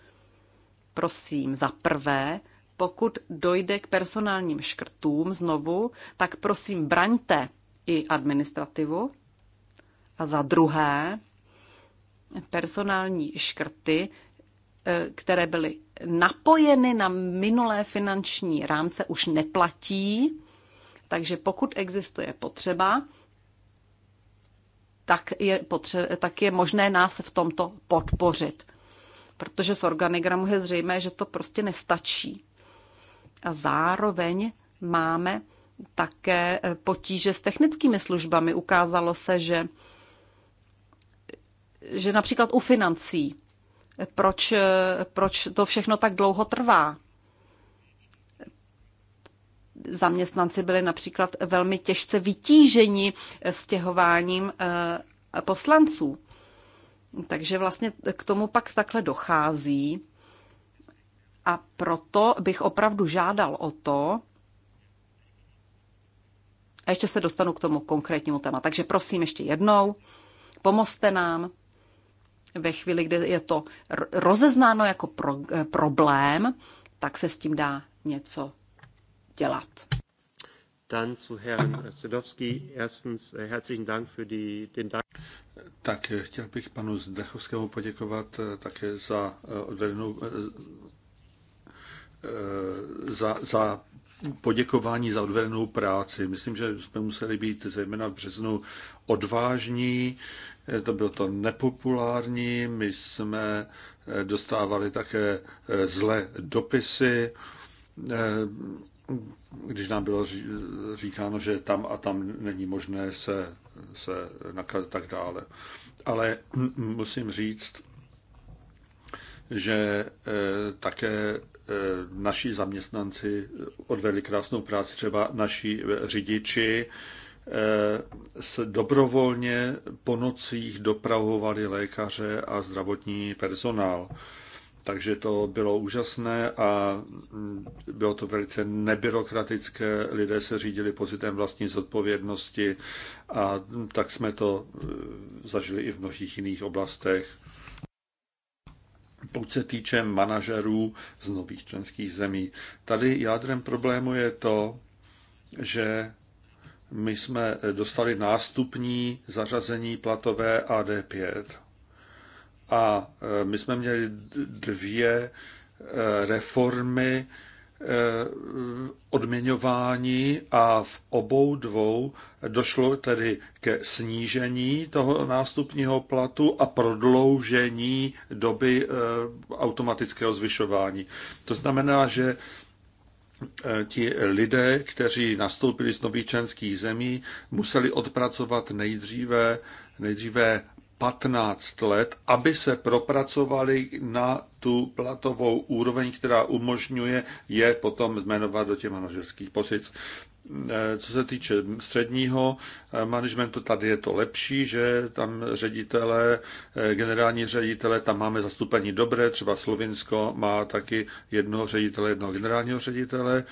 [SPEAKER 2] prosím, za prvé, pokud dojde k personálním škrtům znovu, tak prosím, braňte i administrativu. A za druhé, personální škrty, eh, které byly napojeny na minulé finanční rámce, už neplatí. Takže pokud existuje potřeba, tak je, potře- tak je možné nás v tomto podpořit. Protože z organigramu je zřejmé, že to prostě nestačí. A zároveň máme také eh, potíže s technickými službami. Ukázalo se, že že například u financí, proč, proč to všechno tak dlouho trvá? Zaměstnanci byli například velmi těžce vytíženi stěhováním eh, poslanců. Takže vlastně k tomu pak takhle dochází. A proto bych opravdu žádal o to, a ještě se dostanu k tomu konkrétnímu téma. Takže prosím ještě jednou, pomozte nám, ve chvíli, kdy je to rozeznáno jako pro, eh, problém, tak se s tím dá něco dělat.
[SPEAKER 3] Dann zu Herrn Sedowski. Erstens äh, herzlichen Dank für die, den Dank. Tak eh, chtěl bych panu Zdechovskému poděkovat eh, také za odvedenou za, za poděkování za odvedenou práci. Myslím, že jsme museli být zejména v březnu odvážní, Eh, to bylo to nepopulární, my jsme eh, dostávali také eh, zlé dopisy, když nám bylo říkáno, že tam a tam není možné se, se nakazit tak dále. Ale hm, musím říct, že také naši zaměstnanci odvedli krásnou práci, třeba naši řidiči, Eh, se dobrovolně po nocích dopravovali lékaře a zdravotní personál. Takže to bylo úžasné a mm, bylo to velice nebyrokratické. Lidé se řídili pocitem vlastní zodpovědnosti a mm, tak jsme to eh, zažili i v mnohých jiných oblastech. Pokud se týče manažerů z nových členských zemí, tady jádrem problému je to, že my jsme eh, dostali nástupní zařazení platové AD5. A eh, my jsme měli dvě eh, reformy odměňování a v obou dvou došlo tedy ke snížení toho nástupního platu a prodloužení doby automatického zvyšování. To znamená, že Eh, ti lidé, kteří nastoupili z nových členských zemí, museli odpracovat nejdříve, nejdříve 15 let, aby se propracovali na tu platovou úroveň, která umožňuje je potom jmenovat do těch manažerských pozic. Eh, co se týče středního eh, managementu, tady je to lepší, že tam ředitele, eh, generální ředitele, tam máme zastupení dobré, třeba Slovinsko má taky jednoho ředitele, jednoho generálního ředitele.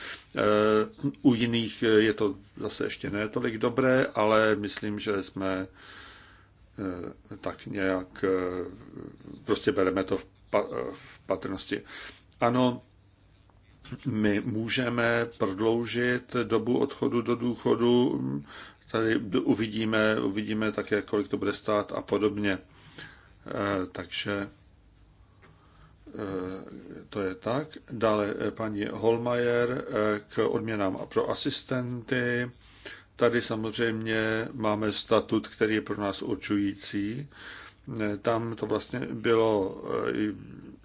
[SPEAKER 3] U jiných je to zase ještě ne tolik dobré, ale myslím, že jsme tak nějak prostě bereme to v patrnosti. Ano, my můžeme prodloužit dobu odchodu do důchodu, tady uvidíme, uvidíme také, kolik to bude stát a podobně. Eh, takže eh, to je tak. Dále eh, paní Holmajer k odměnám pro asistenty. Tady samozřejmě máme statut, který je pro nás určující. Tam to vlastně bylo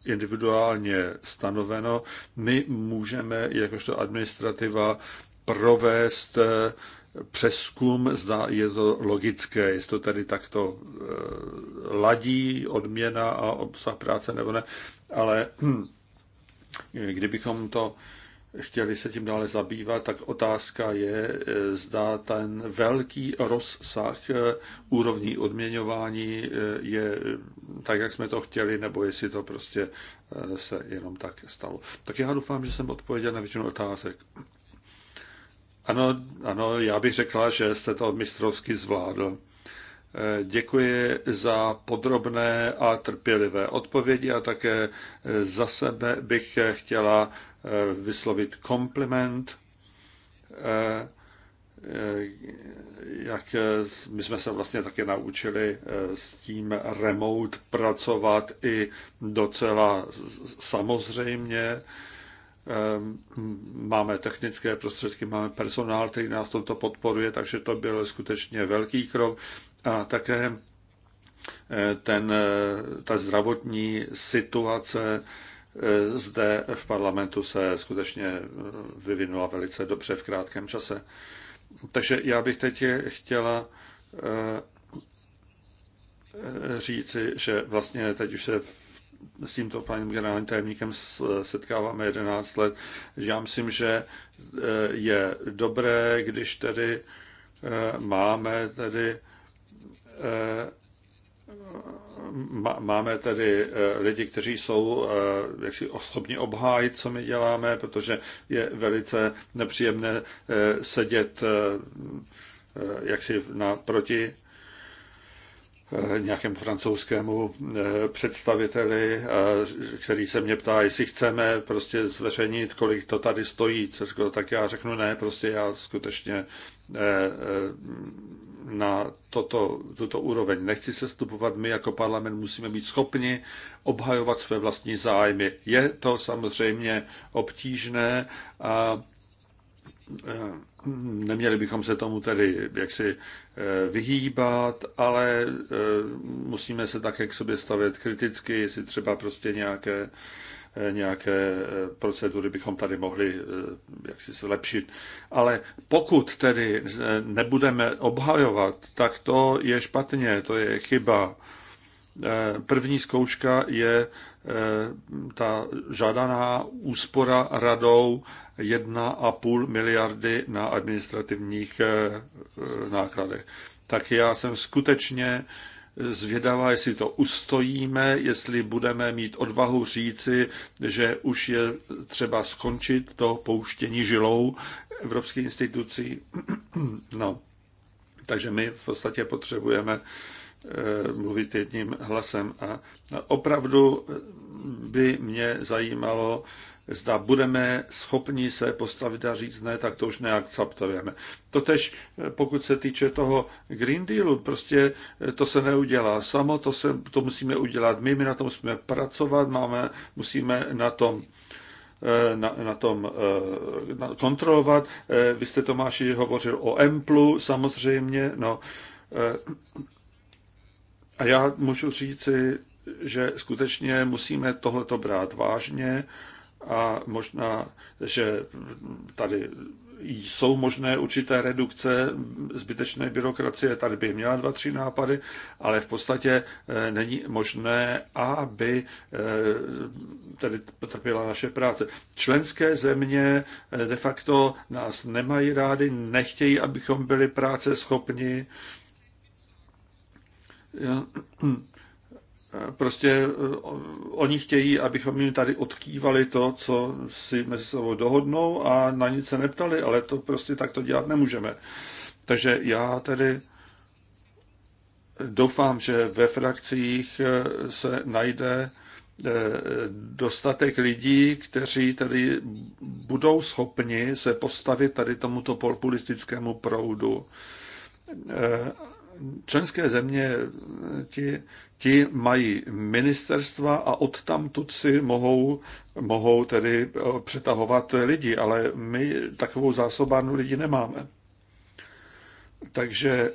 [SPEAKER 3] individuálně stanoveno. My můžeme, jakožto administrativa, provést eh, přeskum, zda je to logické, jestli to tady takto eh, ladí odměna a obsah práce nebo ne, ale hm, kdybychom to chtěli se tím dále zabývat, tak otázka je, e, zda ten velký rozsah e, úrovní odměňování e, je tak, jak jsme to chtěli, nebo jestli to prostě se jenom tak stalo. Tak já doufám, že jsem odpověděl na většinu otázek. Ano, ano, já bych řekla, že jste to mistrovsky zvládl. Děkuji za podrobné a trpělivé odpovědi a také za sebe bych chtěla Eh, vyslovit kompliment, eh, eh, jak my jsme se vlastně také naučili s tím remote pracovat i docela samozřejmě. Máme technické prostředky, máme personál, který nás tomto podporuje, takže to byl skutečně velký krok. A také ten, ta zdravotní situace Eh, zde v parlamentu se skutečně eh, vyvinula velice dobře v krátkém čase. Takže já bych teď chtěla eh, říci, že vlastně teď už se s tímto paním generálním tajemníkem setkáváme 11 let. Já myslím, že je dobré, když tedy máme tedy máme tedy eh, lidi, kteří jsou eh, jaksi osobně obhájit, co my děláme, protože je velice nepříjemné eh, sedět jaksi naproti nějakému francouzskému představiteli, který se mě ptá, jestli chceme prostě zveřejnit, kolik to tady stojí. No, tak já řeknu ne, prostě já skutečně na toto, tuto úroveň. Nechci se stupovat, my jako parlament musíme být schopni obhajovat své vlastní zájmy. Je to samozřejmě obtížné a eh, neměli bychom se tomu tedy jaksi eh, vyhýbat, ale eh, musíme se také k sobě stavět kriticky, jestli třeba prostě nějaké nějaké eh, procedury bychom tady mohli eh, jaksi zlepšit. Ale pokud tedy eh, nebudeme obhajovat, tak to je špatně, to je chyba. První zkouška je ta žádaná úspora radou 1,5 miliardy na administrativních nákladech. Tak já jsem skutečně zvědavá, jestli to ustojíme, jestli budeme mít odvahu říci, že už je třeba skončit to pouštění žilou evropských institucí. No, takže my v podstatě potřebujeme Eh, mluvit jedním hlasem. A opravdu by mě zajímalo, zda budeme schopni se postavit a říct ne, tak to už neakceptujeme. Totež eh, pokud se týče toho Green Dealu, prostě eh, to se neudělá samo, to, se, to musíme udělat my, my na tom musíme pracovat, máme, musíme na tom na, na tom na, kontrolovat. Vy jste, Tomáši, hovořil o Emplu, samozřejmě, no, a já můžu říci, že skutečně musíme tohleto brát vážně a možná, že tady jsou možné určité redukce zbytečné byrokracie, tady by měla dva, tři nápady, ale v podstatě eh, není možné, aby eh, tedy potrpěla naše práce. Členské země eh, de facto nás nemají rády, nechtějí, abychom byli práce schopni, prostě eh, oni chtějí, abychom jim tady odkývali to, co si mezi sebou dohodnou a na nic se neptali, ale to prostě takto dělat nemůžeme. Takže já tedy doufám, že ve frakcích eh, se najde eh, dostatek lidí, kteří tedy budou schopni se postavit tady tomuto populistickému proudu členské země eh, ti, ti mají ministerstva a odtamtud si mohou, mohou tedy eh, přetahovat lidi, ale my takovou zásobárnu lidi nemáme. Takže